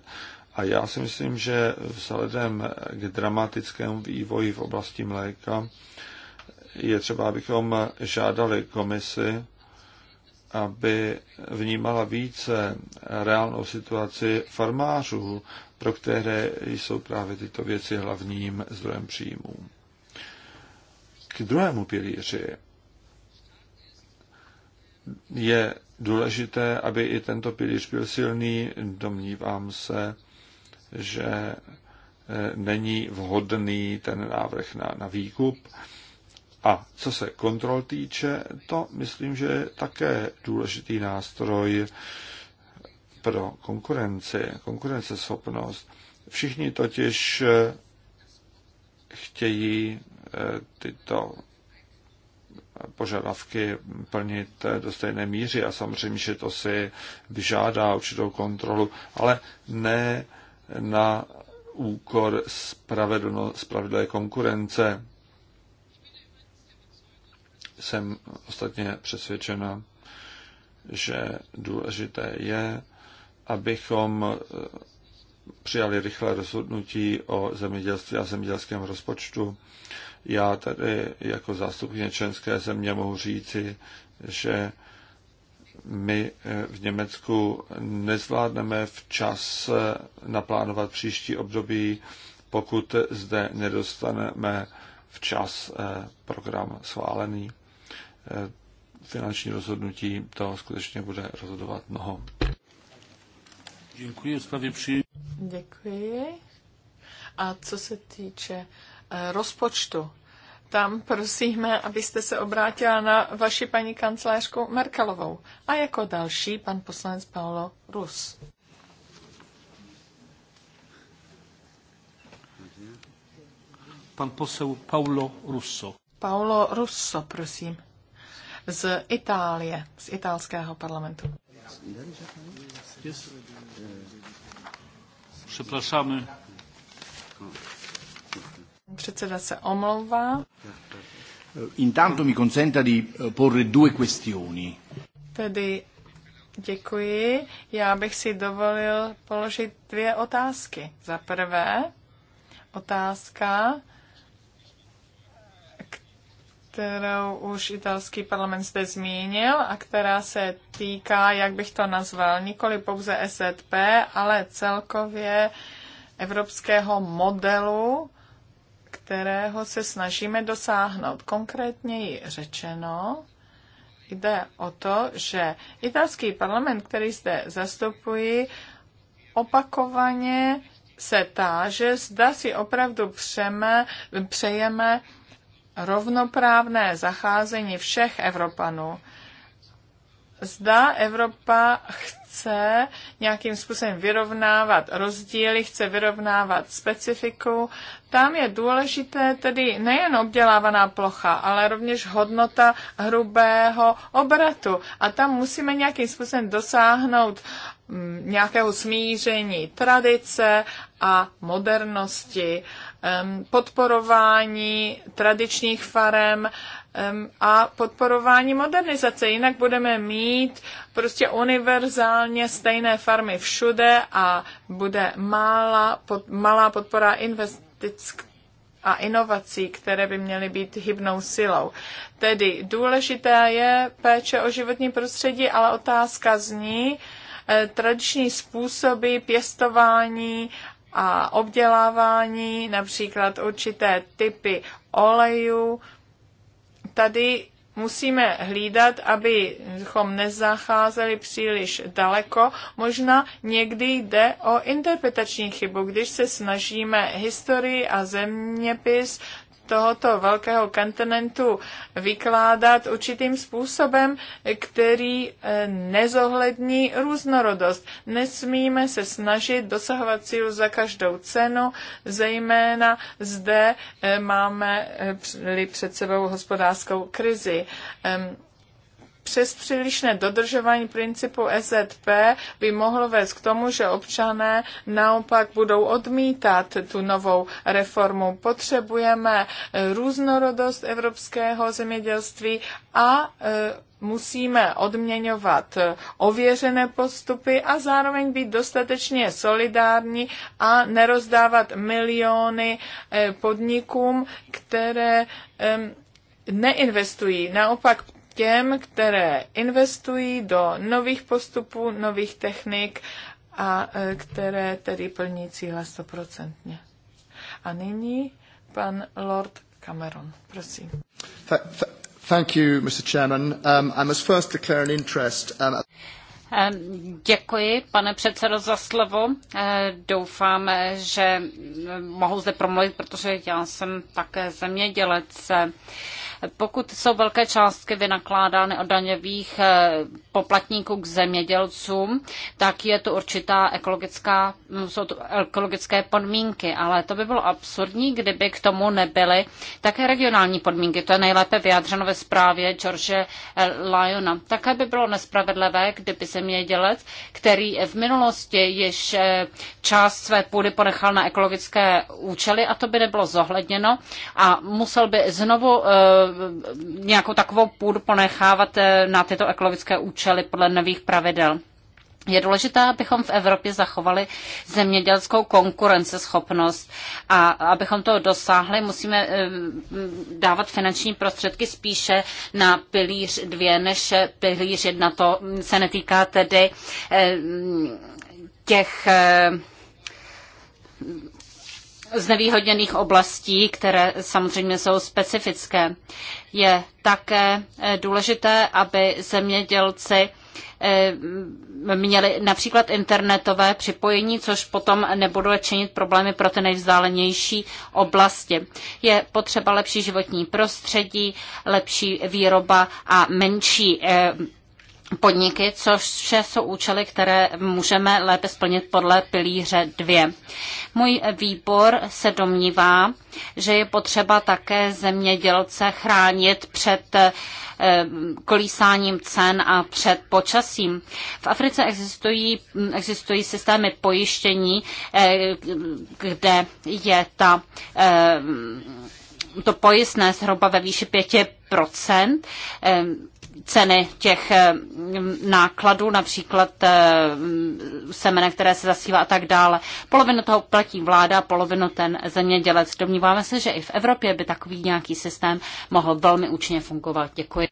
A já si myslím, že vzhledem k dramatickému vývoji v oblasti mléka je třeba, abychom žádali komisi, aby vnímala více reálnou situaci farmářů, pro které jsou právě tyto věci hlavním zdrojem příjmů. K druhému pilíři je důležité, aby i tento pilíř byl silný. Domnívám se, že e, není vhodný ten návrh na, na výkup a co se kontrol týče, to myslím, že je také důležitý nástroj pro konkurenci, konkurenceschopnost. Všichni totiž eh, chtějí eh, tyto požadavky plnit eh, do stejné míry a samozřejmě, že to si vyžádá určitou kontrolu, ale ne na úkor spravedlné konkurence jsem ostatně přesvědčena, že důležité je, abychom eh, přijali rychlé rozhodnutí o zemědělství a zemědělském rozpočtu. Já tady jako zástupně členské země mohu říci, že my eh, v Německu nezvládneme včas eh, naplánovat příští období, pokud zde nedostaneme včas program schválený. Eh, finanční rozhodnutí, to skutečně bude rozhodovat mnoho. Děkuji, zprávě při... Děkuji. A co se týče eh, rozpočtu, tam prosíme, abyste se obrátila na vaši paní kancelářku Merkelovou. A jako další pan poslanec Paolo Rus. Pan poseł Paulo Russo. Paulo Russo, prosím z Itálie, z italského parlamentu. Přeplašáme. Předseda se omlouvá. Intanto mi consenta di eh, porre due questioni. Tedy děkuji. Já bych si dovolil položit dvě otázky. Za prvé, otázka, kterou už italský parlament zde zmínil a která se týká, jak bych to nazval, nikoli pouze SZP, ale celkově evropského modelu, kterého se snažíme dosáhnout. Konkrétněji řečeno, jde o to, že italský parlament, který zde zastupuji, opakovaně se táže, zda si opravdu přeme, přejeme rovnoprávné zacházení všech Evropanů. Zda Evropa chce nějakým způsobem vyrovnávat rozdíly, chce vyrovnávat specifiku, tam je důležité tedy nejen obdělávaná plocha, ale rovněž hodnota hrubého obratu. A tam musíme nějakým způsobem dosáhnout Mm, nějakého smíření tradice a modernosti, podporování tradičních farem a podporování modernizace. Jinak budeme mít prostě univerzálně stejné farmy všude a bude malá, pod, malá podpora investic a inovací, které by měly být hybnou silou. Tedy důležité je péče o životní prostředí, ale otázka zní, Eh, tradiční způsoby pěstování a obdělávání, například určité typy olejů. Tady musíme hlídat, abychom nezacházeli příliš daleko. Možná někdy jde o interpretační chybu, když se snažíme historii a zeměpis tohoto velkého kontinentu vykládat určitým způsobem, který eh, nezohlední různorodost. Nesmíme se snažit dosahovat cílu za každou cenu, zejména zde eh, máme eh, před sebou hospodářskou krizi přes přílišné dodržování principu SZP by mohlo vést k tomu, že občané naopak budou odmítat tu novou reformu. Potřebujeme eh, různorodost evropského zemědělství a eh, musíme odměňovat eh, ověřené postupy a zároveň být dostatečně solidární a nerozdávat miliony podnikům, které neinvestují. Naopak těm, které investují do nových postupů, nových technik a e, které tedy plní cíle stoprocentně. A nyní pan Lord Cameron, prosím. Th th thank you, Mr. Chairman. Um, I must first declare an interest. Um, e, Děkuji, pane předsedo, za slovo. E, doufám, že mohu zde promluvit, protože já jsem také zemědělec. Pokud jsou velké částky vynakládány od daňových eh, poplatníků k zemědělcům, tak je to určitá ekologická, mm, jsou to ekologické podmínky, ale to by bylo absurdní, kdyby k tomu nebyly také regionální podmínky. To je nejlépe vyjádřeno ve zprávě George eh, Lyona. Také by bylo nespravedlivé, kdyby zemědělec, který v minulosti již eh, část své půdy ponechal na ekologické účely a to by nebylo zohledněno a musel by znovu nějakou takovou půdu ponechávat eh, na tyto ekologické účely podle nových pravidel. Je důležité, abychom v Evropě zachovali zemědělskou konkurenceschopnost a abychom to dosáhli, musíme eh, dávat finanční prostředky spíše na pilíř dvě než pilíř jedna To se netýká tedy eh, těch znevýhodněných oblastí, které samozřejmě jsou specifické. Je také eh, důležité, aby zemědělci eh, měli například internetové připojení, což potom nebude činit problémy pro ty nejvzdálenější oblasti. Je potřeba lepší životní prostředí, lepší výroba a menší eh, podniky, což vše jsou účely, které můžeme lépe splnit podle pilíře 2. Můj výbor se domnívá, že je potřeba také zemědělce chránit před eh, kolísáním cen a před počasím. V Africe existují, existují systémy pojištění, eh, kde je ta eh, to pojistné zhruba ve výši 5% ceny těch eh, nákladů, například eh, semene, které se zasívá a tak dále. Polovinu toho platí vláda, polovinu ten zemědělec. Domníváme se, že i v Evropě by takový nějaký systém mohl velmi účinně fungovat. Děkuji.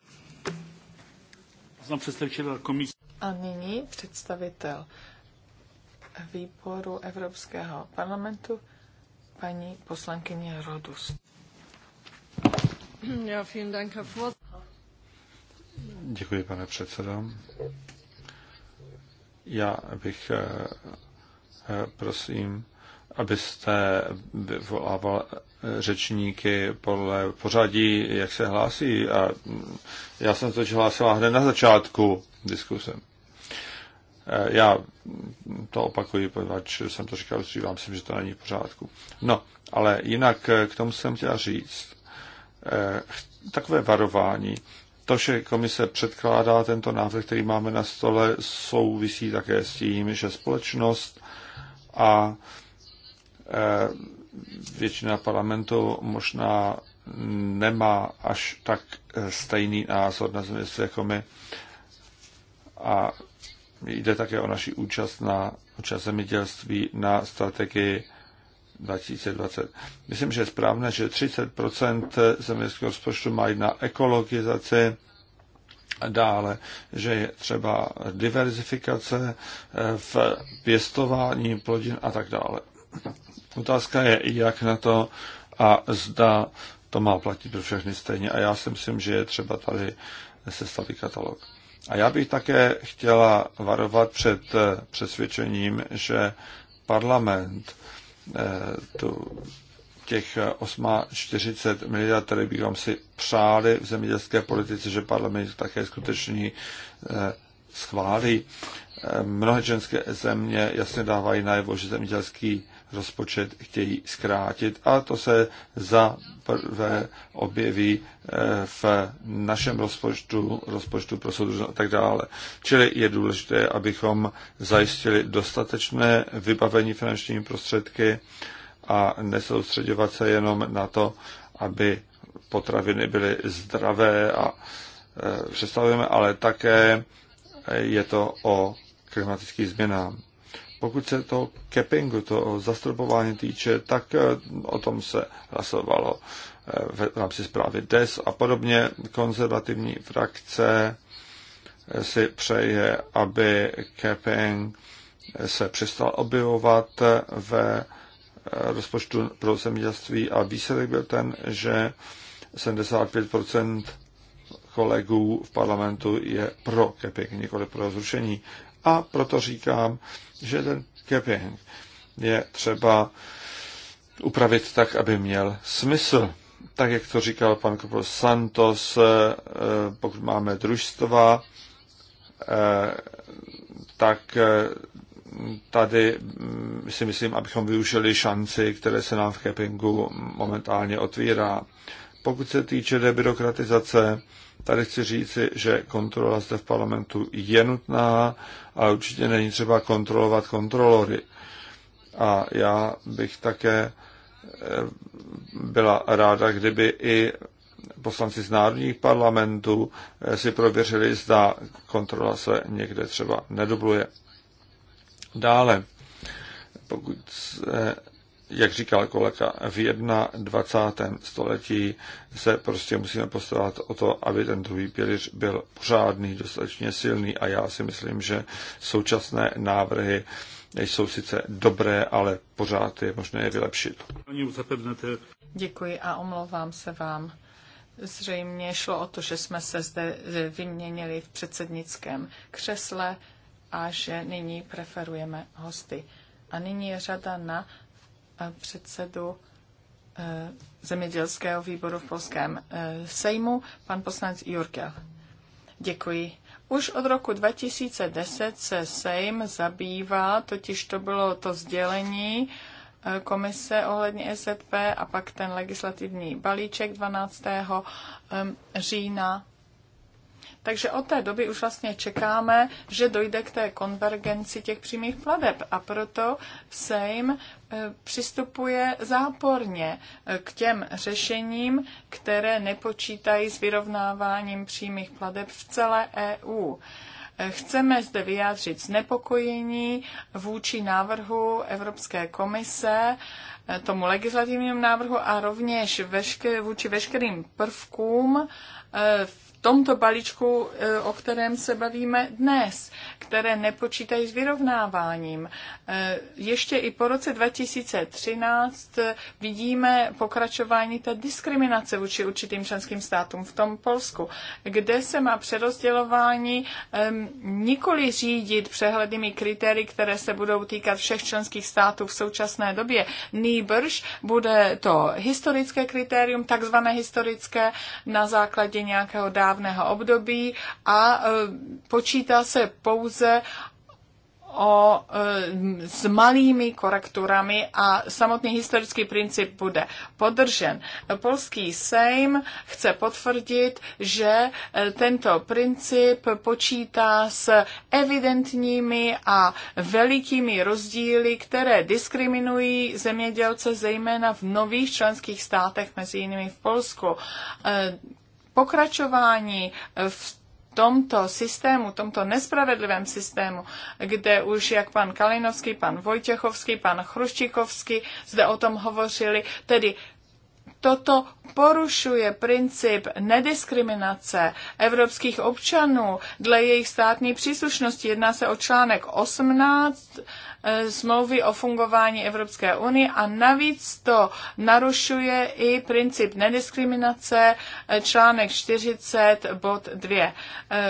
komise. A nyní představitel výboru Evropského parlamentu, paní poslankyně Rodus. Ja, vielen Dank, Herr Vorsitzender. Děkuji, pane předsedo. Já bych eh, eh, prosím, abyste vyvolával eh, řečníky podle pořadí, jak se hlásí. A mm, já jsem to hlásil hned na začátku diskuse. Já to opakuji, protože jsem to říkal že vám myslím, že to není v pořádku. No, ale jinak k tomu jsem chtěl říct. Takové varování to, že komise předkládá tento návrh, který máme na stole, souvisí také s tím, že společnost a eh, většina parlamentu možná nemá až tak eh, stejný názor na zeměství jako my. A jde také o naši účast na účast zemědělství na strategii 2020. Myslím, že je správné, že 30 zemědělského rozpočtu mají na ekologizaci a dále, že je třeba diverzifikace v pěstování plodin a tak dále. Otázka je, jak na to a zda to má platit pro všechny stejně. A já si myslím, že je třeba tady sestavit katalog. A já bych také chtěla varovat před přesvědčením, že parlament Eh, tu, těch 840 eh, miliard, které bychom si přáli v zemědělské politice, že parlament také skutečně eh, schválí. Mnohé české země jasně dávají najevo, že zemědělský rozpočet chtějí zkrátit a to se za prvé objeví eh, v našem rozpočtu, rozpočtu pro soudružnost a tak dále. Čili je důležité, abychom zajistili dostatečné vybavení finančními prostředky a nesoustředovat se jenom na to, aby potraviny byly zdravé a eh, představujeme, ale také je to o klimatických změnách. Pokud se to cappingu, to zastropování týče, tak eh, o tom se hlasovalo eh, v rámci zprávy DES a podobně. Konzervativní frakce eh, si přeje, aby capping se přestal objevovat ve rozpočtu pro zemědělství a výsledek byl ten, že 75 kolegů v parlamentu je pro capping, nikoli pro zrušení. A proto říkám, že ten capping je třeba upravit tak, aby měl smysl. Tak, jak to říkal pan Kopros Santos, eh, pokud máme družstva, eh, tak eh, tady mm, si myslím, abychom využili šanci, které se nám v Kepingu momentálně otvírá. Pokud se týče debirokratizace. Tady chci říci, že kontrola zde v parlamentu je nutná a určitě není třeba kontrolovat kontrolory. A já bych také eh, byla ráda, kdyby i poslanci z národních parlamentů eh, si prověřili, zda kontrola se někde třeba nedobluje. Dále, pokud se jak říkal kolega, v 21. století se prostě musíme postarat o to, aby ten druhý pilíř byl pořádný, dostatečně silný a já si myslím, že současné návrhy jsou sice dobré, ale pořád je možné je vylepšit. Děkuji a omlouvám se vám. Zřejmě šlo o to, že jsme se zde vyměnili v předsednickém křesle a že nyní preferujeme hosty. A nyní je řada na předsedu eh, zemědělského výboru v Polském eh, sejmu, pan poslanec Jurkel. Děkuji. Už od roku 2010 se Sejm zabývá, totiž to bylo to sdělení eh, komise ohledně SZP a pak ten legislativní balíček 12. října takže od té doby už vlastně čekáme, že dojde k té konvergenci těch přímých pladeb a proto Sejm e, přistupuje záporně e, k těm řešením, které nepočítají s vyrovnáváním přímých pladeb v celé EU. E, chceme zde vyjádřit znepokojení vůči návrhu Evropské komise, tomu legislativnímu návrhu a rovněž vešker, vůči veškerým prvkům v tomto balíčku, e, o kterém se bavíme dnes, které nepočítají s vyrovnáváním. E, ještě i po roce 2013 e, vidíme pokračování té diskriminace vůči určitým členským státům v tom Polsku, kde se má přerozdělování nikoli řídit přehlednými kritérii, které se budou týkat všech členských států v současné době. Nýbrž bude to historické kritérium, takzvané historické, na základě nějakého dá správného období a e, počítá se pouze o, e, s malými korekturami a samotný historický princip bude podržen. Polský sejm chce potvrdit, že e, tento princip počítá s evidentními a velikými rozdíly, které diskriminují zemědělce zejména v nových členských státech, mezi jinými v Polsku pokračování eh, v tomto systému, tomto nespravedlivém systému, kde už jak pan Kalinovský, pan Vojtěchovský, pan Chruščikovský zde o tom hovořili, tedy toto porušuje princip nediskriminace evropských občanů dle jejich státní příslušnosti. Jedná se o článek 18 Eh, smlouvy o fungování Evropské unie a navíc to narušuje i princip nediskriminace eh, článek 40 bod 2. Eh,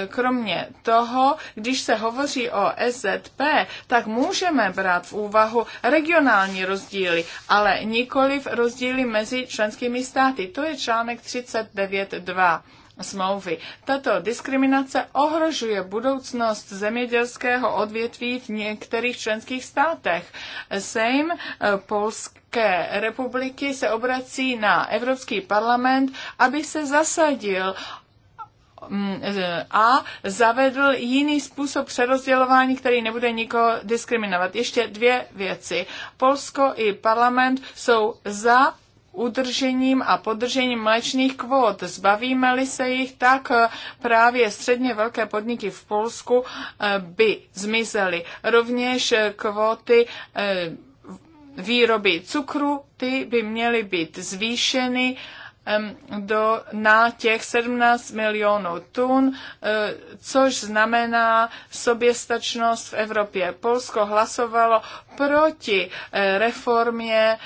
kromě toho, když se hovoří o SZP, tak můžeme brát v úvahu regionální rozdíly, ale nikoli v rozdíly mezi členskými státy. To je článek 39.2 smlouvy. Tato diskriminace ohrožuje budoucnost zemědělského odvětví v některých členských státech. Sejm eh, Polské republiky se obrací na Evropský parlament, aby se zasadil mm, eh, a zavedl jiný způsob přerozdělování, který nebude nikoho diskriminovat. Ještě dvě věci. Polsko i parlament jsou za udržením a podržením mléčných kvót. Zbavíme-li se jich, tak eh, právě středně velké podniky v Polsku eh, by zmizely. Rovněž eh, kvóty výroby cukru, ty by měly být zvýšeny do, na těch 17 milionů tun, což znamená soběstačnost v Evropě. Polsko hlasovalo proti reformě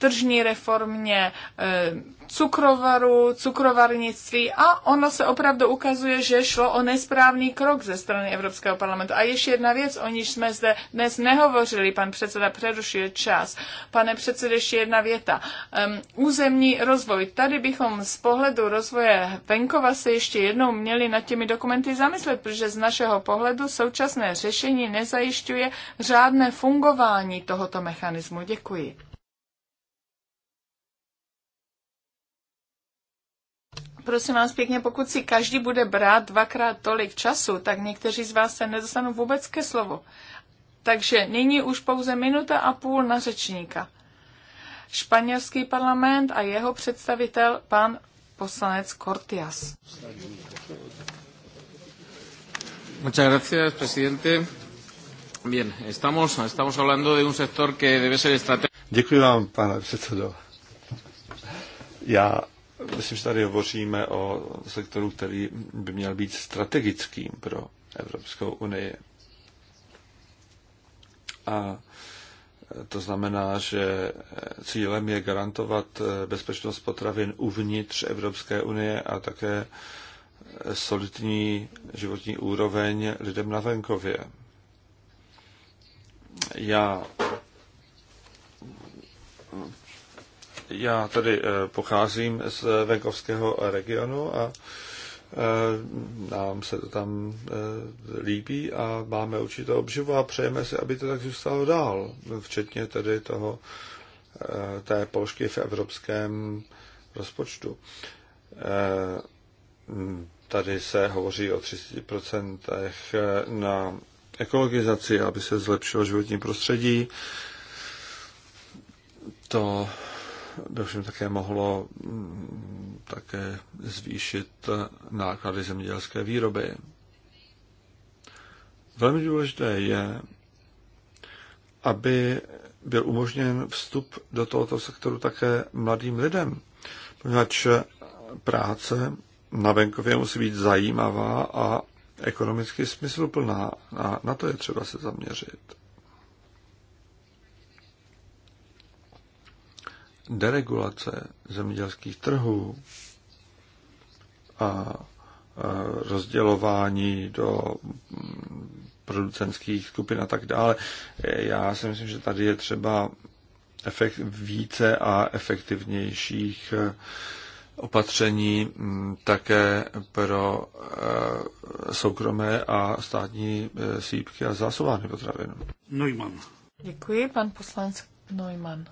tržní reformě eh, cukrovaru, cukrovarnictví a ono se opravdu ukazuje, že šlo o nesprávný krok ze strany Evropského parlamentu. A ještě jedna věc, o níž jsme zde dnes nehovořili, pan předseda přerušil čas. Pane předsedo, ještě jedna věta. Um, územní rozvoj. Tady bychom z pohledu rozvoje venkova se ještě jednou měli nad těmi dokumenty zamyslet, protože z našeho pohledu současné řešení nezajišťuje řádné fungování tohoto mechanismu. Děkuji. prosím vás pěkně, pokud si každý bude brát dvakrát tolik času, tak někteří z vás se nedostanou vůbec ke slovu. Takže nyní už pouze minuta a půl na řečníka. Španělský parlament a jeho představitel pan poslanec Cortias. Muchas gracias, presidente. Bien, estamos, estamos hablando de un sector que debe ser estratégico. Děkuji vám, pane předsedo. Já myslím, že tady hovoříme o sektoru, který by měl být strategickým pro Evropskou unii. A to znamená, že cílem je garantovat bezpečnost potravin uvnitř Evropské unie a také solidní životní úroveň lidem na venkově. Já Já tady eh, pocházím z venkovského regionu a eh, nám se to tam eh, líbí a máme určitou obživu a přejeme si, aby to tak zůstalo dál, včetně tedy toho, té položky v evropském rozpočtu. Tady se hovoří o 30% na ekologizaci, aby se zlepšilo životní prostředí. To by všem také mohlo mm, také zvýšit náklady zemědělské výroby. Velmi důležité je, aby byl umožněn vstup do tohoto sektoru také mladým lidem, poněvadž práce na venkově musí být zajímavá a ekonomicky smysluplná a na to je třeba se zaměřit. deregulace zemědělských trhů a rozdělování do mm, producentských skupin a tak dále. Já si myslím, že tady je třeba efekt, více a efektivnějších e, opatření mm, také pro e, soukromé a státní e, sípky a zásobárny potravin. Neumann. Děkuji, pan poslanec Neumann.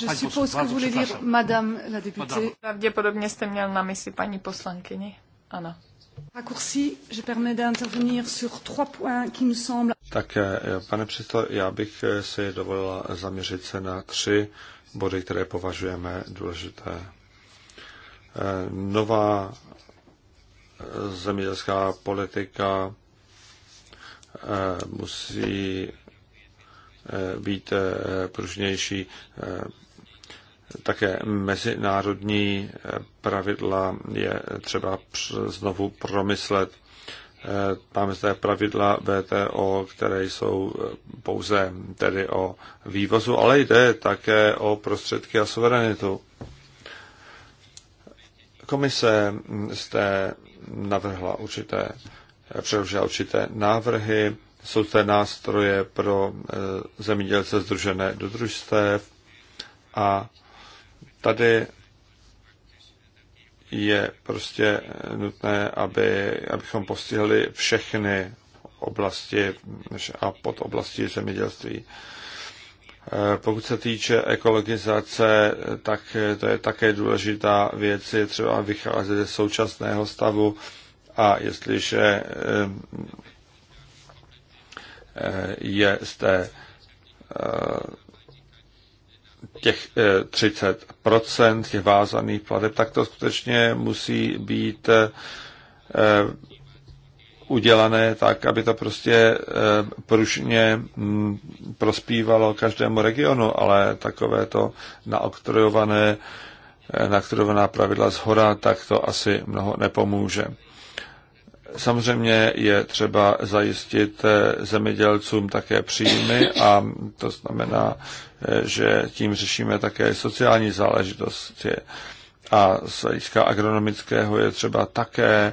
Je suppose que vous voulez dire madame la députée. Pravděpodobně jste měl na mysli paní poslankyni. Ano. Raccourci, je permets d'intervenir sur trois points qui semblent. Tak, eh, pane předsedo, já bych eh, si dovolila zaměřit se na tři body, které považujeme důležité. Eh, nová zemědělská politika musí Eh, být eh, pružnější. Eh, také mezinárodní pravidla je třeba znovu promyslet. Máme zde pravidla VTO, které jsou pouze tedy o vývozu, ale jde také o prostředky a suverenitu. Komise zde navrhla určité, předložila určité návrhy, jsou zde nástroje pro eh, zemědělce združené do družstev a tady je prostě nutné, aby, abychom postihli všechny oblasti a pod oblasti zemědělství. Eh, pokud se týče ekologizace, tak to je také důležitá věc, je třeba vycházet ze současného stavu a jestliže eh, je té eh, těch 30% eh, těch vázaných plateb, tak to skutečně musí být eh, udělané tak, aby to prostě pružně hm, prospívalo každému regionu, ale takové to naoktrojované, naoktrojovaná pravidla z hora, tak to asi mnoho nepomůže. Samozřejmě je třeba zajistit eh, zemědělcům také příjmy a to znamená, eh, že tím řešíme také sociální záležitosti. A z hlediska agronomického je třeba také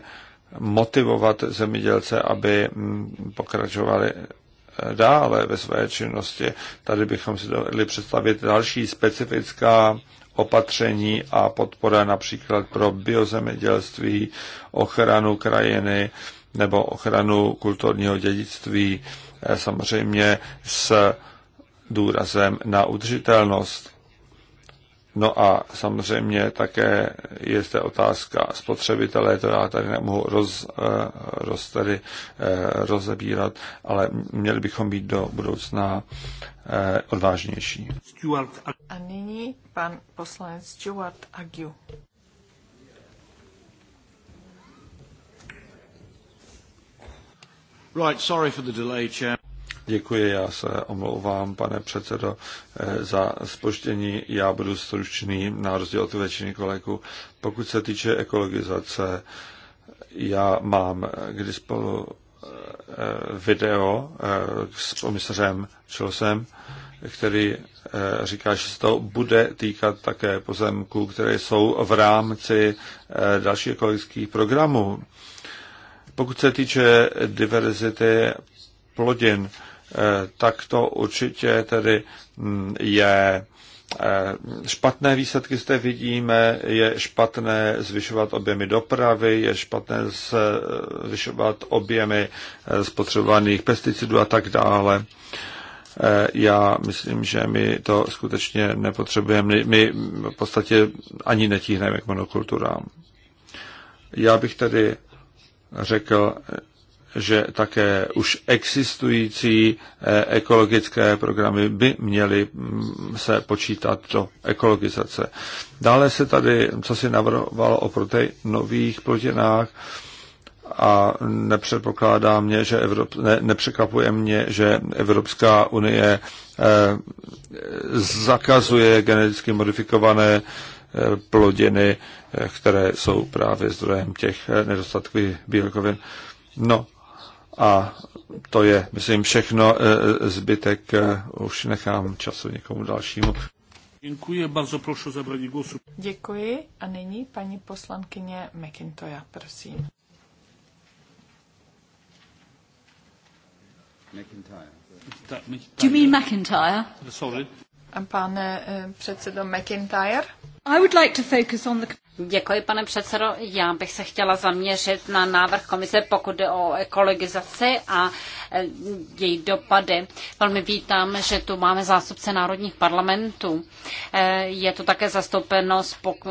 motivovat zemědělce, aby mm, pokračovali eh, dále ve své činnosti. Tady bychom si dovedli představit další specifická opatření a podpora například pro biozemědělství, ochranu krajiny nebo ochranu kulturního dědictví, eh, samozřejmě s důrazem na udržitelnost. No a samozřejmě také je zde otázka spotřebitelé. to já tady nemohu roz, eh, roz tady, eh, rozebírat, ale měli bychom být do budoucna eh, odvážnější. A nyní pan poslanec Stuart Agiu. Right, sorry for the delay, chair. Děkuji, já se omlouvám, pane předsedo, eh, za spoštění. Já budu stručný, na rozdíl od většiny kolegů. Pokud se týče ekologizace, já mám k dispolu eh, video eh, s komisařem Čilosem, který říká, že se to bude týkat také pozemků, které jsou v rámci dalších ekologických programů. Pokud se týče diverzity plodin, Eh, tak to určitě tedy mm, je eh, špatné výsledky zde vidíme, je špatné zvyšovat objemy dopravy, je špatné eh, zvyšovat objemy spotřebovaných pesticidů a tak dále. Já myslím, že my to skutečně nepotřebujeme. My v podstatě ani netíhneme k monokulturám. Já bych tedy řekl, že také už existující eh, ekologické programy by měly mm, se počítat do ekologizace. Dále se tady, co si navrhovalo o nových plodinách, a nepředpokládá mě, že Evrop, ne, nepřekvapuje mě, že Evropská unie eh, zakazuje geneticky modifikované eh, plodiny, eh, které jsou právě zdrojem těch eh, nedostatků bílkovin. No, a to je, myslím, všechno. E, e, zbytek e, už nechám času někomu dalšímu. Děkuji, bardzo prošu o głosu. Děkuji a nyní paní poslankyně McIntoya, prosím. McIntyre. Do you mean McIntyre? Sorry. Pane předsedo McIntyre? Děkuji, pane předsedo. Já bych se chtěla zaměřit na návrh komise, pokud jde o ekologizaci a e, její dopady. Velmi vítám, že tu máme zástupce národních parlamentů. E, je tu také zastoupeno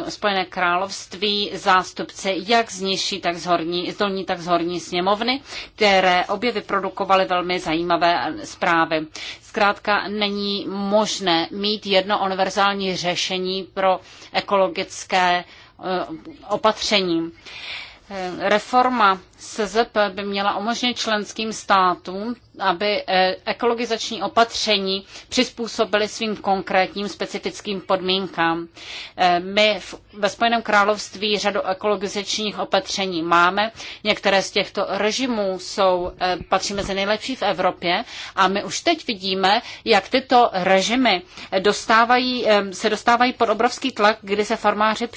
Spojené království, zástupci jak z nižší, tak z, horní, z dolní, tak z horní sněmovny, které obě vyprodukovaly velmi zajímavé zprávy. Zkrátka není možné mít jedno univerzální řešení pro ekologické eh, opatření. Eh, reforma SZP by měla umožnit členským státům, aby e, ekologizační opatření přizpůsobili svým konkrétním specifickým podmínkám. E, my v, ve Spojeném království řadu ekologizačních opatření máme. Některé z těchto režimů jsou, e, patří mezi nejlepší v Evropě a my už teď vidíme, jak tyto režimy dostávají, se dostávají pod obrovský tlak, kdy se farmáři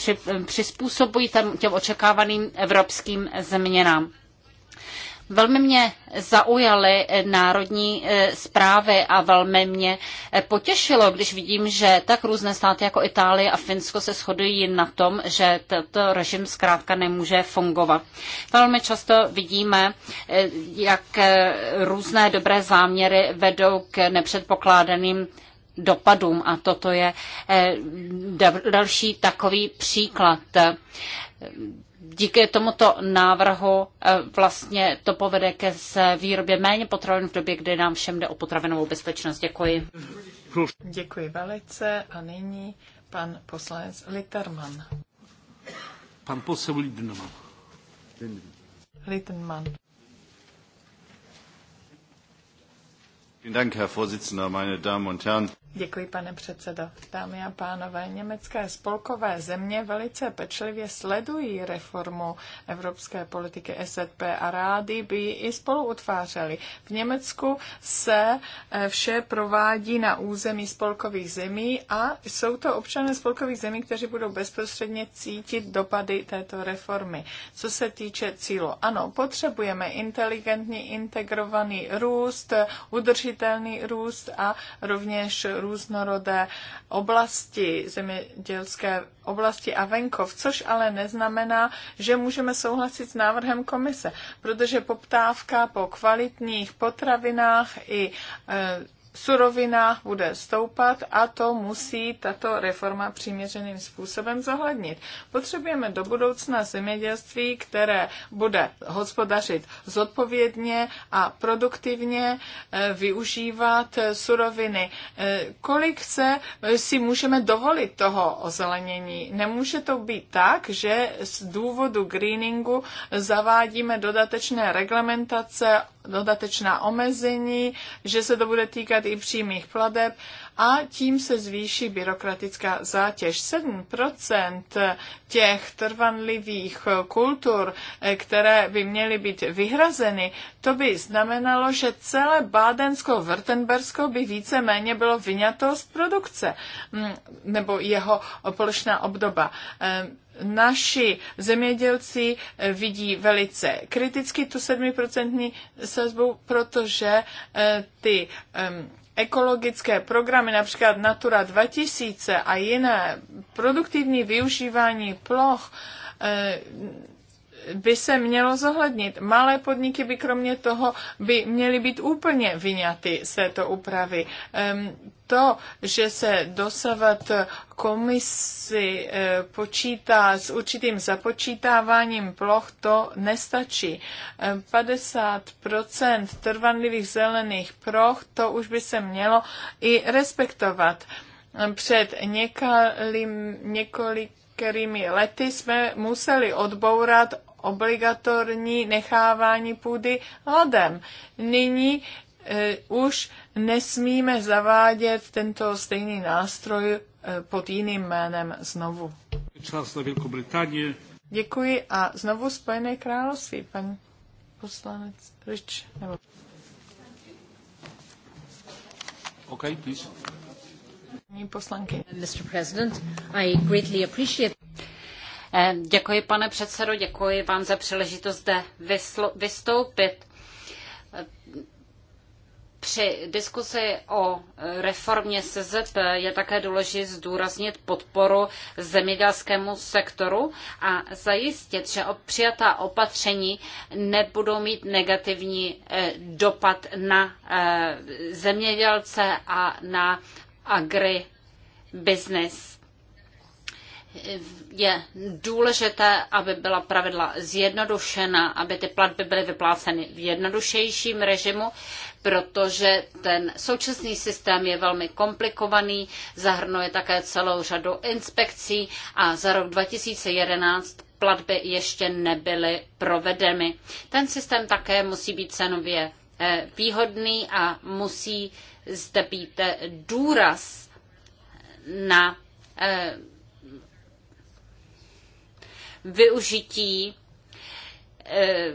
přizpůsobují těm očekávaným evropským změnám. Velmi mě zaujaly eh, národní eh, zprávy a velmi mě eh, potěšilo, když vidím, že tak různé státy jako Itálie a Finsko se shodují na tom, že tento režim zkrátka nemůže fungovat. Velmi často vidíme, jak různé dobré záměry vedou k nepředpokládaným dopadům a toto je další takový příklad díky tomuto návrhu eh, vlastně to povede ke výrobě méně potravin v době, kdy nám všem jde o potravinovou bezpečnost. Děkuji. Děkuji velice a nyní pan poslanec Litterman. Pan poslanec Litterman. Litterman. Vielen Dank, Herr Vorsitzender, meine Damen und Herren. Děkuji, pane předsedo. Dámy a pánové, německé spolkové země velice pečlivě sledují reformu evropské politiky SZP a rádi by ji i spolu utvářeli. V Německu se eh, vše provádí na území spolkových zemí a jsou to občané spolkových zemí, kteří budou bezprostředně cítit dopady této reformy. Co se týče cílu, ano, potřebujeme inteligentní, integrovaný růst, udržitelný růst a rovněž různorodé oblasti, zemědělské oblasti a venkov, což ale neznamená, že můžeme souhlasit s návrhem komise, protože poptávka po kvalitních potravinách i e, Surovina bude stoupat a to musí tato reforma přiměřeným způsobem zohlednit. Potřebujeme do budoucna zemědělství, které bude hospodařit zodpovědně a produktivně eh, využívat suroviny. Eh, kolik se eh, si můžeme dovolit toho ozelenění? Nemůže to být tak, že z důvodu greeningu zavádíme dodatečné reglementace dodatečná omezení, že se to bude týkat i přímých pladeb a tím se zvýší byrokratická zátěž. 7% těch trvanlivých kultur, které by měly být vyhrazeny, to by znamenalo, že celé bádensko vrtenbersko by více-méně bylo vyňato z produkce mm, nebo jeho plošná obdoba. Ehm, naši zemědělci eh, vidí velice kriticky tu 7% sazbu, protože eh, ty ekologické programy, například Natura 2000 a jiné produktivní využívání ploch, eh, by se mělo zohlednit. Malé podniky by kromě toho by měly být úplně vyňaty z této úpravy. To, že se dosavat komisi eh, počítá s určitým započítáváním ploch, to nestačí. 50% trvanlivých zelených ploch, to už by se mělo i respektovat. Před několik, několik kterými lety jsme museli odbourat obligatorní nechávání půdy hladem. Nyní e, už nesmíme zavádět tento stejný nástroj e, pod jiným jménem znovu. Čas na Velkou Británii. Děkuji a znovu Spojené království, pan poslanec Rich. Nebo... Okay, please. Mr. President, I greatly appreciate Eh, děkuji, pane předsedo, děkuji vám za příležitost zde vystoupit. Eh, při diskusi o eh, reformě SZP je také důležité zdůraznit podporu zemědělskému sektoru a zajistit, že přijatá opatření nebudou mít negativní dopad na zemědělce a na business je důležité, aby byla pravidla zjednodušena, aby ty platby byly vypláceny v jednodušejším režimu, protože ten současný systém je velmi komplikovaný, zahrnuje také celou řadu inspekcí a za rok 2011 platby ještě nebyly provedeny. Ten systém také musí být cenově eh, výhodný a musí zde být eh, důraz na eh, využití eh,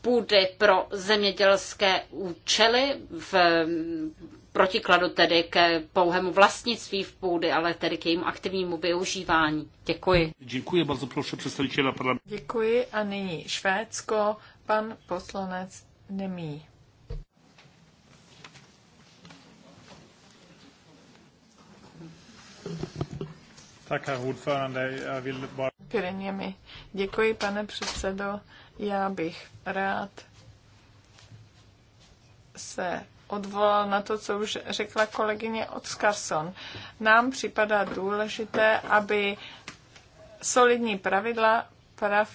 půdy pro zemědělské účely v mm, protikladu tedy ke pouhému vlastnictví v půdy, ale tedy k jejímu aktivnímu využívání. Děkuji. Děkuji, bardzo prosím, představitele parlamentu. Děkuji a nyní Švédsko, pan poslanec Nemí. Tak, já Děkuji, pane předsedo. Já bych rád se odvolal na to, co už řekla kolegyně Odskarson. Nám připadá důležité, aby solidní pravidla prav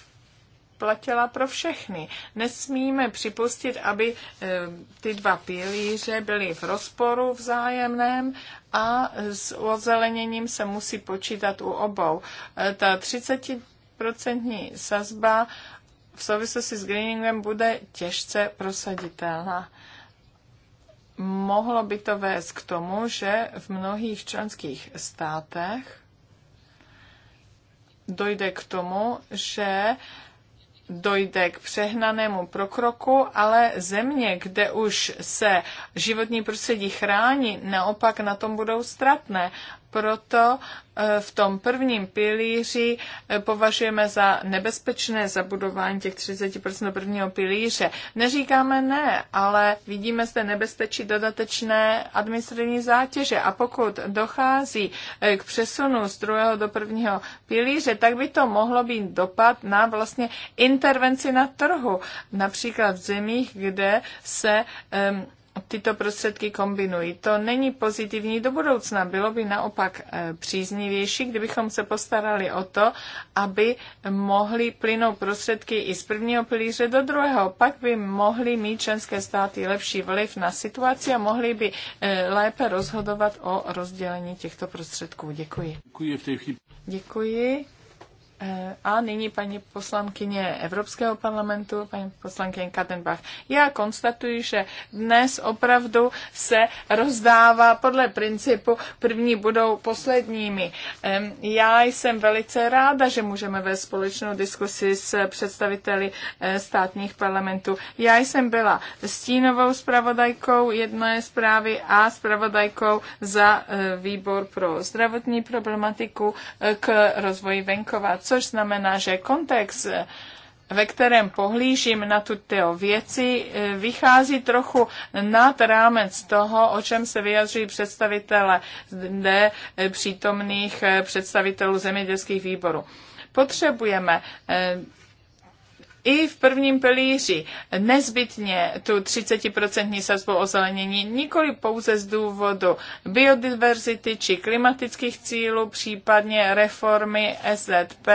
platila pro všechny. Nesmíme připustit, aby eh, ty dva pilíře byly v rozporu vzájemném a s ozeleněním se musí počítat u obou. Eh, ta 30% sazba v souvislosti s greeningem bude těžce prosaditelná. Mohlo by to vést k tomu, že v mnohých členských státech dojde k tomu, že dojde k přehnanému prokroku, ale země, kde už se životní prostředí chrání, naopak na tom budou ztratné. Proto eh, v tom prvním pilíři eh, považujeme za nebezpečné zabudování těch 30% do prvního pilíře. Neříkáme ne, ale vidíme zde nebezpečí dodatečné administrativní zátěže a pokud dochází eh, k přesunu z druhého do prvního pilíře, tak by to mohlo být dopad na vlastně intervenci na trhu. Například v zemích, kde se um, tyto prostředky kombinují. To není pozitivní do budoucna. Bylo by naopak eh, příznivější, kdybychom se postarali o to, aby mohly plynout prostředky i z prvního pilíře do druhého. Pak by mohly mít členské státy lepší vliv na situaci a mohly by eh, lépe rozhodovat o rozdělení těchto prostředků. Děkuji. Děkuji. V té Děkuji. Eh, a nyní paní poslankyně Evropského parlamentu, paní poslankyně Kadenbach. Já konstatuji, že dnes opravdu se rozdává podle principu první budou posledními. Já jsem velice ráda, že můžeme ve společnou diskusi s představiteli eh, státních parlamentů. Já jsem byla stínovou zpravodajkou jedné zprávy a zpravodajkou za eh, výbor pro zdravotní problematiku k rozvoji venkova. Co což znamená, že kontext, ve kterém pohlížím na tuto věci, vychází trochu nad rámec toho, o čem se vyjadřují představitele zde přítomných eh, představitelů zemědělských výborů. Potřebujeme eh, i v prvním pilíři nezbytně tu 30% sazbu ozelenění nikoli pouze z důvodu biodiverzity či klimatických cílů, případně reformy SZP,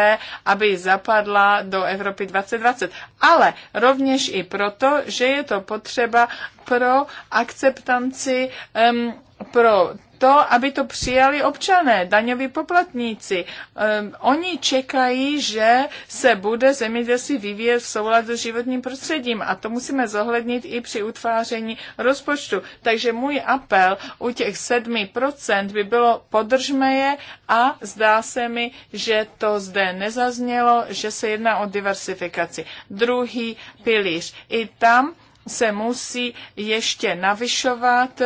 aby zapadla do Evropy 2020, ale rovněž i proto, že je to potřeba pro akceptanci um, pro to, aby to přijali občané, daňoví poplatníci. Um, oni čekají, že se bude zemědělství vyvíjet v souladu s životním prostředím a to musíme zohlednit i při utváření rozpočtu. Takže můj apel u těch 7% by bylo podržme je a zdá se mi, že to zde nezaznělo, že se jedná o diversifikaci. Druhý pilíř. I tam se musí ještě navyšovat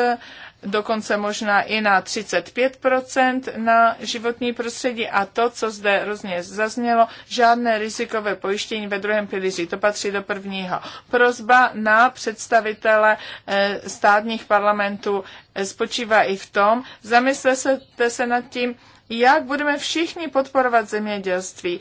dokonce možná i na 35% na životní prostředí a to, co zde různě zaznělo, žádné rizikové pojištění ve druhém pilíři, to patří do prvního. Prozba na představitele eh, státních parlamentů eh, spočívá i v tom, zamyslete se nad tím, jak budeme všichni podporovat zemědělství.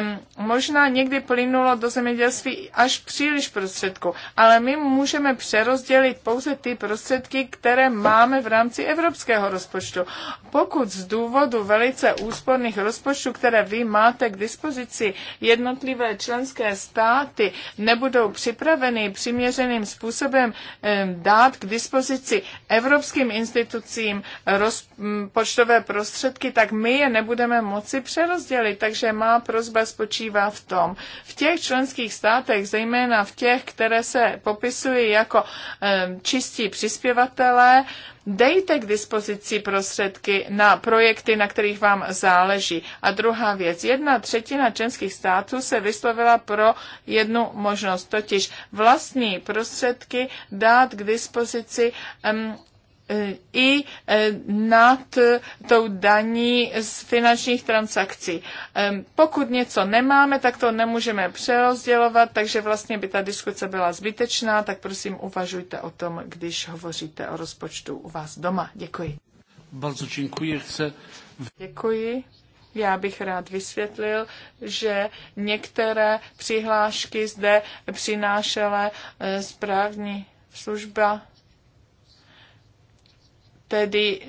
Um, možná někdy plynulo do zemědělství až příliš prostředků, ale my můžeme přerozdělit pouze ty prostředky, které máme v rámci evropského rozpočtu. Pokud z důvodu velice úsporných rozpočtů, které vy máte k dispozici, jednotlivé členské státy nebudou připraveny přiměřeným způsobem um, dát k dispozici evropským institucím rozpočtové prostředky, tak my je nebudeme moci přerozdělit. Takže má prozba spočívá v tom. V těch členských státech, zejména v těch, které se popisují jako čistí přispěvatelé, dejte k dispozici prostředky na projekty, na kterých vám záleží. A druhá věc, jedna třetina členských států se vyslovila pro jednu možnost, totiž vlastní prostředky dát k dispozici um, i e, nad tou daní z finančních transakcí. E, pokud něco nemáme, tak to nemůžeme přerozdělovat, takže vlastně by ta diskuce byla zbytečná, tak prosím uvažujte o tom, když hovoříte o rozpočtu u vás doma. Děkuji. Bardzo děkuji. Chce... Děkuji. Já bych rád vysvětlil, že některé přihlášky zde přinášela e, správní služba Tedy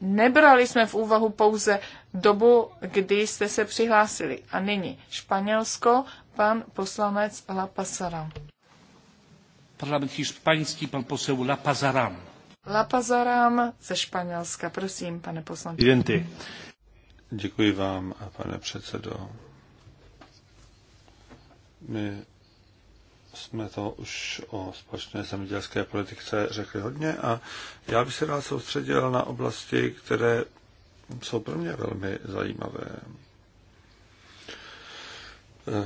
nebrali jsme v úvahu pouze dobu, kdy jste se přihlásili. A nyní Španělsko, pan poslanec La Pasaram. Parlament hiszpański, pan poslanec La Pazaram. La Pazaram ze Španělska. Prosím, pane poslanče. Identy. Děkuji vám, pane předsedo. My jsme to už o společné zemědělské politice řekli hodně a já bych se rád soustředil na oblasti, které jsou pro mě velmi zajímavé.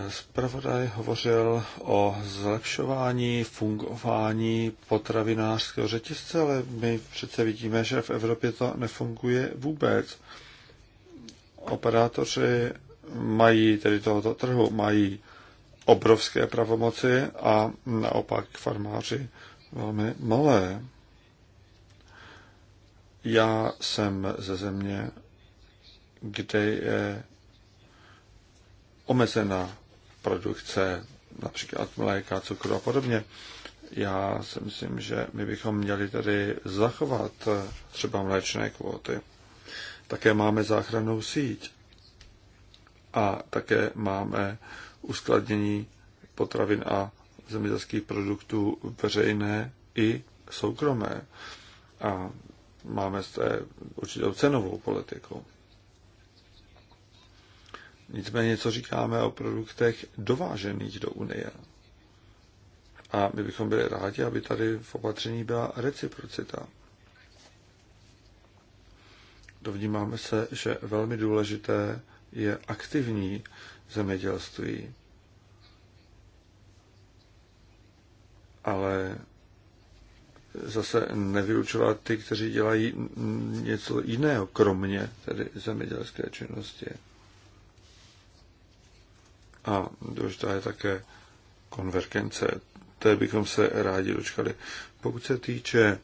Spravodaj hovořil o zlepšování fungování potravinářského řetězce, ale my přece vidíme, že v Evropě to nefunguje vůbec. Operátoři mají tedy tohoto trhu, mají obrovské pravomoci a naopak farmáři velmi malé. Já jsem ze země, kde je omezená produkce například mléka, cukru a podobně. Já si myslím, že my bychom měli tady zachovat třeba mléčné kvóty. Také máme záchranou síť a také máme uskladnění potravin a zemědělských produktů veřejné i soukromé. A máme zde určitou cenovou politiku. Nicméně, co říkáme o produktech dovážených do Unie? A my bychom byli rádi, aby tady v opatření byla reciprocita. Dovnímáme se, že velmi důležité je aktivní zemědělství. Ale zase nevyučovat ty, kteří dělají něco jiného, kromě tedy zemědělské činnosti. A důležitá je také konvergence. Té bychom se rádi dočkali. Pokud se týče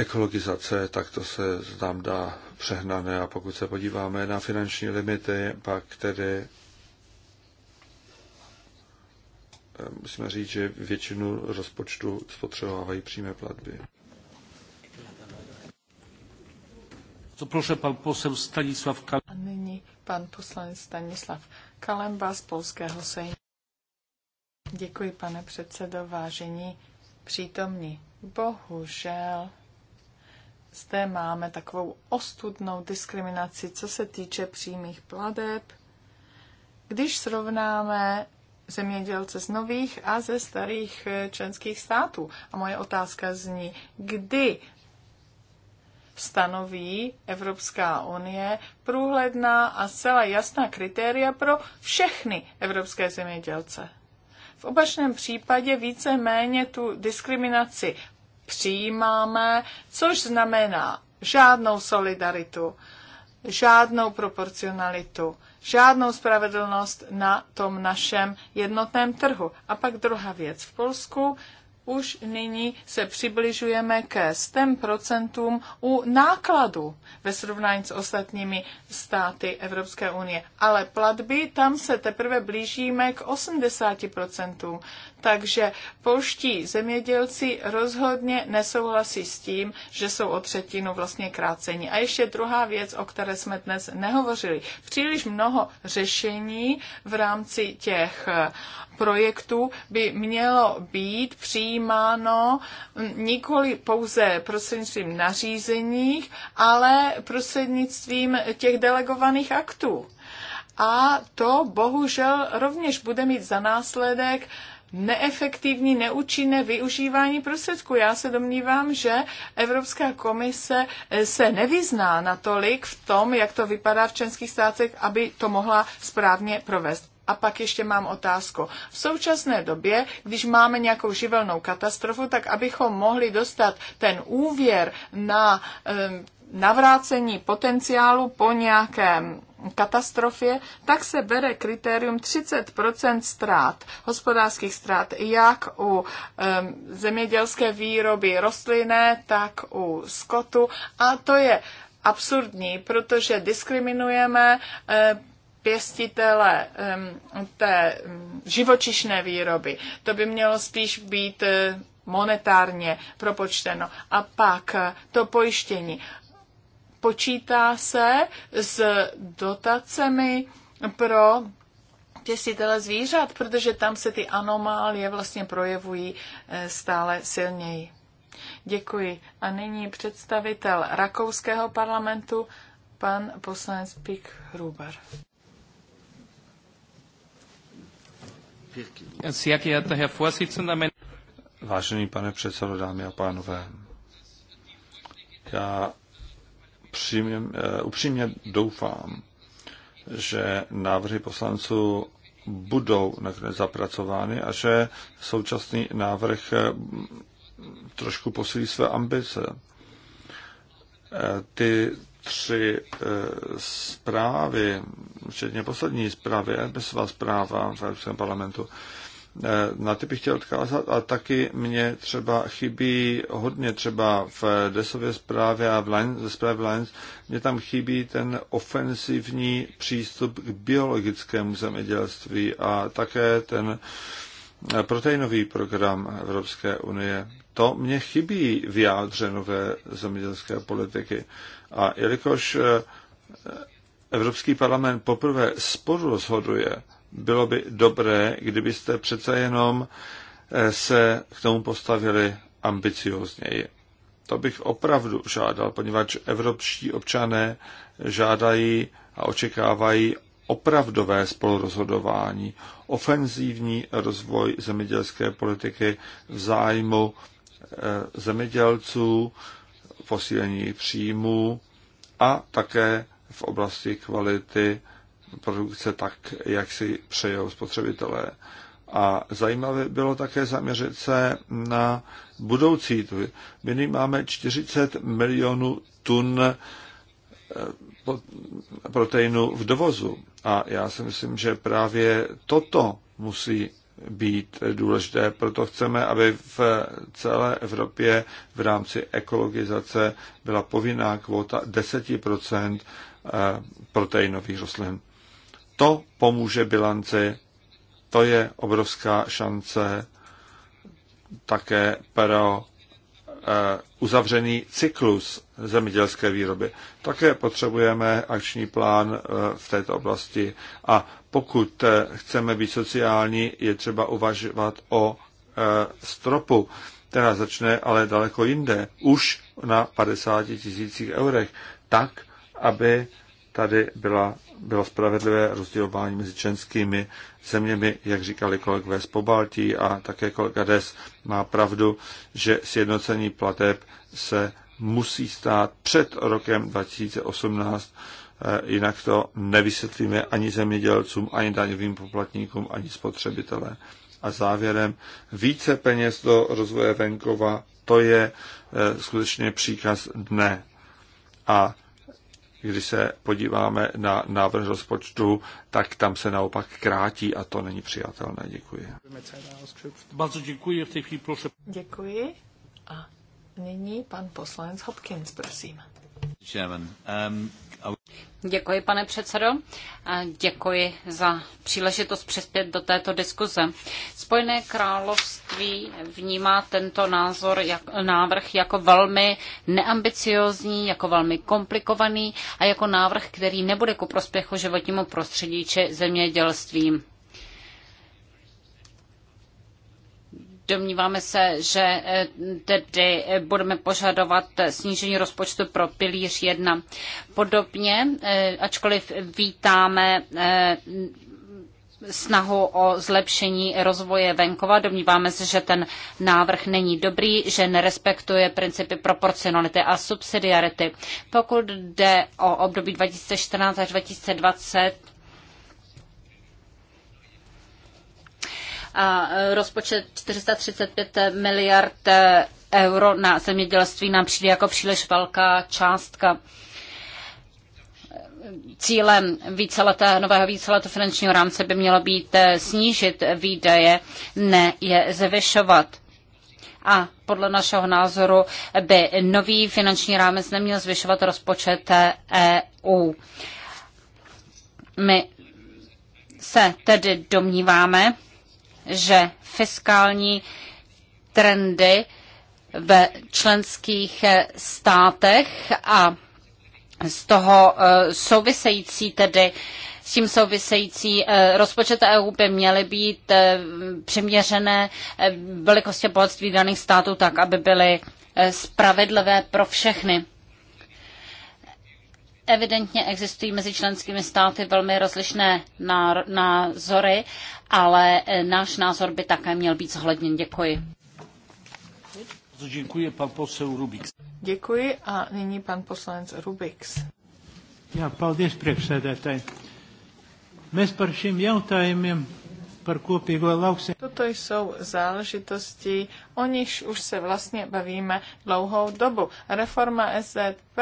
ekologizace, tak to se tam dá přehnané a pokud se podíváme na finanční limity, pak tedy eh, musíme říct, že většinu rozpočtu spotřebovávají přímé platby. To prosím pan posel Stanislav Kalem. A nyní pan poslanec Stanislav Kalemba z Polského sejmu. Děkuji, pane předsedo, vážení přítomní. Bohužel zde máme takovou ostudnou diskriminaci, co se týče přímých pladeb. Když srovnáme zemědělce z nových a ze starých eh, členských států. A moje otázka zní, kdy stanoví Evropská unie průhledná a zcela jasná kritéria pro všechny evropské zemědělce. V opačném případě více méně tu diskriminaci přijímáme, což znamená žádnou solidaritu, žádnou proporcionalitu, žádnou spravedlnost na tom našem jednotném trhu. A pak druhá věc. V Polsku už nyní se přibližujeme ke 100% u nákladu ve srovnání s ostatními státy Evropské unie. Ale platby tam se teprve blížíme k 80%. Takže polští zemědělci rozhodně nesouhlasí s tím, že jsou o třetinu vlastně krácení. A ještě druhá věc, o které jsme dnes nehovořili. Příliš mnoho řešení v rámci těch eh, projektů by mělo být přijímáno nikoli pouze prostřednictvím nařízeních, ale prostřednictvím těch delegovaných aktů. A to bohužel rovněž bude mít za následek neefektivní, neúčinné využívání prostředků. Já se domnívám, že Evropská komise eh, se nevyzná natolik v tom, jak to vypadá v členských státech, aby to mohla správně provést. A pak ještě mám otázku. V současné době, když máme nějakou živelnou katastrofu, tak abychom mohli dostat ten úvěr na eh, navrácení potenciálu po nějakém katastrofě, tak se bere kritérium 30 ztrát, hospodářských ztrát, jak u um, zemědělské výroby rostlinné, tak u skotu. A to je absurdní, protože diskriminujeme uh, pěstitele um, té um, živočišné výroby. To by mělo spíš být e, monetárně propočteno. A pak e, to pojištění počítá se s dotacemi pro pěstitele zvířat, protože tam se ty anomálie vlastně projevují eh, stále silněji. Děkuji. A nyní představitel rakouského parlamentu, pan poslanec Pik Hruber. Vážený pane předsedo, dámy a pánové, já Eh, upřímně, doufám, že návrhy poslanců budou nakonec zapracovány a že současný návrh eh, trošku posílí své ambice. Eh, ty tři zprávy, včetně poslední zprávy, Ebesová zpráva v Evropském parlamentu, Eh, na ty bych chtěl odkázat a taky mě třeba chybí hodně třeba v desově zprávě a v Lines, ze zprávy Lines, mě tam chybí ten ofensivní přístup k biologickému zemědělství a také ten eh, proteinový program Evropské unie. To mě chybí vyjádřeno ve zemědělské politiky. A jelikož eh, Evropský parlament poprvé sporu rozhoduje, bylo by dobré, kdybyste přece jenom eh, se k tomu postavili ambiciozněji. To bych opravdu žádal, poněvadž evropští občané žádají a očekávají opravdové spolurozhodování, ofenzívní rozvoj zemědělské politiky v zájmu eh, zemědělců, posílení příjmů a také v oblasti kvality produkce tak, jak si přejou spotřebitelé. A zajímavé bylo také zaměřit se na budoucí My nyní máme 40 milionů tun eh, proteinu v dovozu. A já si myslím, že právě toto musí být důležité. Proto chceme, aby v celé Evropě v rámci ekologizace byla povinná kvota 10 eh, proteinových rostlin. To pomůže bilanci, to je obrovská šance také pro eh, uzavřený cyklus zemědělské výroby. Také potřebujeme akční plán eh, v této oblasti a pokud eh, chceme být sociální, je třeba uvažovat o stropu, která začne ale daleko jinde, už na 50 tisících eurech, tak, aby tady byla bylo spravedlivé rozdělování mezi členskými zeměmi, jak říkali kolegové z Pobaltí a také kolega Des má pravdu, že sjednocení plateb se musí stát před rokem 2018, eh, jinak to nevysvětlíme ani zemědělcům, ani daňovým poplatníkům, ani spotřebitelé. A závěrem, více peněz do rozvoje venkova, to je eh, skutečně příkaz dne. A když se podíváme na návrh rozpočtu, tak tam se naopak krátí a to není přijatelné. Děkuji. děkuji. Děkuji. A nyní pan poslanec Hopkins, prosím. Um, Děkuji, pane předsedo. děkuji za příležitost přispět do této diskuze. Spojené království vnímá tento názor, jak, návrh jako velmi neambiciozní, jako velmi komplikovaný a jako návrh, který nebude ku prospěchu životnímu prostředí či zemědělstvím. Domníváme se, že eh, tedy eh, budeme požadovat snížení rozpočtu pro pilíř 1. Podobně, eh, ačkoliv vítáme snahu o zlepšení rozvoje venkova. Domníváme se, že ten návrh není dobrý, že nerespektuje principy proporcionality a subsidiarity. Pokud jde o období 2014 až 2020, a e, rozpočet 435 miliard e, euro na zemědělství nám přijde jako příliš velká částka. Cílem víceleté, nového víceletého finančního rámce by mělo být e, snížit výdaje, ne je zvyšovat a podle našeho názoru by nový finanční rámec neměl zvyšovat rozpočet EU. My se tedy domníváme, že fiskální trendy ve členských eh, státech a z toho eh, související tedy s tím související eh, rozpočet EU by měly být přiměřené velikosti bohatství daných států tak, aby byly spravedlivé pro všechny. Evidentně existují mezi členskými státy velmi rozlišné názory ale eh, náš názor by také měl být zohledněn. Děkuji. Děkuji, pan posel Rubix. Děkuji a nyní pan poslanec Rubix. Já, pan priekšsēdētāji. Mēs par šiem jautājumiem Toto jsou záležitosti, o nichž už se vlastně bavíme dlouhou dobu. Reforma SZP,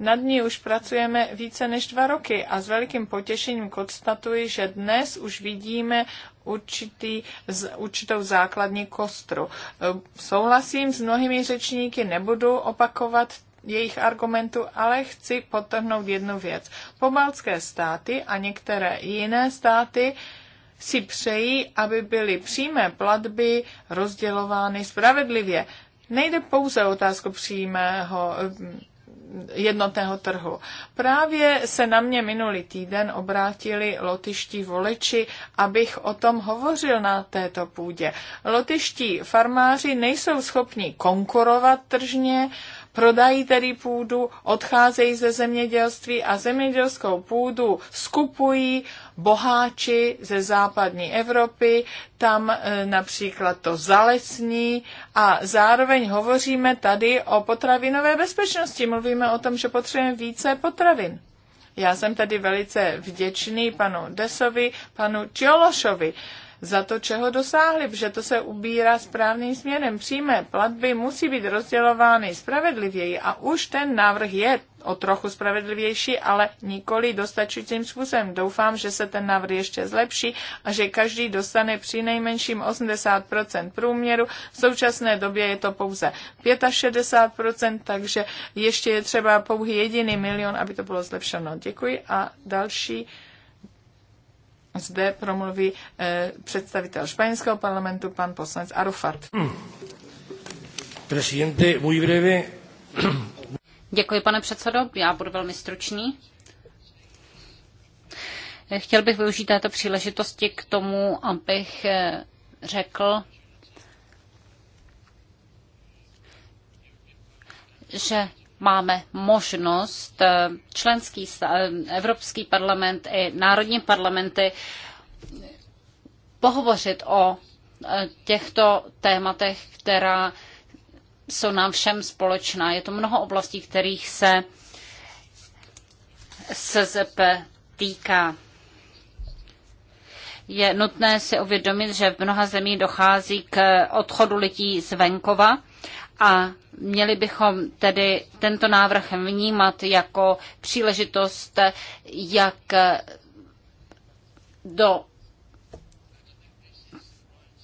nad ní už pracujeme více než dva roky a s velikým potěšením konstatuji, že dnes už vidíme určitý, určitou základní kostru. Souhlasím s mnohými řečníky, nebudu opakovat jejich argumentu, ale chci potrhnout jednu věc. Pobaltské státy a některé jiné státy si přejí, aby byly přímé platby rozdělovány spravedlivě. Nejde pouze o otázku přímého eh, jednotného trhu. Právě se na mě minulý týden obrátili lotiští voleči, abych o tom hovořil na této půdě. Lotiští farmáři nejsou schopni konkurovat tržně, uh, prodají tedy půdu, odcházejí ze zemědělství a zemědělskou půdu skupují boháči ze západní Evropy, tam e, například to zalesní a zároveň hovoříme tady o potravinové bezpečnosti. Mluvíme o tom, že potřebujeme více potravin. Já jsem tady velice vděčný panu Desovi, panu Čiološovi, za to, čeho dosáhli, protože to se ubírá správným směrem. Přímé platby musí být rozdělovány spravedlivěji a už ten návrh je o trochu spravedlivější, ale nikoli dostačujícím způsobem. Doufám, že se ten návrh ještě zlepší a že každý dostane při nejmenším 80% průměru. V současné době je to pouze 65%, takže ještě je třeba pouhý jediný milion, aby to bylo zlepšeno. Děkuji a další zde promluví eh, představitel španělského parlamentu, pan poslanec Arufat. Hmm. Presidente, muy breve. Děkuji, pane předsedo. Já budu velmi stručný. Chtěl bych využít této příležitosti k tomu, abych eh, řekl, že máme možnost eh, členský eh, Evropský parlament i národní parlamenty pohovořit o eh, těchto tématech, která jsou nám všem společná. Je to mnoho oblastí, kterých se SZP týká. Je nutné si uvědomit, že v mnoha zemích dochází k odchodu lidí z venkova a měli bychom tedy tento návrh vnímat jako příležitost, jak do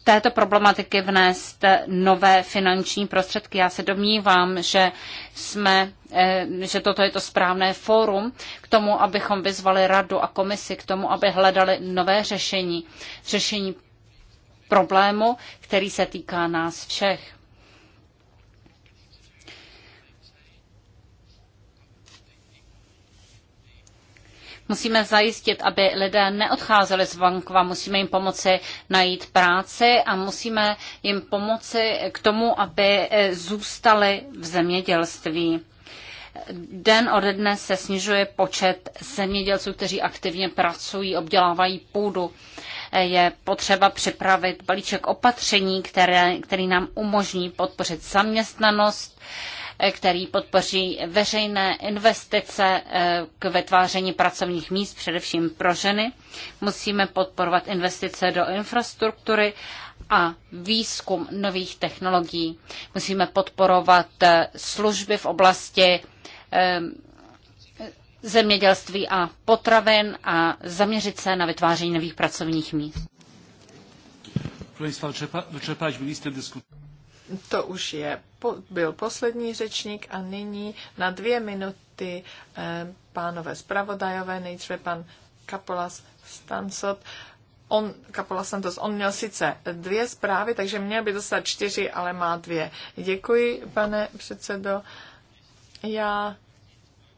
této problematiky vnést nové finanční prostředky. Já se domnívám, že jsme, eh, že toto je to správné fórum k tomu, abychom vyzvali radu a komisi k tomu, aby hledali nové řešení, řešení problému, který se týká nás všech. Musíme zajistit, aby lidé neodcházeli z bankova, musíme jim pomoci najít práci a musíme jim pomoci k tomu, aby eh, zůstali v zemědělství. Den od dne se snižuje počet zemědělců, kteří aktivně pracují, obdělávají půdu eh, je potřeba připravit balíček opatření, které, který nám umožní podpořit zaměstnanost, který podpoří veřejné investice eh, k vytváření pracovních míst, především pro ženy. Musíme podporovat investice do infrastruktury a výzkum nových technologií. Musíme podporovat eh, služby v oblasti eh, zemědělství a potravin a zaměřit se na vytváření nových pracovních míst to už je, byl poslední řečník a nyní na dvě minuty eh, pánové zpravodajové, nejdříve pan Kapolas Stansot. On, Kapola Santos, on měl sice dvě zprávy, takže měl by dostat čtyři, ale má dvě. Děkuji, pane předsedo. Já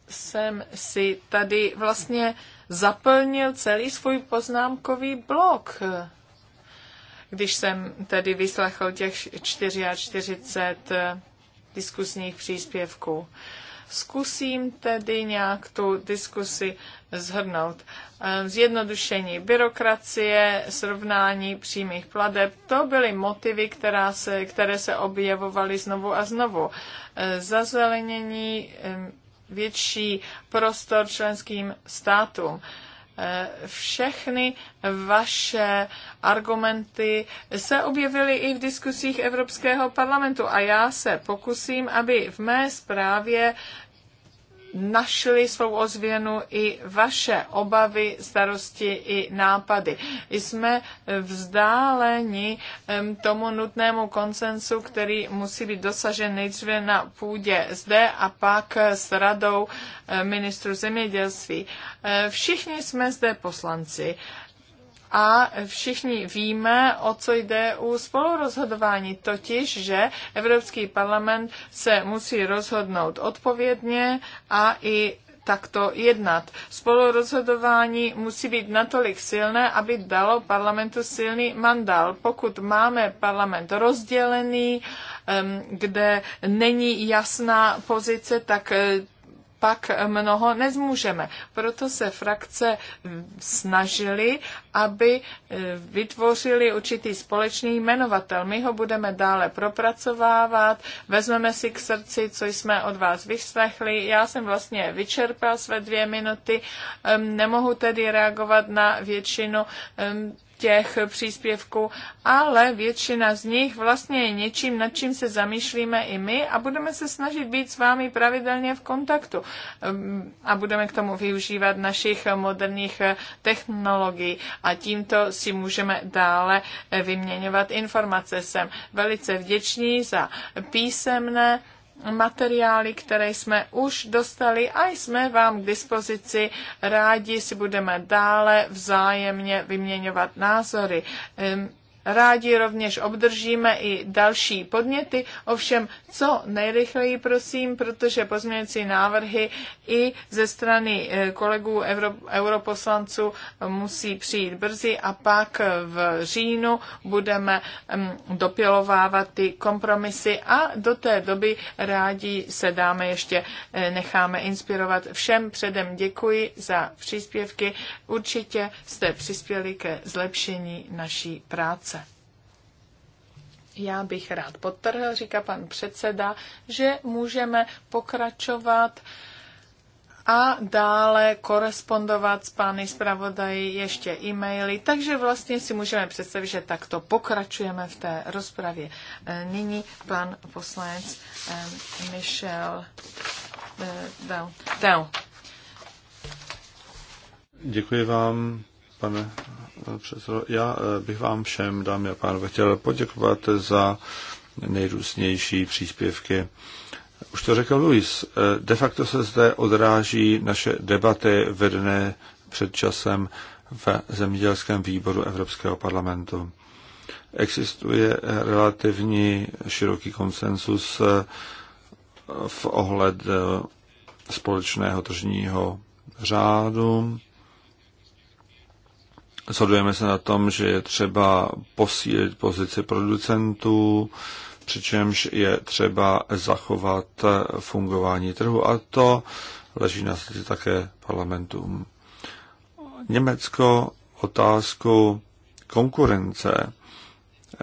jsem si tady vlastně zaplnil celý svůj poznámkový blok když jsem tedy vyslechl těch 44 eh, diskusních příspěvků, zkusím tedy nějak tu diskusi zhrnout. Eh, zjednodušení byrokracie, srovnání přímých pladeb, to byly motivy, která se, které se objevovaly znovu a znovu. Eh, zazelenění větší prostor členským státům. Eh, všechny vaše argumenty se objevily i v diskusích Evropského parlamentu a já se pokusím, aby v mé zprávě našli svou ozvěnu i vaše obavy, starosti i nápady. Jsme vzdáleni tomu nutnému konsensu, který musí být dosažen nejdříve na půdě zde a pak s radou eh, ministru zemědělství. Eh, všichni jsme zde poslanci a všichni víme, o co jde u spolurozhodování, totiž, že Evropský parlament se musí rozhodnout odpovědně a i takto jednat. Spolurozhodování musí být natolik silné, aby dalo parlamentu silný mandál. Pokud máme parlament rozdělený, kde není jasná pozice, tak eh, pak mnoho nezmůžeme. Proto se frakce snažily, aby e, vytvořili určitý společný jmenovatel. My ho budeme dále propracovávat, vezmeme si k srdci, co jsme od vás vyslechli. Já jsem vlastně vyčerpal své dvě minuty, nemohu tedy reagovat na většinu těch příspěvků, ale většina z nich vlastně je něčím, nad čím se zamýšlíme i my a budeme se snažit být s vámi pravidelně v kontaktu a budeme k tomu využívat našich moderních eh, technologií a tímto si můžeme dále vyměňovat informace. Jsem velice vděčný za písemné materiály, které jsme už dostali a jsme vám k dispozici. Rádi si budeme dále vzájemně vyměňovat názory. Rádi rovněž obdržíme i další podněty, ovšem co nejrychleji prosím, protože pozměňující návrhy i ze strany eh, kolegů euro, europoslanců eh, musí přijít brzy a pak v říjnu budeme mm, dopilovávat ty kompromisy a do té doby rádi se dáme ještě, eh, necháme inspirovat. Všem předem děkuji za příspěvky. Určitě jste přispěli ke zlepšení naší práce. Já bych rád potrhl, říká pan předseda, že můžeme pokračovat a dále korespondovat s pány zpravodaji ještě e-maily, takže vlastně si můžeme představit, že takto pokračujeme v té rozpravě. E, nyní pan poslanec e, Michel e, Del. Děkuji vám pane eh, předsedo. Já eh, bych vám všem, dámy a pánové, chtěl poděkovat za nejrůznější příspěvky. Už to řekl Luis, eh, de facto se zde odráží naše debaty vedené před časem v zemědělském výboru Evropského parlamentu. Existuje relativní široký konsensus v ohled společného tržního řádu, Shodujeme se na tom, že je třeba posílit pozici producentů, přičemž je třeba zachovat fungování trhu a to leží na srdci také parlamentům. Německo otázku konkurence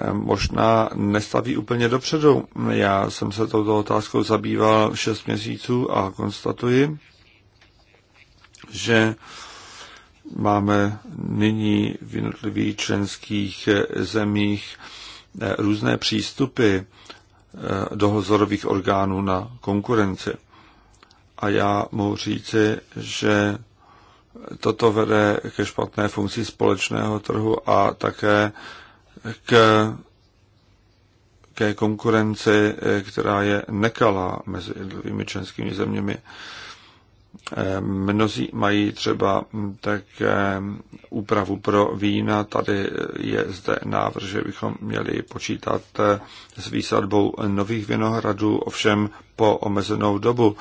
eh, možná nestaví úplně dopředu. Já jsem se touto otázkou zabýval 6 měsíců a konstatuji, že máme nyní v jednotlivých členských zemích eh, různé přístupy eh, dohozorových orgánů na konkurenci. A já mohu říci, že toto vede ke špatné funkci společného trhu a také k, ke konkurenci, eh, která je nekalá mezi jednotlivými členskými zeměmi. Mnozí mají třeba tak úpravu pro vína. Tady je zde návrh, že bychom měli počítat s výsadbou nových vinohradů, ovšem po omezenou dobu.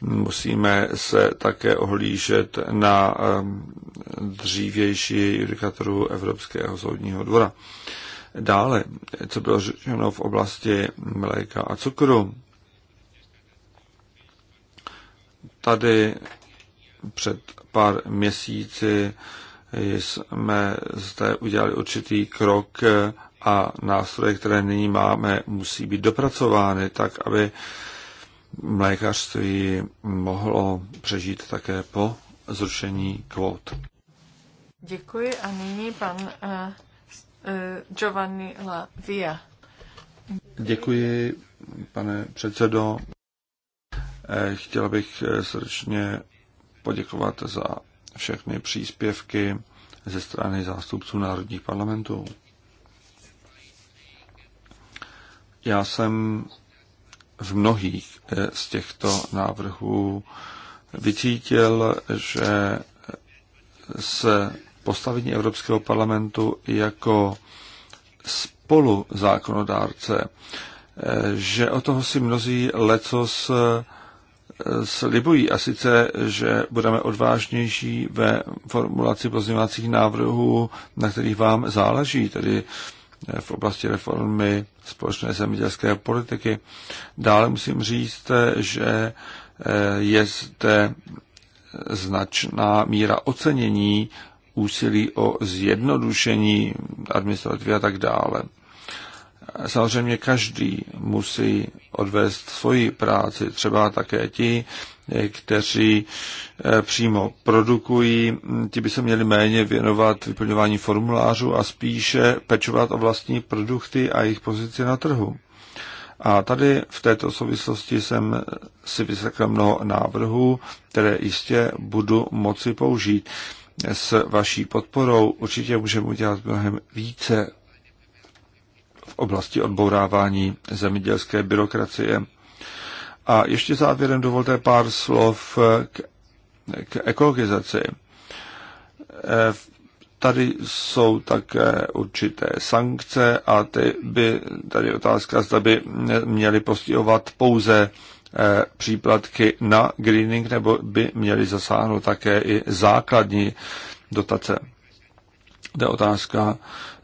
Musíme se také ohlížet na ehm, dřívější judikaturu Evropského soudního dvora. Dále, co bylo řečeno v oblasti mléka a cukru, Tady před pár měsíci jsme zde udělali určitý krok a nástroje, které nyní máme, musí být dopracovány tak, aby mlékařství mohlo přežít také po zrušení kvót. Děkuji a nyní pan uh, uh, Giovanni La Via. Děkuji, pane předsedo. Eh, chtěl bych eh, srdečně poděkovat za všechny příspěvky ze strany zástupců národních parlamentů. Já jsem v mnohých eh, z těchto návrhů vycítil, že se postavení Evropského parlamentu jako spolu zákonodárce, že o toho si mnozí lecos slibují, a sice, že budeme odvážnější ve formulaci pozměňovacích návrhů, na kterých vám záleží, tedy eh, v oblasti reformy společné zemědělské politiky. Dále musím říct, že eh, je zde značná míra ocenění úsilí o zjednodušení administrativy a tak dále samozřejmě každý musí odvést svoji práci, třeba také ti, eh, kteří eh, přímo produkují, hm, ti by se měli méně věnovat vyplňování formulářů a spíše pečovat o vlastní produkty a jejich pozici na trhu. A tady v této souvislosti jsem eh, si vyslechl mnoho návrhů, které jistě budu moci použít. S vaší podporou určitě můžeme udělat mnohem více v oblasti odbourávání zemědělské byrokracie. A ještě závěrem dovolte pár slov k, k ekologizaci. E, tady jsou také určité sankce a ty by, tady otázka, zda by měly postihovat pouze e, příplatky na greening, nebo by měly zasáhnout také i základní dotace je otázka,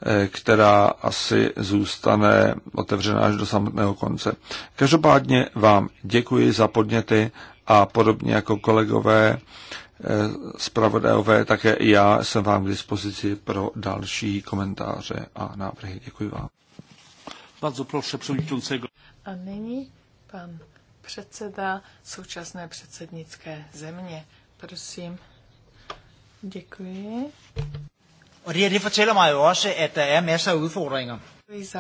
eh, která asi zůstane otevřená až do samotného konce. Každopádně vám děkuji za podněty a podobně jako kolegové eh, zpravodajové, také i já jsem vám k dispozici pro další komentáře a návrhy. Děkuji vám. Bardzo proszę przewodniczącego. A nyní pan předseda současné předsednické země. Prosím. Děkuji. Og det her, det fortæller mig jo også, at der er masser af udfordringer. velice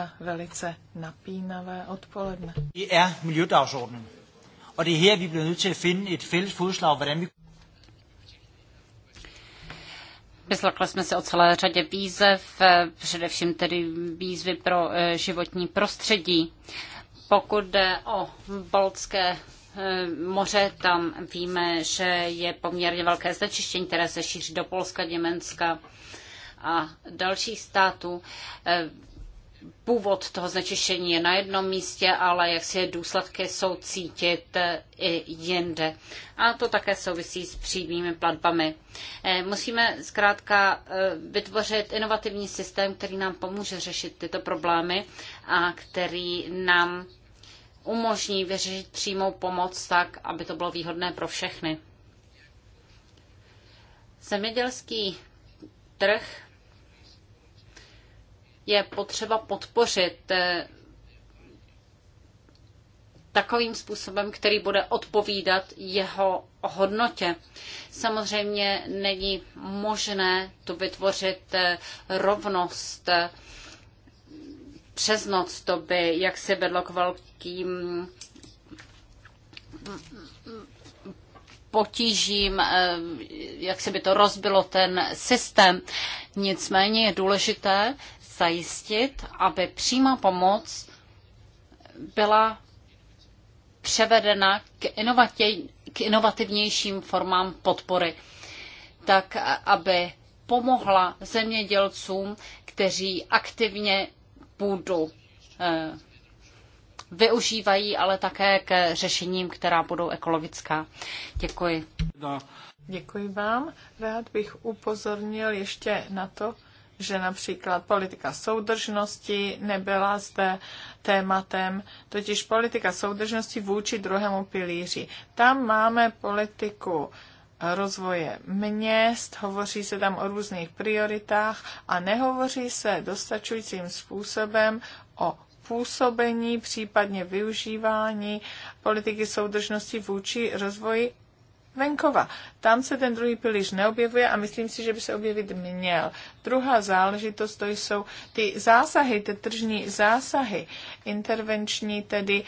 napínavé odpoledne. Det er miljødagsordenen. Og det er her, vi bliver nødt til at finde et fælles fodslag, hvordan vi... Vyslechli jsme se o celé řadě výzev, eh, především tedy výzvy pro eh, životní prostředí. Pokud jde o Baltské eh, moře, tam víme, že je poměrně velké znečištění, které se šíří do Polska, Německa, a dalších států. Eh, Původ toho znečištění je na jednom místě, ale jak si je důsledky jsou cítit eh, i jinde. A to také souvisí s přímými platbami. Eh, musíme zkrátka vytvořit inovativní systém, který nám pomůže řešit tyto problémy a který nám umožní vyřešit přímou pomoc tak, aby to bylo výhodné pro všechny. Zemědělský trh je potřeba podpořit eh, takovým způsobem, který bude odpovídat jeho hodnotě. Samozřejmě není možné tu vytvořit eh, rovnost eh, přes noc, to by jak se vedlo k velkým potížím, jak se by to rozbilo ten systém. Nicméně je důležité zajistit, aby přímá pomoc byla převedena k, inovatě, k inovativnějším formám podpory, tak aby pomohla zemědělcům, kteří aktivně půdu eh, využívají, ale také k řešením, která budou ekologická. Děkuji. Děkuji vám. Rád bych upozornil ještě na to, že například politika soudržnosti nebyla zde tématem, totiž politika soudržnosti vůči druhému pilíři. Tam máme politiku rozvoje měst, hovoří se tam o různých prioritách a nehovoří se dostačujícím způsobem o působení, případně využívání politiky soudržnosti vůči rozvoji venkova. Tam se ten druhý pilíř neobjevuje a myslím si, že by se objevit měl. Druhá záležitost to jsou ty zásahy, ty tržní zásahy, intervenční tedy.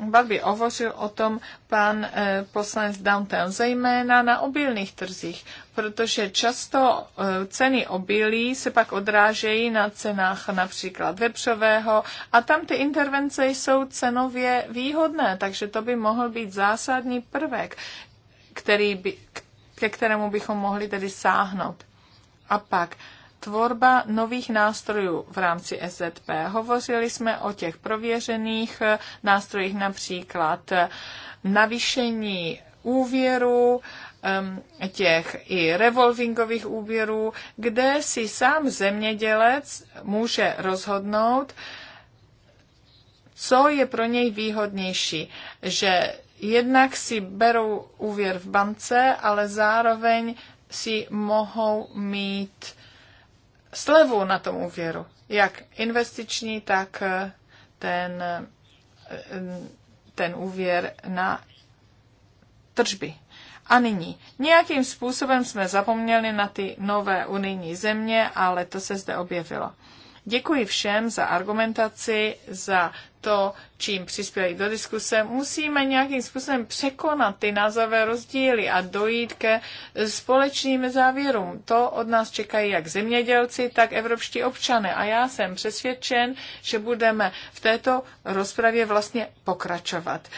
Um, by hovořil o tom pan uh, poslanec Downtown, zejména na obilných trzích, protože často uh, ceny obilí se pak odrážejí na cenách například vepřového a tam ty intervence jsou cenově výhodné, takže to by mohl být zásadní prvek, který by, ke kterému bychom mohli tedy sáhnout. A pak tvorba nových nástrojů v rámci SZP. Hovořili jsme o těch prověřených eh, nástrojích, například eh, navýšení úvěru, eh, těch i revolvingových úvěrů, kde si sám zemědělec může rozhodnout, co je pro něj výhodnější, že jednak si berou úvěr v bance, ale zároveň si mohou mít slevu na tom úvěru. Jak investiční, tak eh, ten, eh, ten úvěr na tržby. A nyní, nějakým způsobem jsme zapomněli na ty nové unijní země, ale to se zde objevilo. Děkuji všem za argumentaci, za to, čím přispěli do diskuse, musíme nějakým způsobem překonat ty názové rozdíly a dojít ke společným závěrům. To od nás čekají jak zemědělci, tak evropští občané. A já jsem přesvědčen, že budeme v této rozpravě vlastně pokračovat.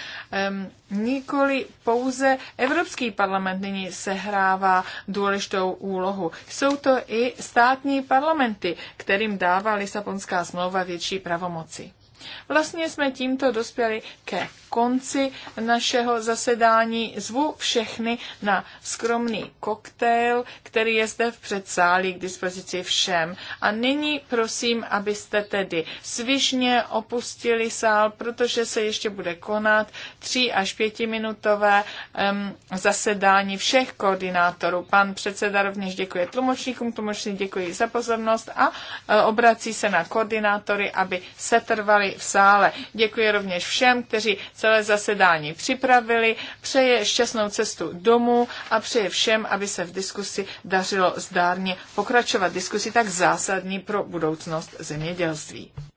Um, nikoli pouze Evropský parlament nyní sehrává důležitou úlohu. Jsou to i státní parlamenty, kterým dává Lisabonská smlouva větší pravomoci. Vlastně jsme tímto dospěli ke konci našeho zasedání. Zvu všechny na skromný koktejl, který je zde v předsálí k dispozici všem. A nyní prosím, abyste tedy svižně opustili sál, protože se ještě bude konat tři až pětiminutové um, zasedání všech koordinátorů. Pan předseda rovněž děkuje tlumočníkům, tlumočník děkuji za pozornost a uh, obrací se na koordinátory, aby setrvali v sále. Děkuji rovněž všem, kteří celé zasedání připravili. Přeje šťastnou cestu domů a přeje všem, aby se v diskusi dařilo zdárně pokračovat. Diskusi tak zásadní pro budoucnost zemědělství.